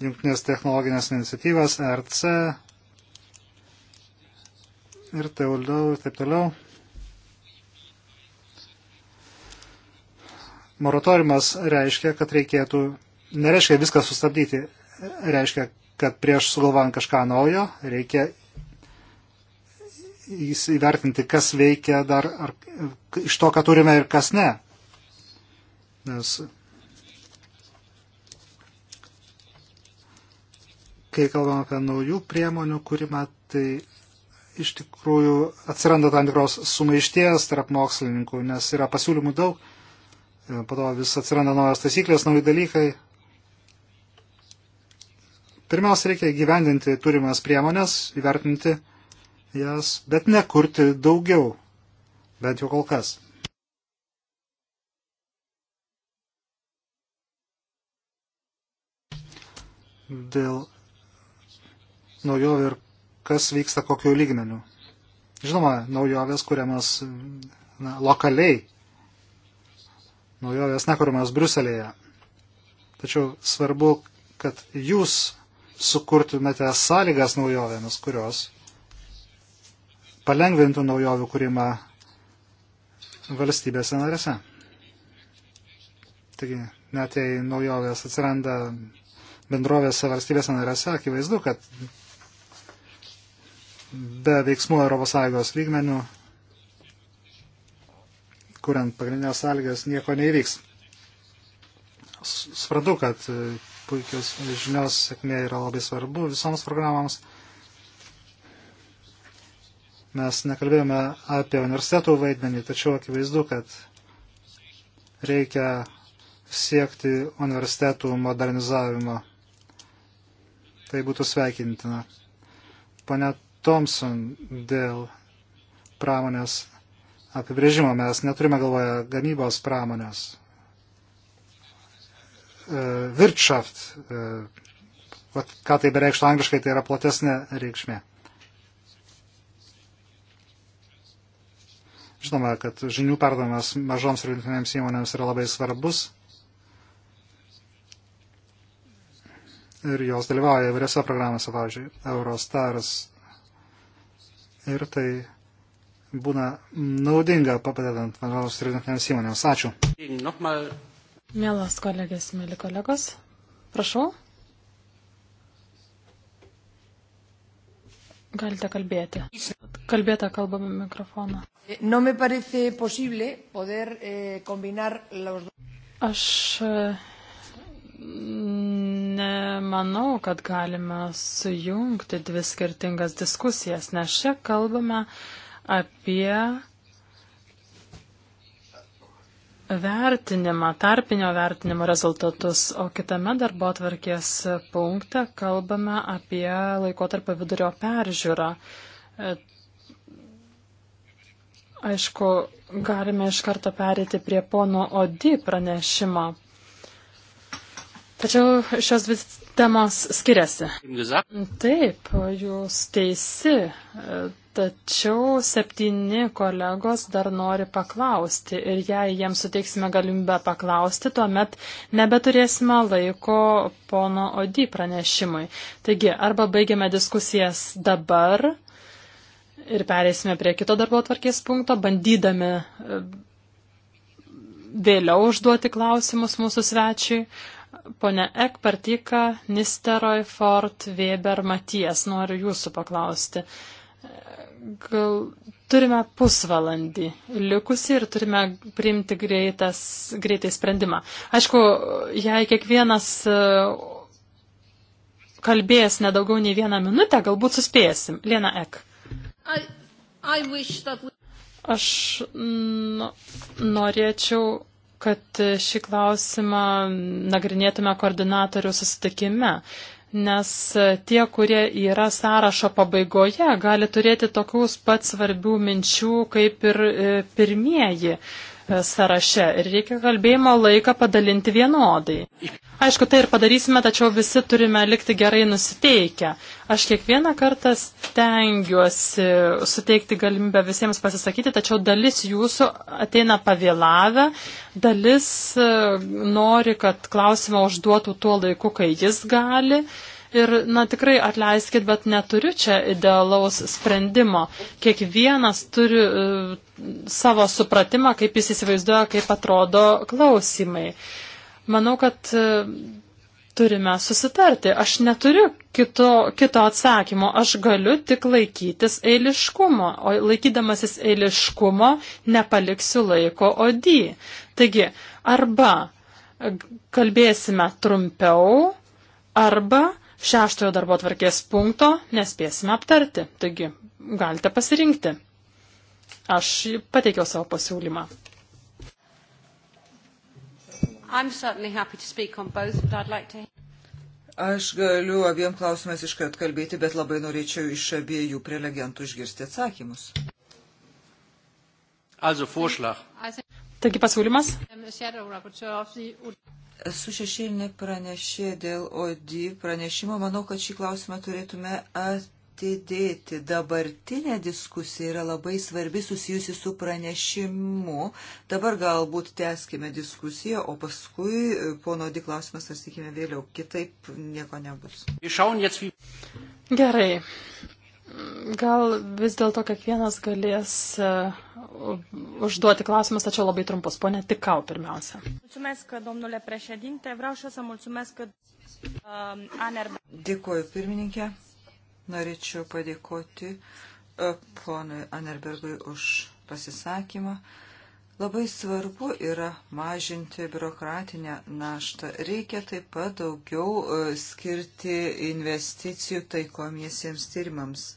jungtinės technologinės iniciatyvas, RC ir toliau, ir taip toliau. Moratoriumas reiškia, kad reikėtų, nereiškia viską sustabdyti, reiškia, kad prieš sugalvojant kažką naujo reikia įvertinti, kas veikia dar ar, iš to, ką turime ir kas ne. Nes kai kalbam apie naujų priemonių kūrimą, tai iš tikrųjų atsiranda tam tikros sumaišties tarp mokslininkų, nes yra pasiūlymų daug, e, po to vis atsiranda naujas taisyklės, nauji dalykai. Pirmiausia, reikia gyvendinti turimas priemonės, įvertinti jas, bet nekurti daugiau, bent jau kol kas. Dėl naujovių ir kas vyksta kokiu lygmeniu. Žinoma, naujovės kuriamas na, lokaliai, naujovės nekuriamas Bruselėje. Tačiau svarbu, kad jūs sukurtumėte sąlygas naujovėmis, kurios palengvintų naujovių kūrimą valstybėse narėse. Taigi, net jei naujovės atsiranda bendrovėse valstybėse narėse, akivaizdu, kad be veiksmų ES lygmenių, kuriant pagrindinės sąlygas, nieko neįvyks. Suprantu, kad e, puikios žinios sėkmė yra labai svarbu visoms programams. Mes nekalbėjome apie universitetų vaidmenį, tačiau akivaizdu, kad reikia siekti universitetų modernizavimo. Tai būtų sveikintina. Pane Thompson dėl pramonės apibrėžimo. Mes neturime galvoje gamybos pramonės. Virtschaft, e, e, ką tai bereikštų angliškai, tai yra platesnė reikšmė. Žinoma, kad žinių perdavimas mažoms ir vidutinėms įmonėms yra labai svarbus. Ir jos dalyvauja įvairiose programose, pavyzdžiui, Eurostars ir tai būna naudinga papadedant mažoms ir vidutinėms įmonėms. Ačiū. Mielas kolegės, mėly kolegos, prašau. Galite kalbėti. Kalbėta kalba mikrofoną. No me parece posible poder eh, combinar los Aš mm, nemanau, kad galime sujungti dvi skirtingas diskusijas, nes čia kalbame apie vertinimą, tarpinio vertinimo rezultatus, o kitame darbo atvarkės punkte kalbame apie laikotarpio vidurio peržiūrą. Aišku, galime iš karto perėti prie pono Odi pranešimo. Tačiau šios dvi temos skiriasi. Taip, jūs teisi, tačiau septyni kolegos dar nori paklausti ir jei jiems suteiksime galimybę paklausti, tuomet nebeturėsime laiko pono Odi pranešimui. Taigi, arba baigiame diskusijas dabar ir pereisime prie kito darbo atvarkės punkto, bandydami e, vėliau užduoti klausimus mūsų svečiui ponia Ek, Partika, Nisteroj, Ford, Weber, Maties, noriu jūsų paklausti. Gal turime pusvalandį likusį ir turime priimti greitas, greitai sprendimą. Aišku, jei kiekvienas e, kalbės nedaugiau nei vieną minutę, galbūt suspėsim. Lena Ek. I, I we... Aš norėčiau kad šį klausimą nagrinėtume koordinatorių susitikime, nes tie, kurie yra sąrašo pabaigoje, gali turėti tokius pat svarbių minčių kaip ir e, pirmieji sąraše ir reikia kalbėjimo laiką padalinti vienodai. Aišku, tai ir padarysime, tačiau visi turime likti gerai nusiteikę. Aš kiekvieną kartą stengiuosi suteikti galimybę visiems pasisakyti, tačiau dalis jūsų ateina pavėlavę, dalis e, nori, kad klausimą užduotų tuo laiku, kai jis gali. Uh, Ir, na, tikrai atleiskit, bet neturiu čia idealaus sprendimo. Kiekvienas turi uh, savo supratimą, kaip jis įsivaizduoja, kaip atrodo klausimai. Manau, kad uh, turime susitarti. Aš neturiu kito, kito atsakymo. Aš galiu tik laikytis eiliškumo. O laikydamasis eiliškumo nepaliksiu laiko odį. Taigi, arba e, kalbėsime trumpiau, arba šeštojo darbo tvarkės punkto nespėsime aptarti, taigi galite pasirinkti. Aš pateikiau savo pasiūlymą. Both, like to... Aš galiu abiem klausimais iškart kalbėti, bet labai norėčiau iš abiejų prelegentų išgirsti atsakymus. Also, Taigi pasiūlymas? Esu šešėlinė pranešė dėl ODI pranešimo. Manau, kad šį klausimą turėtume atidėti. Dabartinė diskusija yra labai svarbi susijusi su pranešimu. Dabar galbūt tęskime diskusiją, o paskui e, pono ODI klausimas atsakykime vėliau. Kitaip nieko nebus. Gerai. Gal vis dėlto kiekvienas galės e, užduoti klausimus, tačiau labai trumpus. Pone Tikau, pirmiausia. Mulțumesc, domnule președinte. Vreau și eu să mulțumesc uh, Aner. Dėkuoju, pirmininkė. Norėčiau padėkoti uh, ponui Anerbergui už pasisakymą. Labai svarbu yra mažinti biurokratinę naštą. Reikia taip pat daugiau uh, skirti investicijų taikomiesiems tyrimams.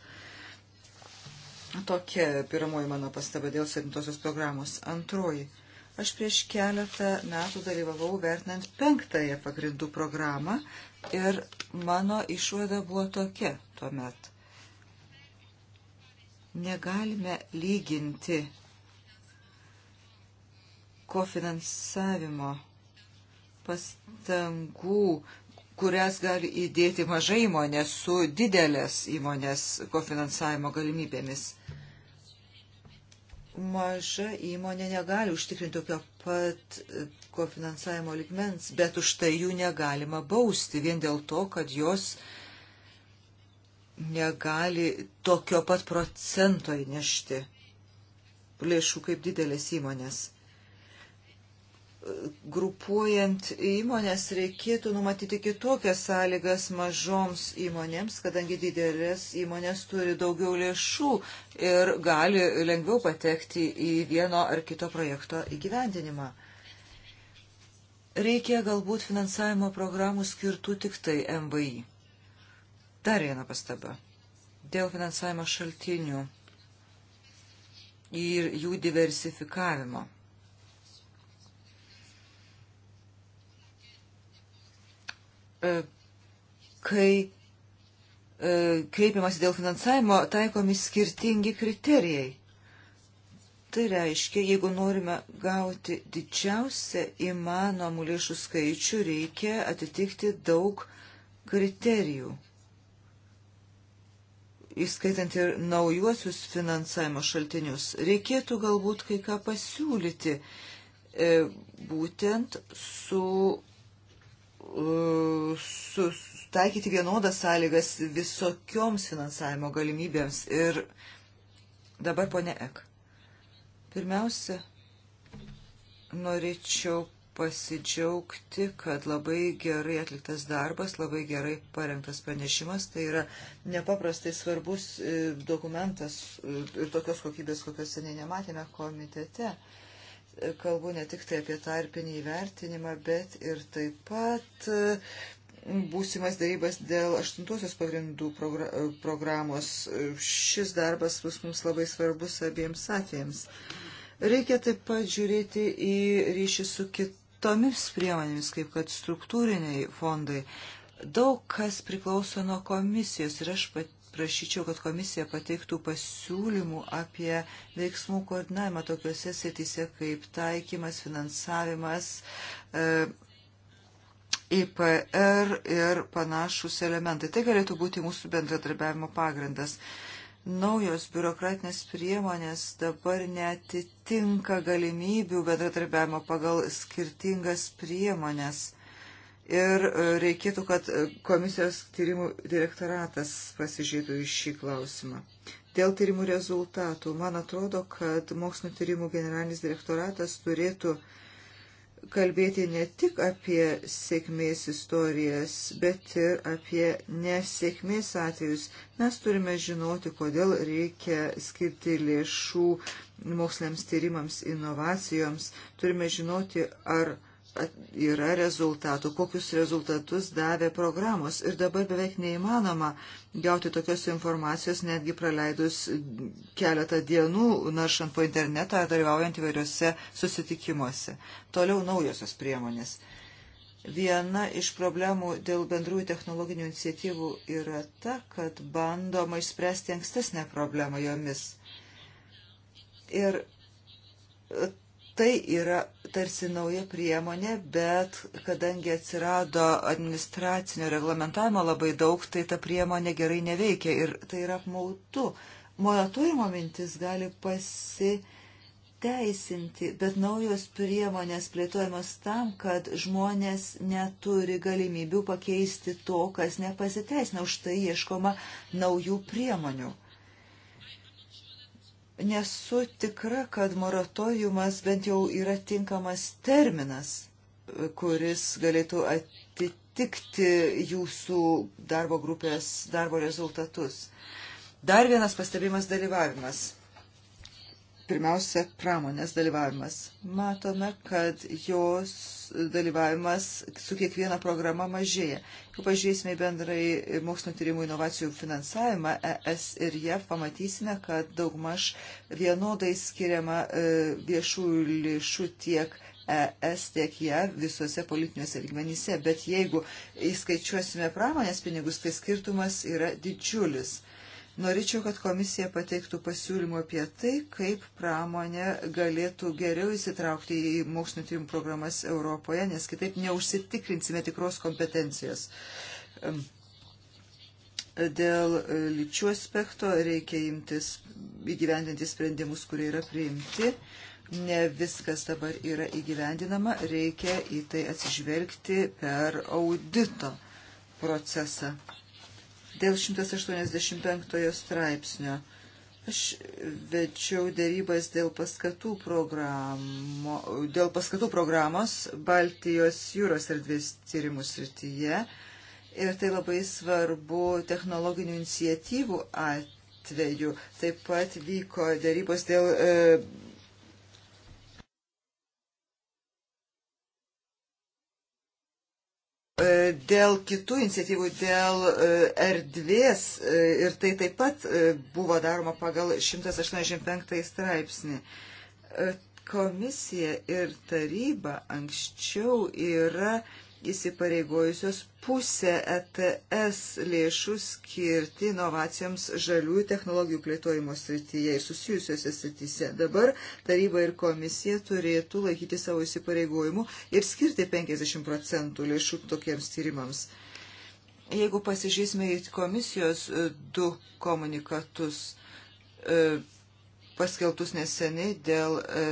Tokia pirmoji mano pastaba dėl septintosios programos. Antroji. Aš prieš keletą metų dalyvavau vertinant penktąją pagrindų programą ir mano išvada buvo tokia tuomet. Negalime lyginti kofinansavimo pastangų kurias gali įdėti mažai įmonės su didelės įmonės kofinansavimo galimybėmis maža įmonė negali užtikrinti tokio pat e, kofinansavimo ligmens, bet už tai jų negalima bausti vien dėl to, kad jos negali tokio pat procento įnešti lėšų kaip didelės įmonės grupuojant įmonės reikėtų numatyti kitokias sąlygas mažoms įmonėms, kadangi didelės įmonės turi daugiau lėšų ir gali lengviau patekti į vieno ar kito projekto įgyvendinimą. Reikia galbūt finansavimo programų skirtų tik tai MVI. Dar viena pastaba. Dėl finansavimo šaltinių ir jų diversifikavimo E, kai e, kreipiamasi dėl finansavimo, taikomi skirtingi kriterijai. Tai reiškia, jeigu norime gauti didžiausią įmanomų lėšų skaičių, reikia atitikti daug kriterijų, įskaitant ir naujuosius finansavimo šaltinius. Reikėtų galbūt kai ką pasiūlyti, e, būtent su taikyti vienodas sąlygas visokioms finansavimo galimybėms. Ir dabar, ponė Ek, pirmiausia, norėčiau pasidžiaugti, kad labai gerai atliktas darbas, labai gerai parengtas pranešimas. Tai yra nepaprastai svarbus e, dokumentas e, ir tokios kokybės, kokios seniai nematėme komitete. Uh, kalbu ne tik tai apie tarpinį įvertinimą, bet ir taip pat e, būsimas darybas dėl aštuntosios pagrindų e, programos. Šis darbas bus mums labai svarbus abiems atvejams. Reikia taip pat žiūrėti į ryšį su kitomis priemonėmis, kaip kad struktūriniai fondai. Daug kas priklauso nuo komisijos ir aš pat prašyčiau, kad komisija pateiktų pasiūlymų apie veiksmų koordinavimą tokiuose sėtise kaip taikymas, finansavimas, e, IPR ir panašus elementai. Tai galėtų būti mūsų bendradarbiavimo pagrindas naujos biurokratinės priemonės dabar netitinka galimybių bendradarbiavimo pagal skirtingas priemonės ir e, reikėtų, kad e, komisijos tyrimų direktoratas pasižiūrėtų į šį klausimą. Dėl tyrimų rezultatų, man atrodo, kad mokslinio tyrimų generalinis direktoratas turėtų kalbėti ne tik apie sėkmės istorijas, bet ir apie nesėkmės atvejus. Mes turime žinoti, kodėl reikia skirti lėšų moksliniams tyrimams, inovacijoms. Turime žinoti, ar yra rezultatų, kokius rezultatus davė programos. Ir dabar beveik neįmanoma gauti tokios informacijos, netgi praleidus keletą dienų naršant po internetą ar dalyvaujant įvairiose susitikimuose. Toliau naujosios priemonės. Viena iš problemų dėl bendrųjų technologinių iniciatyvų yra ta, kad bandoma išspręsti ankstesnę problemą jomis. Ir tai yra tarsi nauja priemonė, bet kadangi atsirado administracinio reglamentavimo labai daug, tai ta priemonė gerai neveikia ir tai yra apmautu. Moratoriumo mintis gali pasiteisinti, bet naujos priemonės plėtojamos tam, kad žmonės neturi galimybių pakeisti to, kas nepasiteisina. Už tai ieškoma naujų priemonių. Nesu tikra, kad moratoriumas bent jau yra tinkamas terminas, kuris galėtų atitikti jūsų darbo grupės darbo rezultatus. Dar vienas pastebimas dalyvavimas pirmiausia, pramonės dalyvavimas. Matome, kad jos dalyvavimas su kiekviena programa mažėja. Jeigu pažiūrėsime į bendrai mokslinio tyrimų inovacijų finansavimą ES ir JAV, pamatysime, kad daugmaž vienodai skiriama e, viešųjų lėšų tiek ES, tiek JAV visuose politiniuose lygmenyse. Bet jeigu įskaičiuosime pramonės pinigus, tai skirtumas yra didžiulis. Norėčiau, kad komisija pateiktų pasiūlymų apie tai, kaip pramonė galėtų geriau įsitraukti į mokslinio tyrimų programas Europoje, nes kitaip neužsitikrinsime tikros kompetencijos. Dėl lyčių aspekto reikia imtis įgyvendinti sprendimus, kurie yra priimti ne viskas dabar yra įgyvendinama, reikia į tai atsižvelgti per audito procesą. Dėl 185 straipsnio aš vedžiau dėrybas dėl paskatų, programo, dėl paskatų programos Baltijos jūros erdvės tyrimų srityje. Ir tai labai svarbu technologinių iniciatyvų atveju. Taip pat vyko dėrybos dėl e, E, dėl kitų iniciatyvų, dėl e, erdvės e, ir tai taip pat buvo daroma pagal 185 straipsnį. Komisija ir taryba anksčiau yra uh, įsipareigojusios pusę ETS lėšų skirti inovacijoms žaliųjų technologijų plėtojimo srityje ir susijusiuose srityse. Dabar taryba ir komisija turėtų laikyti savo įsipareigojimų ir skirti 50 procentų lėšų tokiems tyrimams. Jeigu pasižiūrėsime į komisijos e, du komunikatus e, paskeltus neseniai dėl e,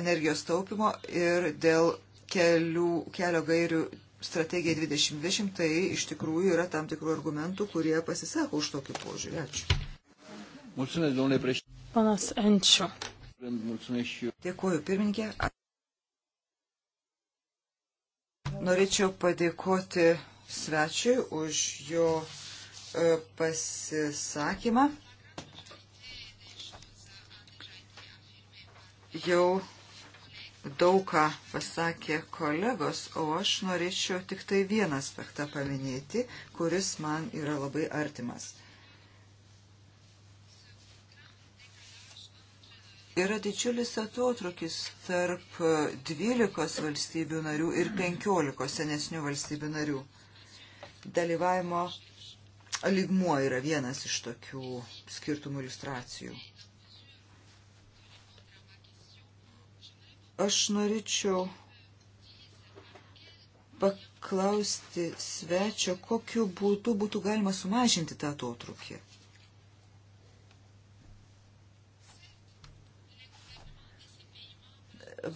energijos taupimo ir dėl kelių, kelio gairių strategija 2020, tai iš tikrųjų yra tam tikrų argumentų, kurie pasisako už tokį požiūrį. Ačiū. Mulțumesc, domnule președinte. Panas Enciu. Mulțumesc și eu. Dėkuoju, pirmininkė. Norėčiau padėkoti svečiui už jo e, pasisakymą. Jau daug ką pasakė kolegos, o aš norėčiau tik tai vieną aspektą paminėti, kuris man yra labai artimas. Yra didžiulis atotrukis tarp 12 valstybių narių ir 15 senesnių valstybių narių. Dalyvavimo lygmuo yra vienas iš tokių skirtumų iliustracijų. Aš norėčiau paklausti svečio, kokiu būtų būtų galima sumažinti tą atotrukį.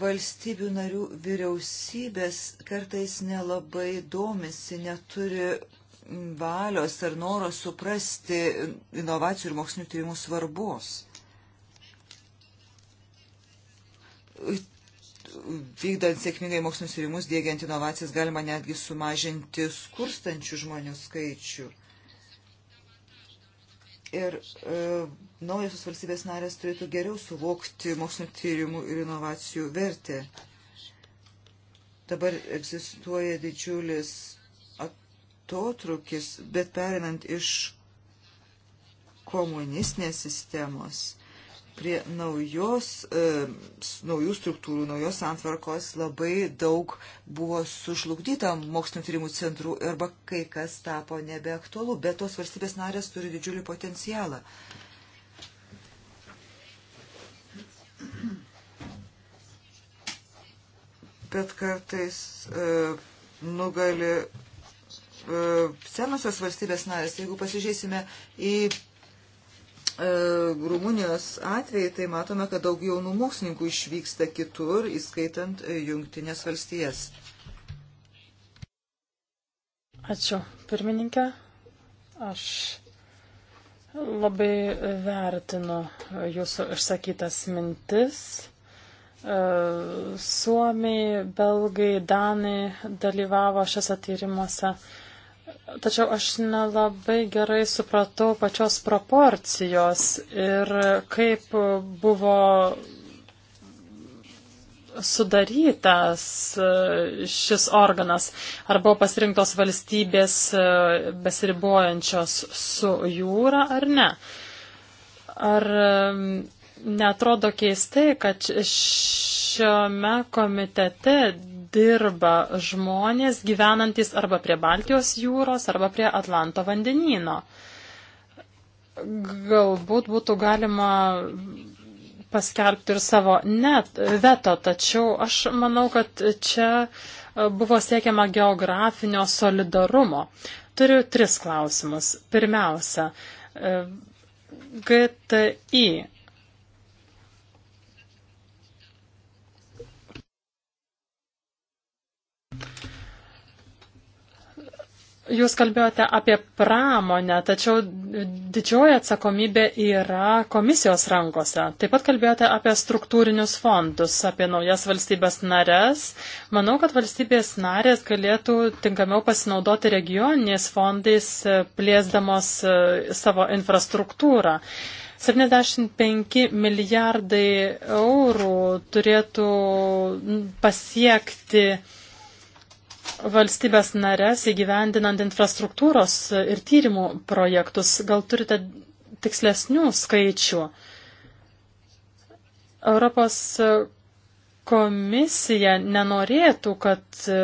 Valstybių narių vyriausybės kartais nelabai domisi, neturi valios ar noro suprasti inovacijų ir mokslinių tyrimų svarbos vykdant sėkmingai mokslinius tyrimus, dėgiant inovacijas, galima netgi sumažinti skurstančių žmonių skaičių. Ir e, naujosios valstybės narės turėtų geriau suvokti mokslinio tyrimų ir inovacijų vertę. Dabar egzistuoja didžiulis atotrukis, bet perinant iš komunistinės sistemos prie naujos, e, naujų struktūrų, naujos santvarkos labai daug buvo sužlugdyta mokslinio tyrimų centrų arba kai kas tapo nebeaktualu, bet tos valstybės narės turi didžiulį potencialą. Bet kartais e, nugali e, senosios valstybės narės, jeigu pasižiūrėsime į E, Rumunijos atveju, tai matome, kad daug jaunų mokslininkų išvyksta kitur, įskaitant e, jungtinės valstijas. Ačiū, pirmininkė. Aš labai vertinu jūsų išsakytas mintis. E, Suomiai, belgai, danai dalyvavo šiuose tyrimuose. Tačiau aš nelabai gerai supratau pačios proporcijos ir kaip buvo sudarytas e, šis organas? Ar buvo pasirinktos valstybės e, besiribojančios su jūra ar ne? Ar e, netrodo keistai, kad šiame komitete dirba žmonės gyvenantis arba prie Baltijos jūros, arba prie Atlanto vandenyno. Galbūt būtų galima paskelbti ir savo net veto, tačiau aš manau, kad čia buvo siekiama geografinio solidarumo. Turiu tris klausimus. Pirmiausia, e, GTI Jūs kalbėjote apie pramonę, tačiau didžioji atsakomybė yra komisijos rankose. Taip pat kalbėjote apie struktūrinius fondus, apie naujas valstybės narės. Manau, kad valstybės narės galėtų tinkamiau pasinaudoti regioniniais fondais, plėsdamos e, savo infrastruktūrą. 75 milijardai eurų turėtų pasiekti valstybės narės įgyvendinant infrastruktūros ir tyrimų projektus. Gal turite tikslesnių skaičių? Europos komisija nenorėtų, kad e,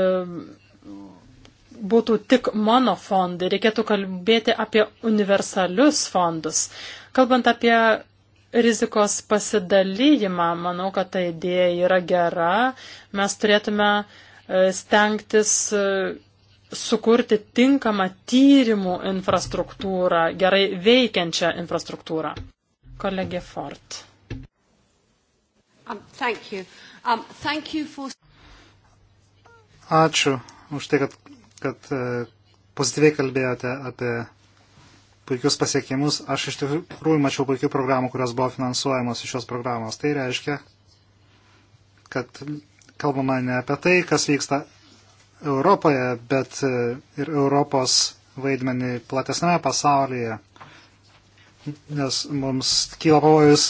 būtų tik mano fondai, reikėtų kalbėti apie universalius fondus. Kalbant apie rizikos pasidalyjimą, manau, kad ta idėja yra gera. Mes turėtume uh, E, stengtis e, sukurti tinkamą tyrimų infrastruktūrą, gerai veikiančią infrastruktūrą. Kolegė Fort. Um, thank you. Um, thank you for... Ačiū už tai, kad, kad e, pozityviai kalbėjote apie puikius pasiekimus. Aš iš tikrųjų mačiau puikių programų, kurios buvo finansuojamos iš šios programos. Tai reiškia, kad kalbama ne apie tai, kas vyksta Europoje, bet e, ir Europos vaidmenį platesnėme pasaulyje, nes mums kyla pavojus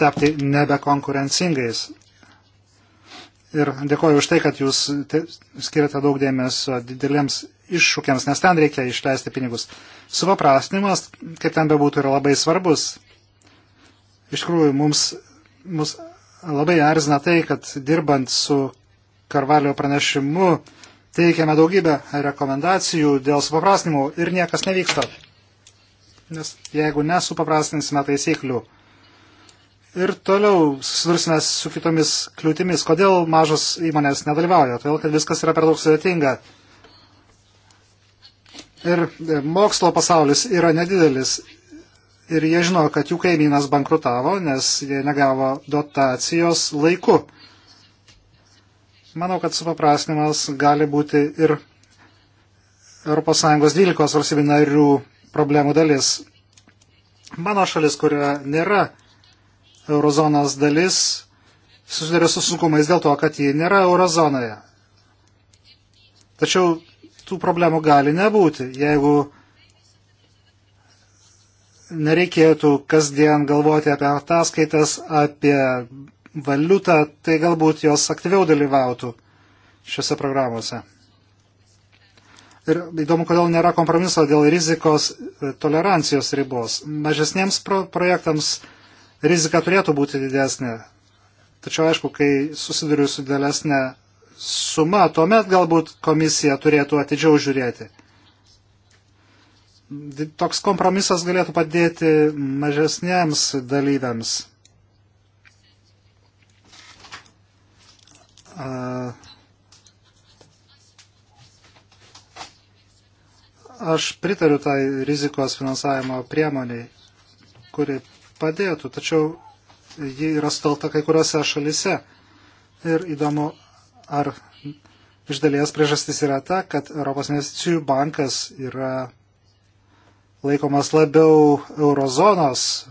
tapti nebekonkurencingais. Ir dėkoju už tai, kad jūs skiriate daug dėmesio dideliems iššūkiams, nes ten reikia išleisti pinigus. Supaprastinimas, kaip ten bebūtų, yra labai svarbus. Iš tikrųjų, mums, mums labai erzina tai, kad dirbant su Karvalio pranešimu teikiame daugybę rekomendacijų dėl supaprastinimų ir niekas nevyksta. Nes jeigu nesupaprastinsime taisyklių ir toliau susidursime su kitomis kliūtimis, kodėl mažos įmonės nedalyvauja, todėl kad viskas yra per daug sudėtinga. Ir mokslo pasaulis yra nedidelis ir jie žino, kad jų kaimynas bankrutavo, nes jie negavo dotacijos laiku. Manau, kad supaprasnimas gali būti ir ES 12 valstybių narių problemų dalis. Mano šalis, kuria nėra eurozonos dalis, susiduria su sunkumais dėl to, kad ji nėra eurozonoje. Tačiau tų problemų gali nebūti, jeigu nereikėtų kasdien galvoti apie ataskaitas, apie valiutą, tai galbūt jos aktyviau dalyvautų šiuose programuose. Ir įdomu, kodėl nėra kompromiso dėl rizikos e, tolerancijos ribos. Mažesniems pro projektams rizika turėtų būti didesnė. Tačiau, aišku, kai susiduriu su didesnė suma, tuomet galbūt komisija turėtų atidžiau žiūrėti toks kompromisas galėtų padėti mažesniems dalyviams. Aš pritariu tai rizikos finansavimo priemoniai, kuri padėtų, tačiau ji yra stolta kai kuriuose šalise. Ir įdomu, ar iš dalies priežastis yra ta, kad Europos investicijų bankas yra laikomas labiau eurozonos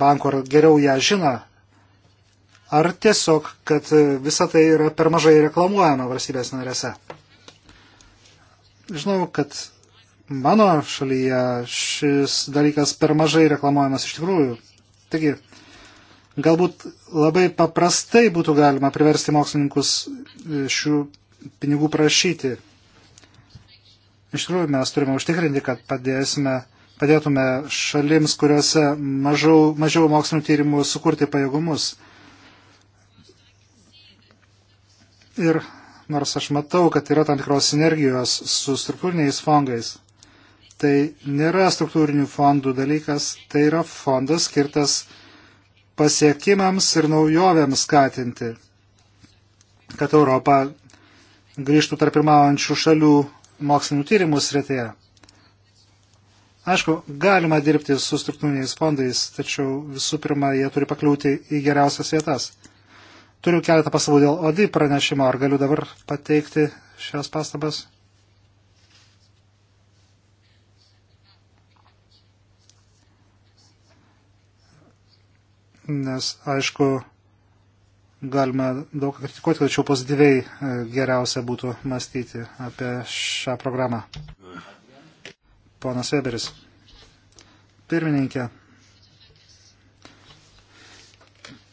bankų ar geriau ją žino, ar tiesiog, kad visa tai yra per mažai reklamuojama valstybės narėse. Žinau, kad mano šalyje šis dalykas per mažai reklamuojamas iš tikrųjų. Taigi, galbūt labai paprastai būtų galima priversti mokslininkus šių pinigų prašyti iš tikrųjų mes turime užtikrinti, kad padėsime, padėtume šalims, kuriuose mažiau, mažiau mokslinio tyrimų sukurti pajėgumus. Ir nors aš matau, kad yra tam tikros sinergijos su struktūriniais fondais, tai nėra struktūrinių fondų dalykas, tai yra fondas skirtas pasiekimams ir naujovėms skatinti, kad Europa grįžtų tarp pirmaujančių šalių mokslinių tyrimų srityje. Aišku, galima dirbti su struktūriniais fondais, tačiau visų pirma, jie turi pakliūti į geriausias vietas. Turiu keletą pasavų dėl ODI pranešimo, ar galiu dabar pateikti šias pastabas? Nes, aišku, galima daug kritikuoti, tačiau pozityviai e, geriausia būtų mąstyti apie šią programą. Ponas Weberis. Pirmininkė.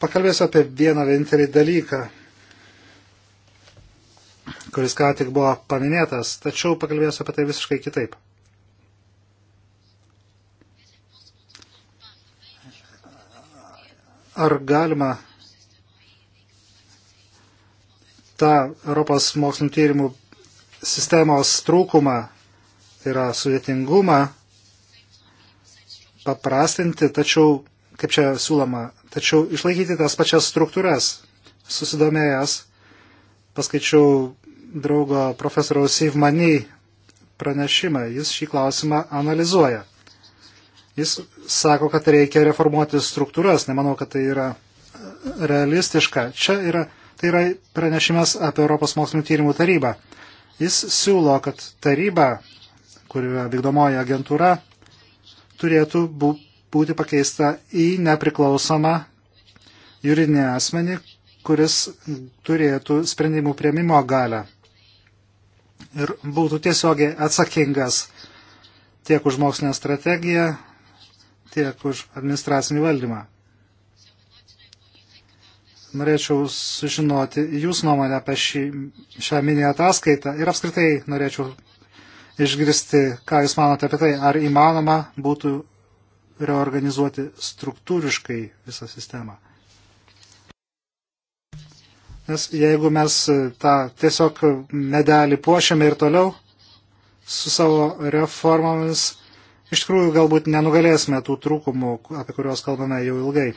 Pakalbėsiu apie vieną vienintelį dalyką, kuris ką tik buvo paminėtas, tačiau pakalbėsiu apie tai visiškai kitaip. Ar galima tą Europos mokslinio tyrimų sistemos trūkumą, tai yra sudėtingumą, paprastinti, tačiau, kaip čia siūloma, tačiau išlaikyti tas pačias struktūras. Susidomėjęs, paskaičiau draugo profesoriaus Sivmany pranešimą, jis šį klausimą analizuoja. Jis sako, kad reikia reformuoti struktūras, nemanau, kad tai yra realistiška. Čia yra Tai yra pranešimas apie Europos mokslinio tyrimų tarybą. Jis siūlo, kad taryba, kuri vykdomoji agentūra, turėtų būti pakeista į nepriklausomą juridinį asmenį, kuris turėtų sprendimų prieimimo galę ir būtų tiesiogiai atsakingas tiek už mokslinę strategiją, tiek už administracinį valdymą norėčiau sužinoti jūs nuomonę apie šį, šią mini ataskaitą ir apskritai norėčiau išgirsti, ką jūs manote apie tai, ar įmanoma būtų reorganizuoti struktūriškai visą sistemą. Nes jeigu mes tą tiesiog medelį puošiame ir toliau su savo reformomis, iš tikrųjų galbūt nenugalėsime tų trūkumų, apie kuriuos kalbame jau ilgai.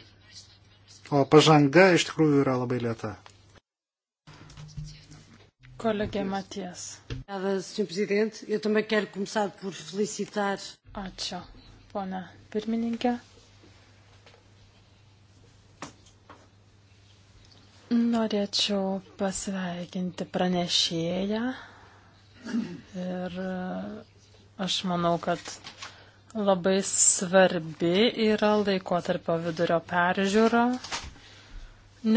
O pažanga iš tikrųjų yra labai lėta. Kolegė Matijas. Ačiū, ponia pirmininkė. Norėčiau pasveikinti pranešėją ir aš manau, kad Labai svarbi yra laikotarpio vidurio peržiūra.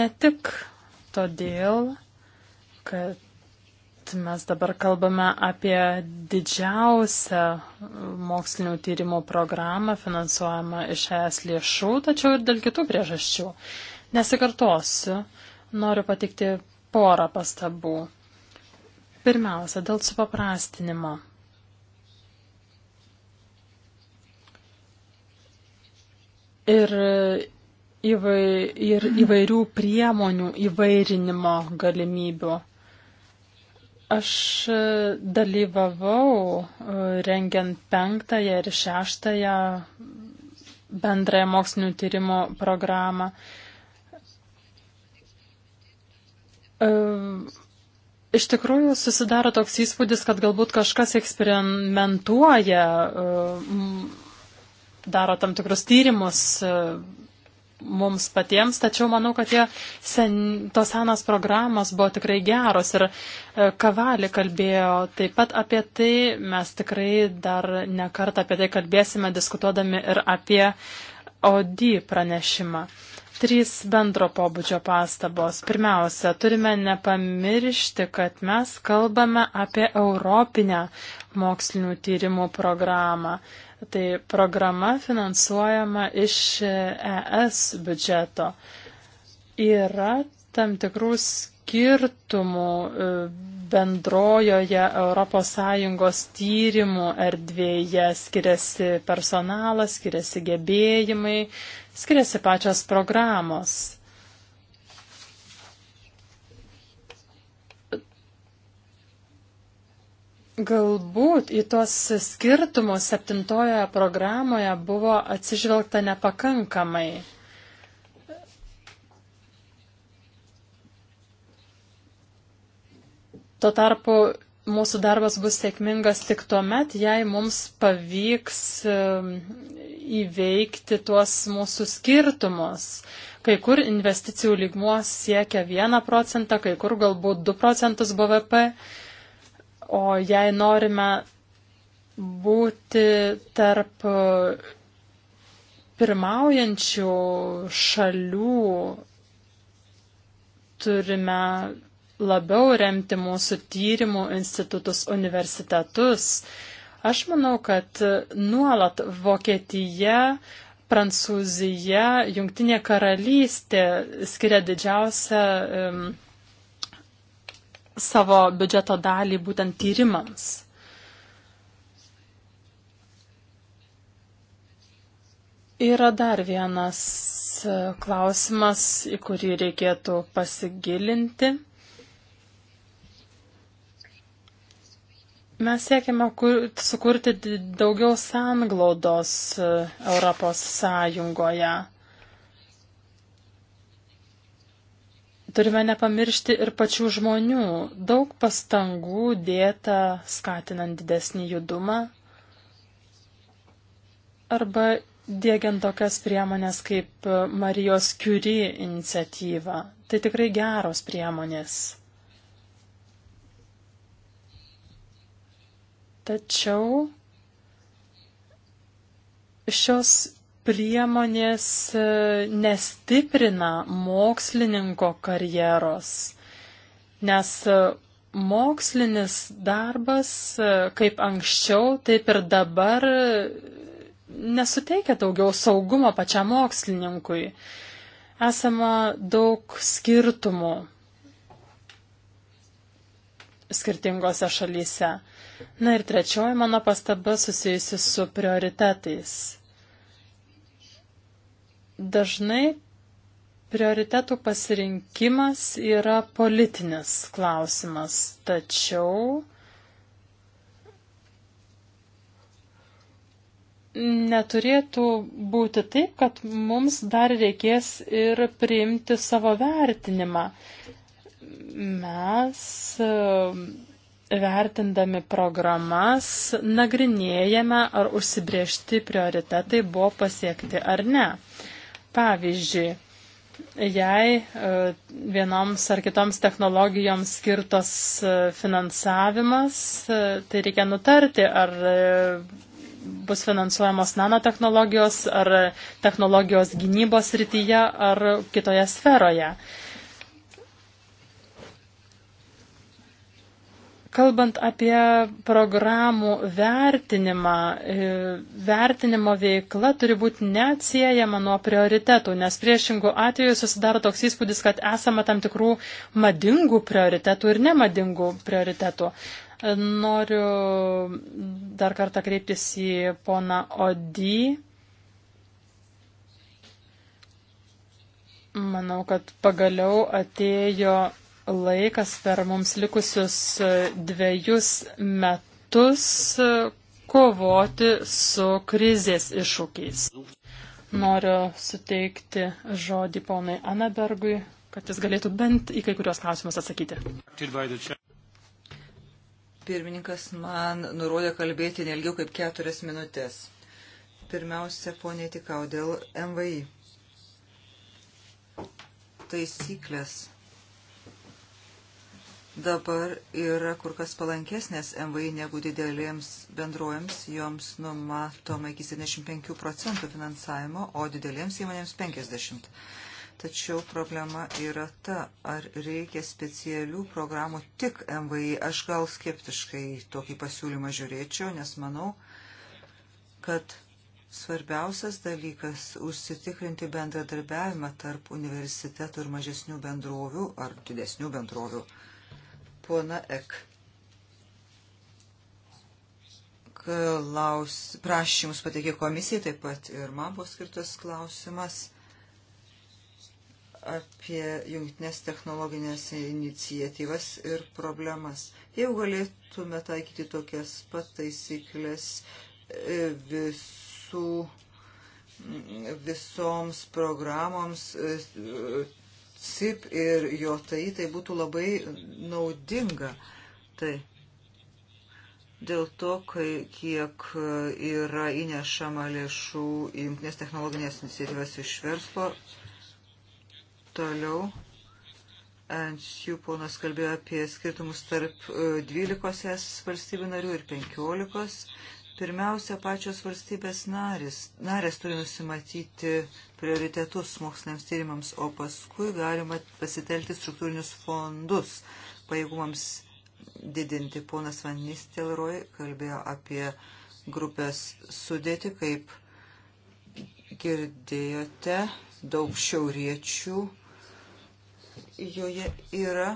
Ne tik todėl, kad mes dabar kalbame apie didžiausią mokslinių tyrimų programą finansuojamą iš ES lėšų, tačiau ir dėl kitų priežasčių. Nesikartosiu, noriu patikti porą pastabų. Pirmiausia, dėl supaprastinimo. ir, įvai, ir įvairių priemonių įvairinimo galimybių. Aš dalyvavau e, rengiant penktąją ir šeštąją bendrąją mokslinių tyrimų programą. E, iš tikrųjų susidaro toks įspūdis, kad galbūt kažkas eksperimentuoja e, daro tam tikrus tyrimus e, mums patiems, tačiau manau, kad jie sen, tos senas programos buvo tikrai geros ir e, Kavali kalbėjo taip pat apie tai, mes tikrai dar nekart apie tai kalbėsime, diskutuodami ir apie OD pranešimą. Trys bendro pobūdžio pastabos. Pirmiausia, turime nepamiršti, kad mes kalbame apie Europinę mokslinių tyrimų programą. Tai programa finansuojama iš ES biudžeto. Yra tam tikrų skirtumų e, bendrojoje ES tyrimų erdvėje skiriasi personalas, skiriasi gebėjimai, skiriasi pačios programos. Galbūt į tuos skirtumus septintojoje programoje buvo atsižvelgta nepakankamai. Tuo tarpu mūsų darbas bus sėkmingas tik tuo met, jei mums pavyks um, įveikti tuos mūsų skirtumus. Kai kur investicijų lygmuos siekia 1 procentą, kai kur galbūt 2 procentus BVP. O jei norime būti tarp e, pirmaujančių šalių, turime labiau remti mūsų tyrimų institutus, universitetus. Aš manau, kad nuolat Vokietija Prancūzija, Jungtinė karalystė skiria didžiausią savo biudžeto dalį būtent tyrimams. Yra dar vienas e, klausimas, į kurį reikėtų pasigilinti. Mes siekiame kur, sukurti daugiau sanglaudos e, Europos Sąjungoje. Turime nepamiršti ir pačių žmonių. Daug pastangų dėta skatinant didesnį judumą arba dėgiant tokias priemonės kaip Marijos Curie iniciatyva. Tai tikrai geros priemonės. Tačiau šios priemonės e, nestiprina mokslininko karjeros, nes e, mokslinis darbas, e, kaip anksčiau, taip ir dabar nesuteikia daugiau saugumo pačiam mokslininkui. Esama daug skirtumų skirtingose šalyse. Na ir trečioji mano pastaba susijusi su prioritetais. Dažnai prioritetų pasirinkimas yra politinis klausimas, tačiau neturėtų būti taip, kad mums dar reikės ir priimti savo vertinimą. Mes e, vertindami programas nagrinėjame, ar užsibriežti prioritetai buvo pasiekti ar ne. Pavyzdžiui, jei e, vienoms ar kitoms technologijoms skirtas e, finansavimas, e, tai reikia nutarti, ar bus finansuojamos nanotehnologijos, ar technologijos gynybos rytyje, ar kitoje sferoje. Kalbant apie programų vertinimą, e, vertinimo veikla turi būti neatsiejama nuo prioritetų, nes priešingų atveju susidaro toks įspūdis, kad esama tam tikrų madingų prioritetų ir nemadingų prioritetų. E, noriu dar kartą kreiptis į poną Odį. Manau, kad pagaliau atėjo laikas per mums likusius e, dviejus metus e, kovoti su krizės iššūkiais. Noriu suteikti žodį ponai Anabergui, kad jis galėtų bent į kai kurios klausimus atsakyti. Pirmininkas man nurodė kalbėti nelgiau kaip keturias minutės. Pirmiausia, ponė Tikau, dėl MVI. Taisyklės dabar yra kur kas palankesnės MVI negu didelėms bendrojams, joms numatoma iki 75 procentų finansavimo, o didelėms įmonėms 50. Tačiau problema yra ta, ar reikia specialių programų tik MVI. Aš gal skeptiškai tokį pasiūlymą žiūrėčiau, nes manau, kad svarbiausias dalykas - užsitikrinti bendradarbiavimą tarp universitetų ir mažesnių bendrovių ar didesnių bendrovių Pona Ek. Klaus, prašymus pateikė komisijai, taip pat ir man buvo skirtas klausimas apie jungtinės technologinės inicijatyvas ir problemas. Jeigu galėtume taikyti tokias pat taisyklės e, visų, visoms programoms, e, CIP ir jo tai, tai būtų labai naudinga. Tai dėl to, kai, kiek yra įnešama lėšų į jungtinės technologinės iniciatyvas iš verslo. Toliau. Ančių ponas kalbėjo apie skirtumus tarp 12 e, valstybių narių ir 15. Pirmiausia, pačios valstybės narės, narės turi nusimatyti prioritetus moksliniams tyrimams, o paskui galima pasitelti struktūrinius fondus pajėgumams didinti. Ponas Van Nistelroj kalbėjo apie grupės sudėti, kaip girdėjote, daug šiauriečių joje yra,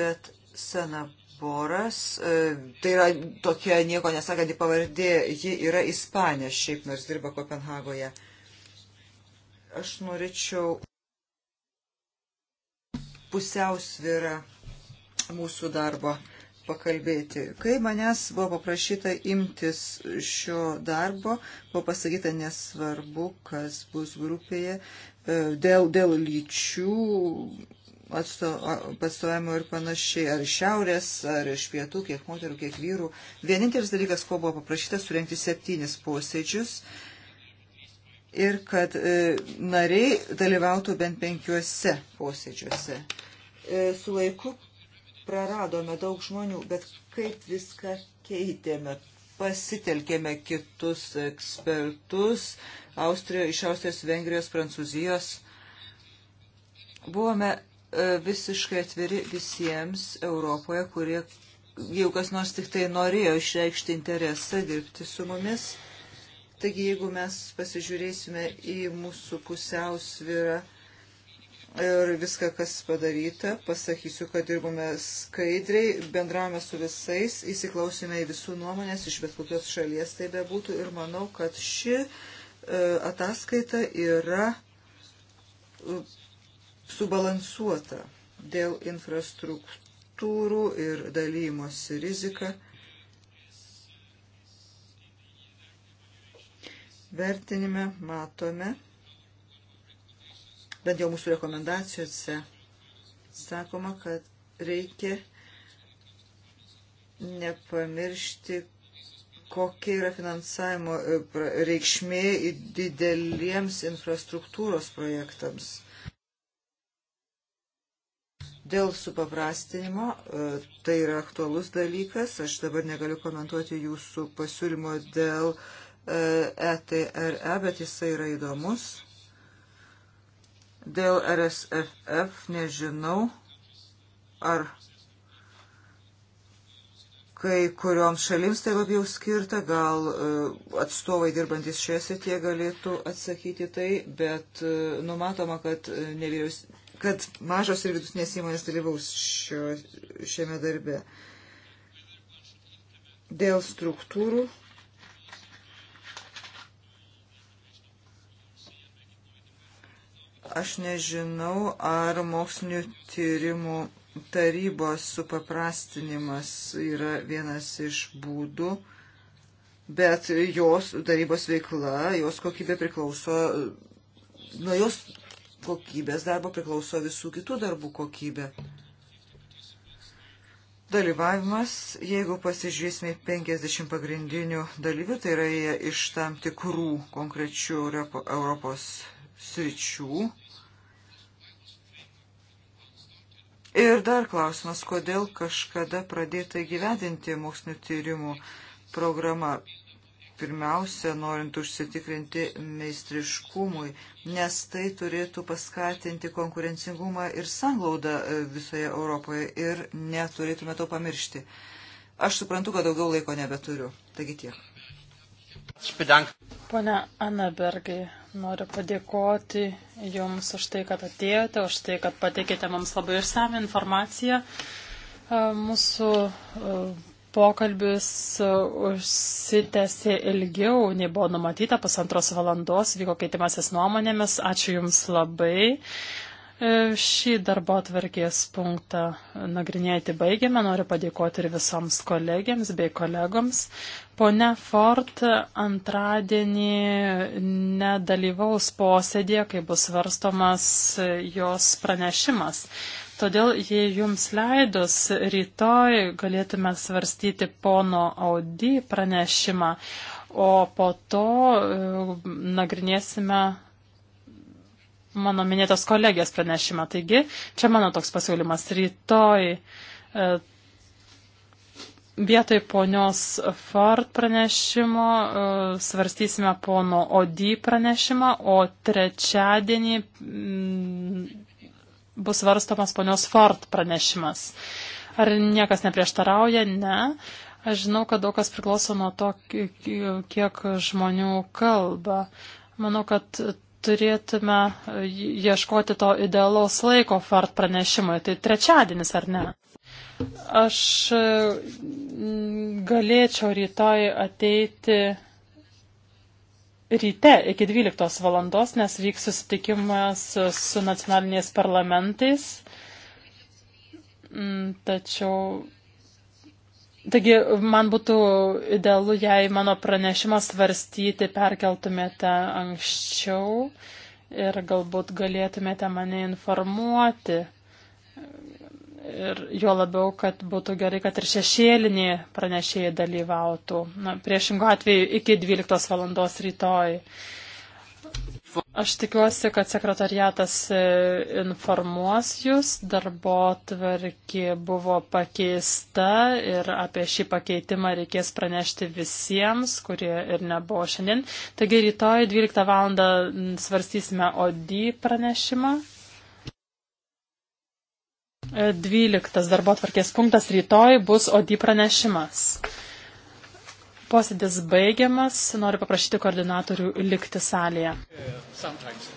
bet sena Boras, e, tai yra tokia nieko nesakanti pavardė, ji yra Ispanė, šiaip nors dirba Kopenhagoje. Aš norėčiau pusiausvyrą mūsų darbo pakalbėti. Kai manęs buvo paprašyta imtis šio darbo, buvo pasakyta nesvarbu, kas bus grupėje, e, dėl, dėl lyčių atstovavimo ir panašiai, ar iš šiaurės, ar iš pietų, kiek moterų, kiek vyrų. Vienintelis dalykas, ko buvo paprašyta, surenkti septynis posėdžius ir kad e, nariai dalyvautų bent penkiuose posėdžiuose. E, su laiku praradome daug žmonių, bet kaip viską keitėme, pasitelkėme kitus ekspertus Austrijos, iš Austrijos, Vengrijos, Prancūzijos. Buvome E, visiškai atviri visiems Europoje, kurie jau kas nors tik tai norėjo išreikšti interesą dirbti su mumis. Taigi, jeigu mes pasižiūrėsime į mūsų pusiausvyrą ir viską, kas padaryta, pasakysiu, kad dirbome skaidriai, bendravome su visais, įsiklausėme į visų nuomonės iš bet kokios šalies tai bebūtų ir manau, kad ši e, ataskaita yra subalansuota dėl infrastruktūrų ir dalymosi rizika. Vertinime matome, bent jau mūsų rekomendacijose, sakoma, kad reikia nepamiršti, kokia yra finansavimo e, reikšmė dideliems infrastruktūros projektams. Dėl supaprastinimo, e, tai yra aktualus dalykas, aš dabar negaliu komentuoti jūsų pasiūlymo dėl ETRE, e e, bet jisai yra įdomus. Dėl RSFF nežinau, ar kai kurioms šalims tai labiau skirta, gal atstovai dirbantis šioje srityje galėtų atsakyti tai, bet numatoma, kad nevyriausybės kad mažos ir vidutinės įmonės dalyvaus šio, šiame darbe. Dėl struktūrų aš nežinau, ar mokslinių tyrimų tarybos supaprastinimas yra vienas iš būdų, bet jos tarybos veikla, jos kokybė priklauso nuo jos kokybės darbo priklauso visų kitų darbų kokybė. Dalyvavimas, jeigu pasižiūrėsime 50 pagrindinių dalyvių, tai yra jie iš tam tikrų konkrečių Europos sričių, Ir dar klausimas, kodėl kažkada pradėta gyvendinti mokslinio tyrimų programą pirmiausia, norint užsitikrinti meistriškumui, nes tai turėtų paskatinti konkurencingumą ir sanglaudą e, visoje Europoje ir neturėtume to pamiršti. Aš suprantu, kad daugiau laiko nebeturiu. Taigi tiek. Pone Anabergai, noriu padėkoti Jums už tai, kad atėjote, už tai, kad pateikėte mums labai išsame informaciją. E, mūsų e, pokalbis e, užsitęsė ilgiau, nei buvo numatyta, pusantros valandos vyko keitimasis nuomonėmis. Ačiū Jums labai. E, šį darbo atvarkės punktą nagrinėti baigėme. Noriu padėkoti ir visoms kolegiams bei kolegoms. Pone Ford antradienį nedalyvaus posėdėje, kai bus svarstomas jos pranešimas. Todėl, jei jums leidus, rytoj galėtume svarstyti pono Audi pranešimą, o po to e, nagrinėsime mano minėtos kolegės pranešimą. Taigi, čia mano toks pasiūlymas. Rytoj e, vietoj ponios Ford pranešimo e, svarstysime pono Odį pranešimą, o trečiadienį bus svarstomas ponios Ford pranešimas. Ar niekas neprieštarauja? Ne. Aš žinau, kad daug kas priklauso nuo to, kiek žmonių kalba. Manau, kad turėtume ieškoti to idealaus laiko Ford pranešimui. Tai trečiadienis, ar ne? Aš mm, galėčiau rytoj ateiti ryte iki 12 valandos, nes vyks susitikimas su nacionaliniais parlamentais. Mm, tačiau. Taigi, man būtų idealu, jei mano pranešimą svarstyti perkeltumėte anksčiau ir galbūt galėtumėte mane informuoti Ir juo labiau, kad būtų gerai, kad ir šešėliniai pranešėjai dalyvautų. Na, priešingų atveju iki 12 valandos rytoj. Aš tikiuosi, kad sekretariatas e, informuos jūs, darbo tvarkė buvo pakeista ir apie šį pakeitimą reikės pranešti visiems, kurie ir nebuvo šiandien. Taigi rytoj 12 val. svarstysime OD pranešimą. 12 darbo tvarkės punktas rytoj bus ODI pranešimas. Posėdis baigiamas. Noriu paprašyti koordinatorių likti salėje. Yeah, sometimes.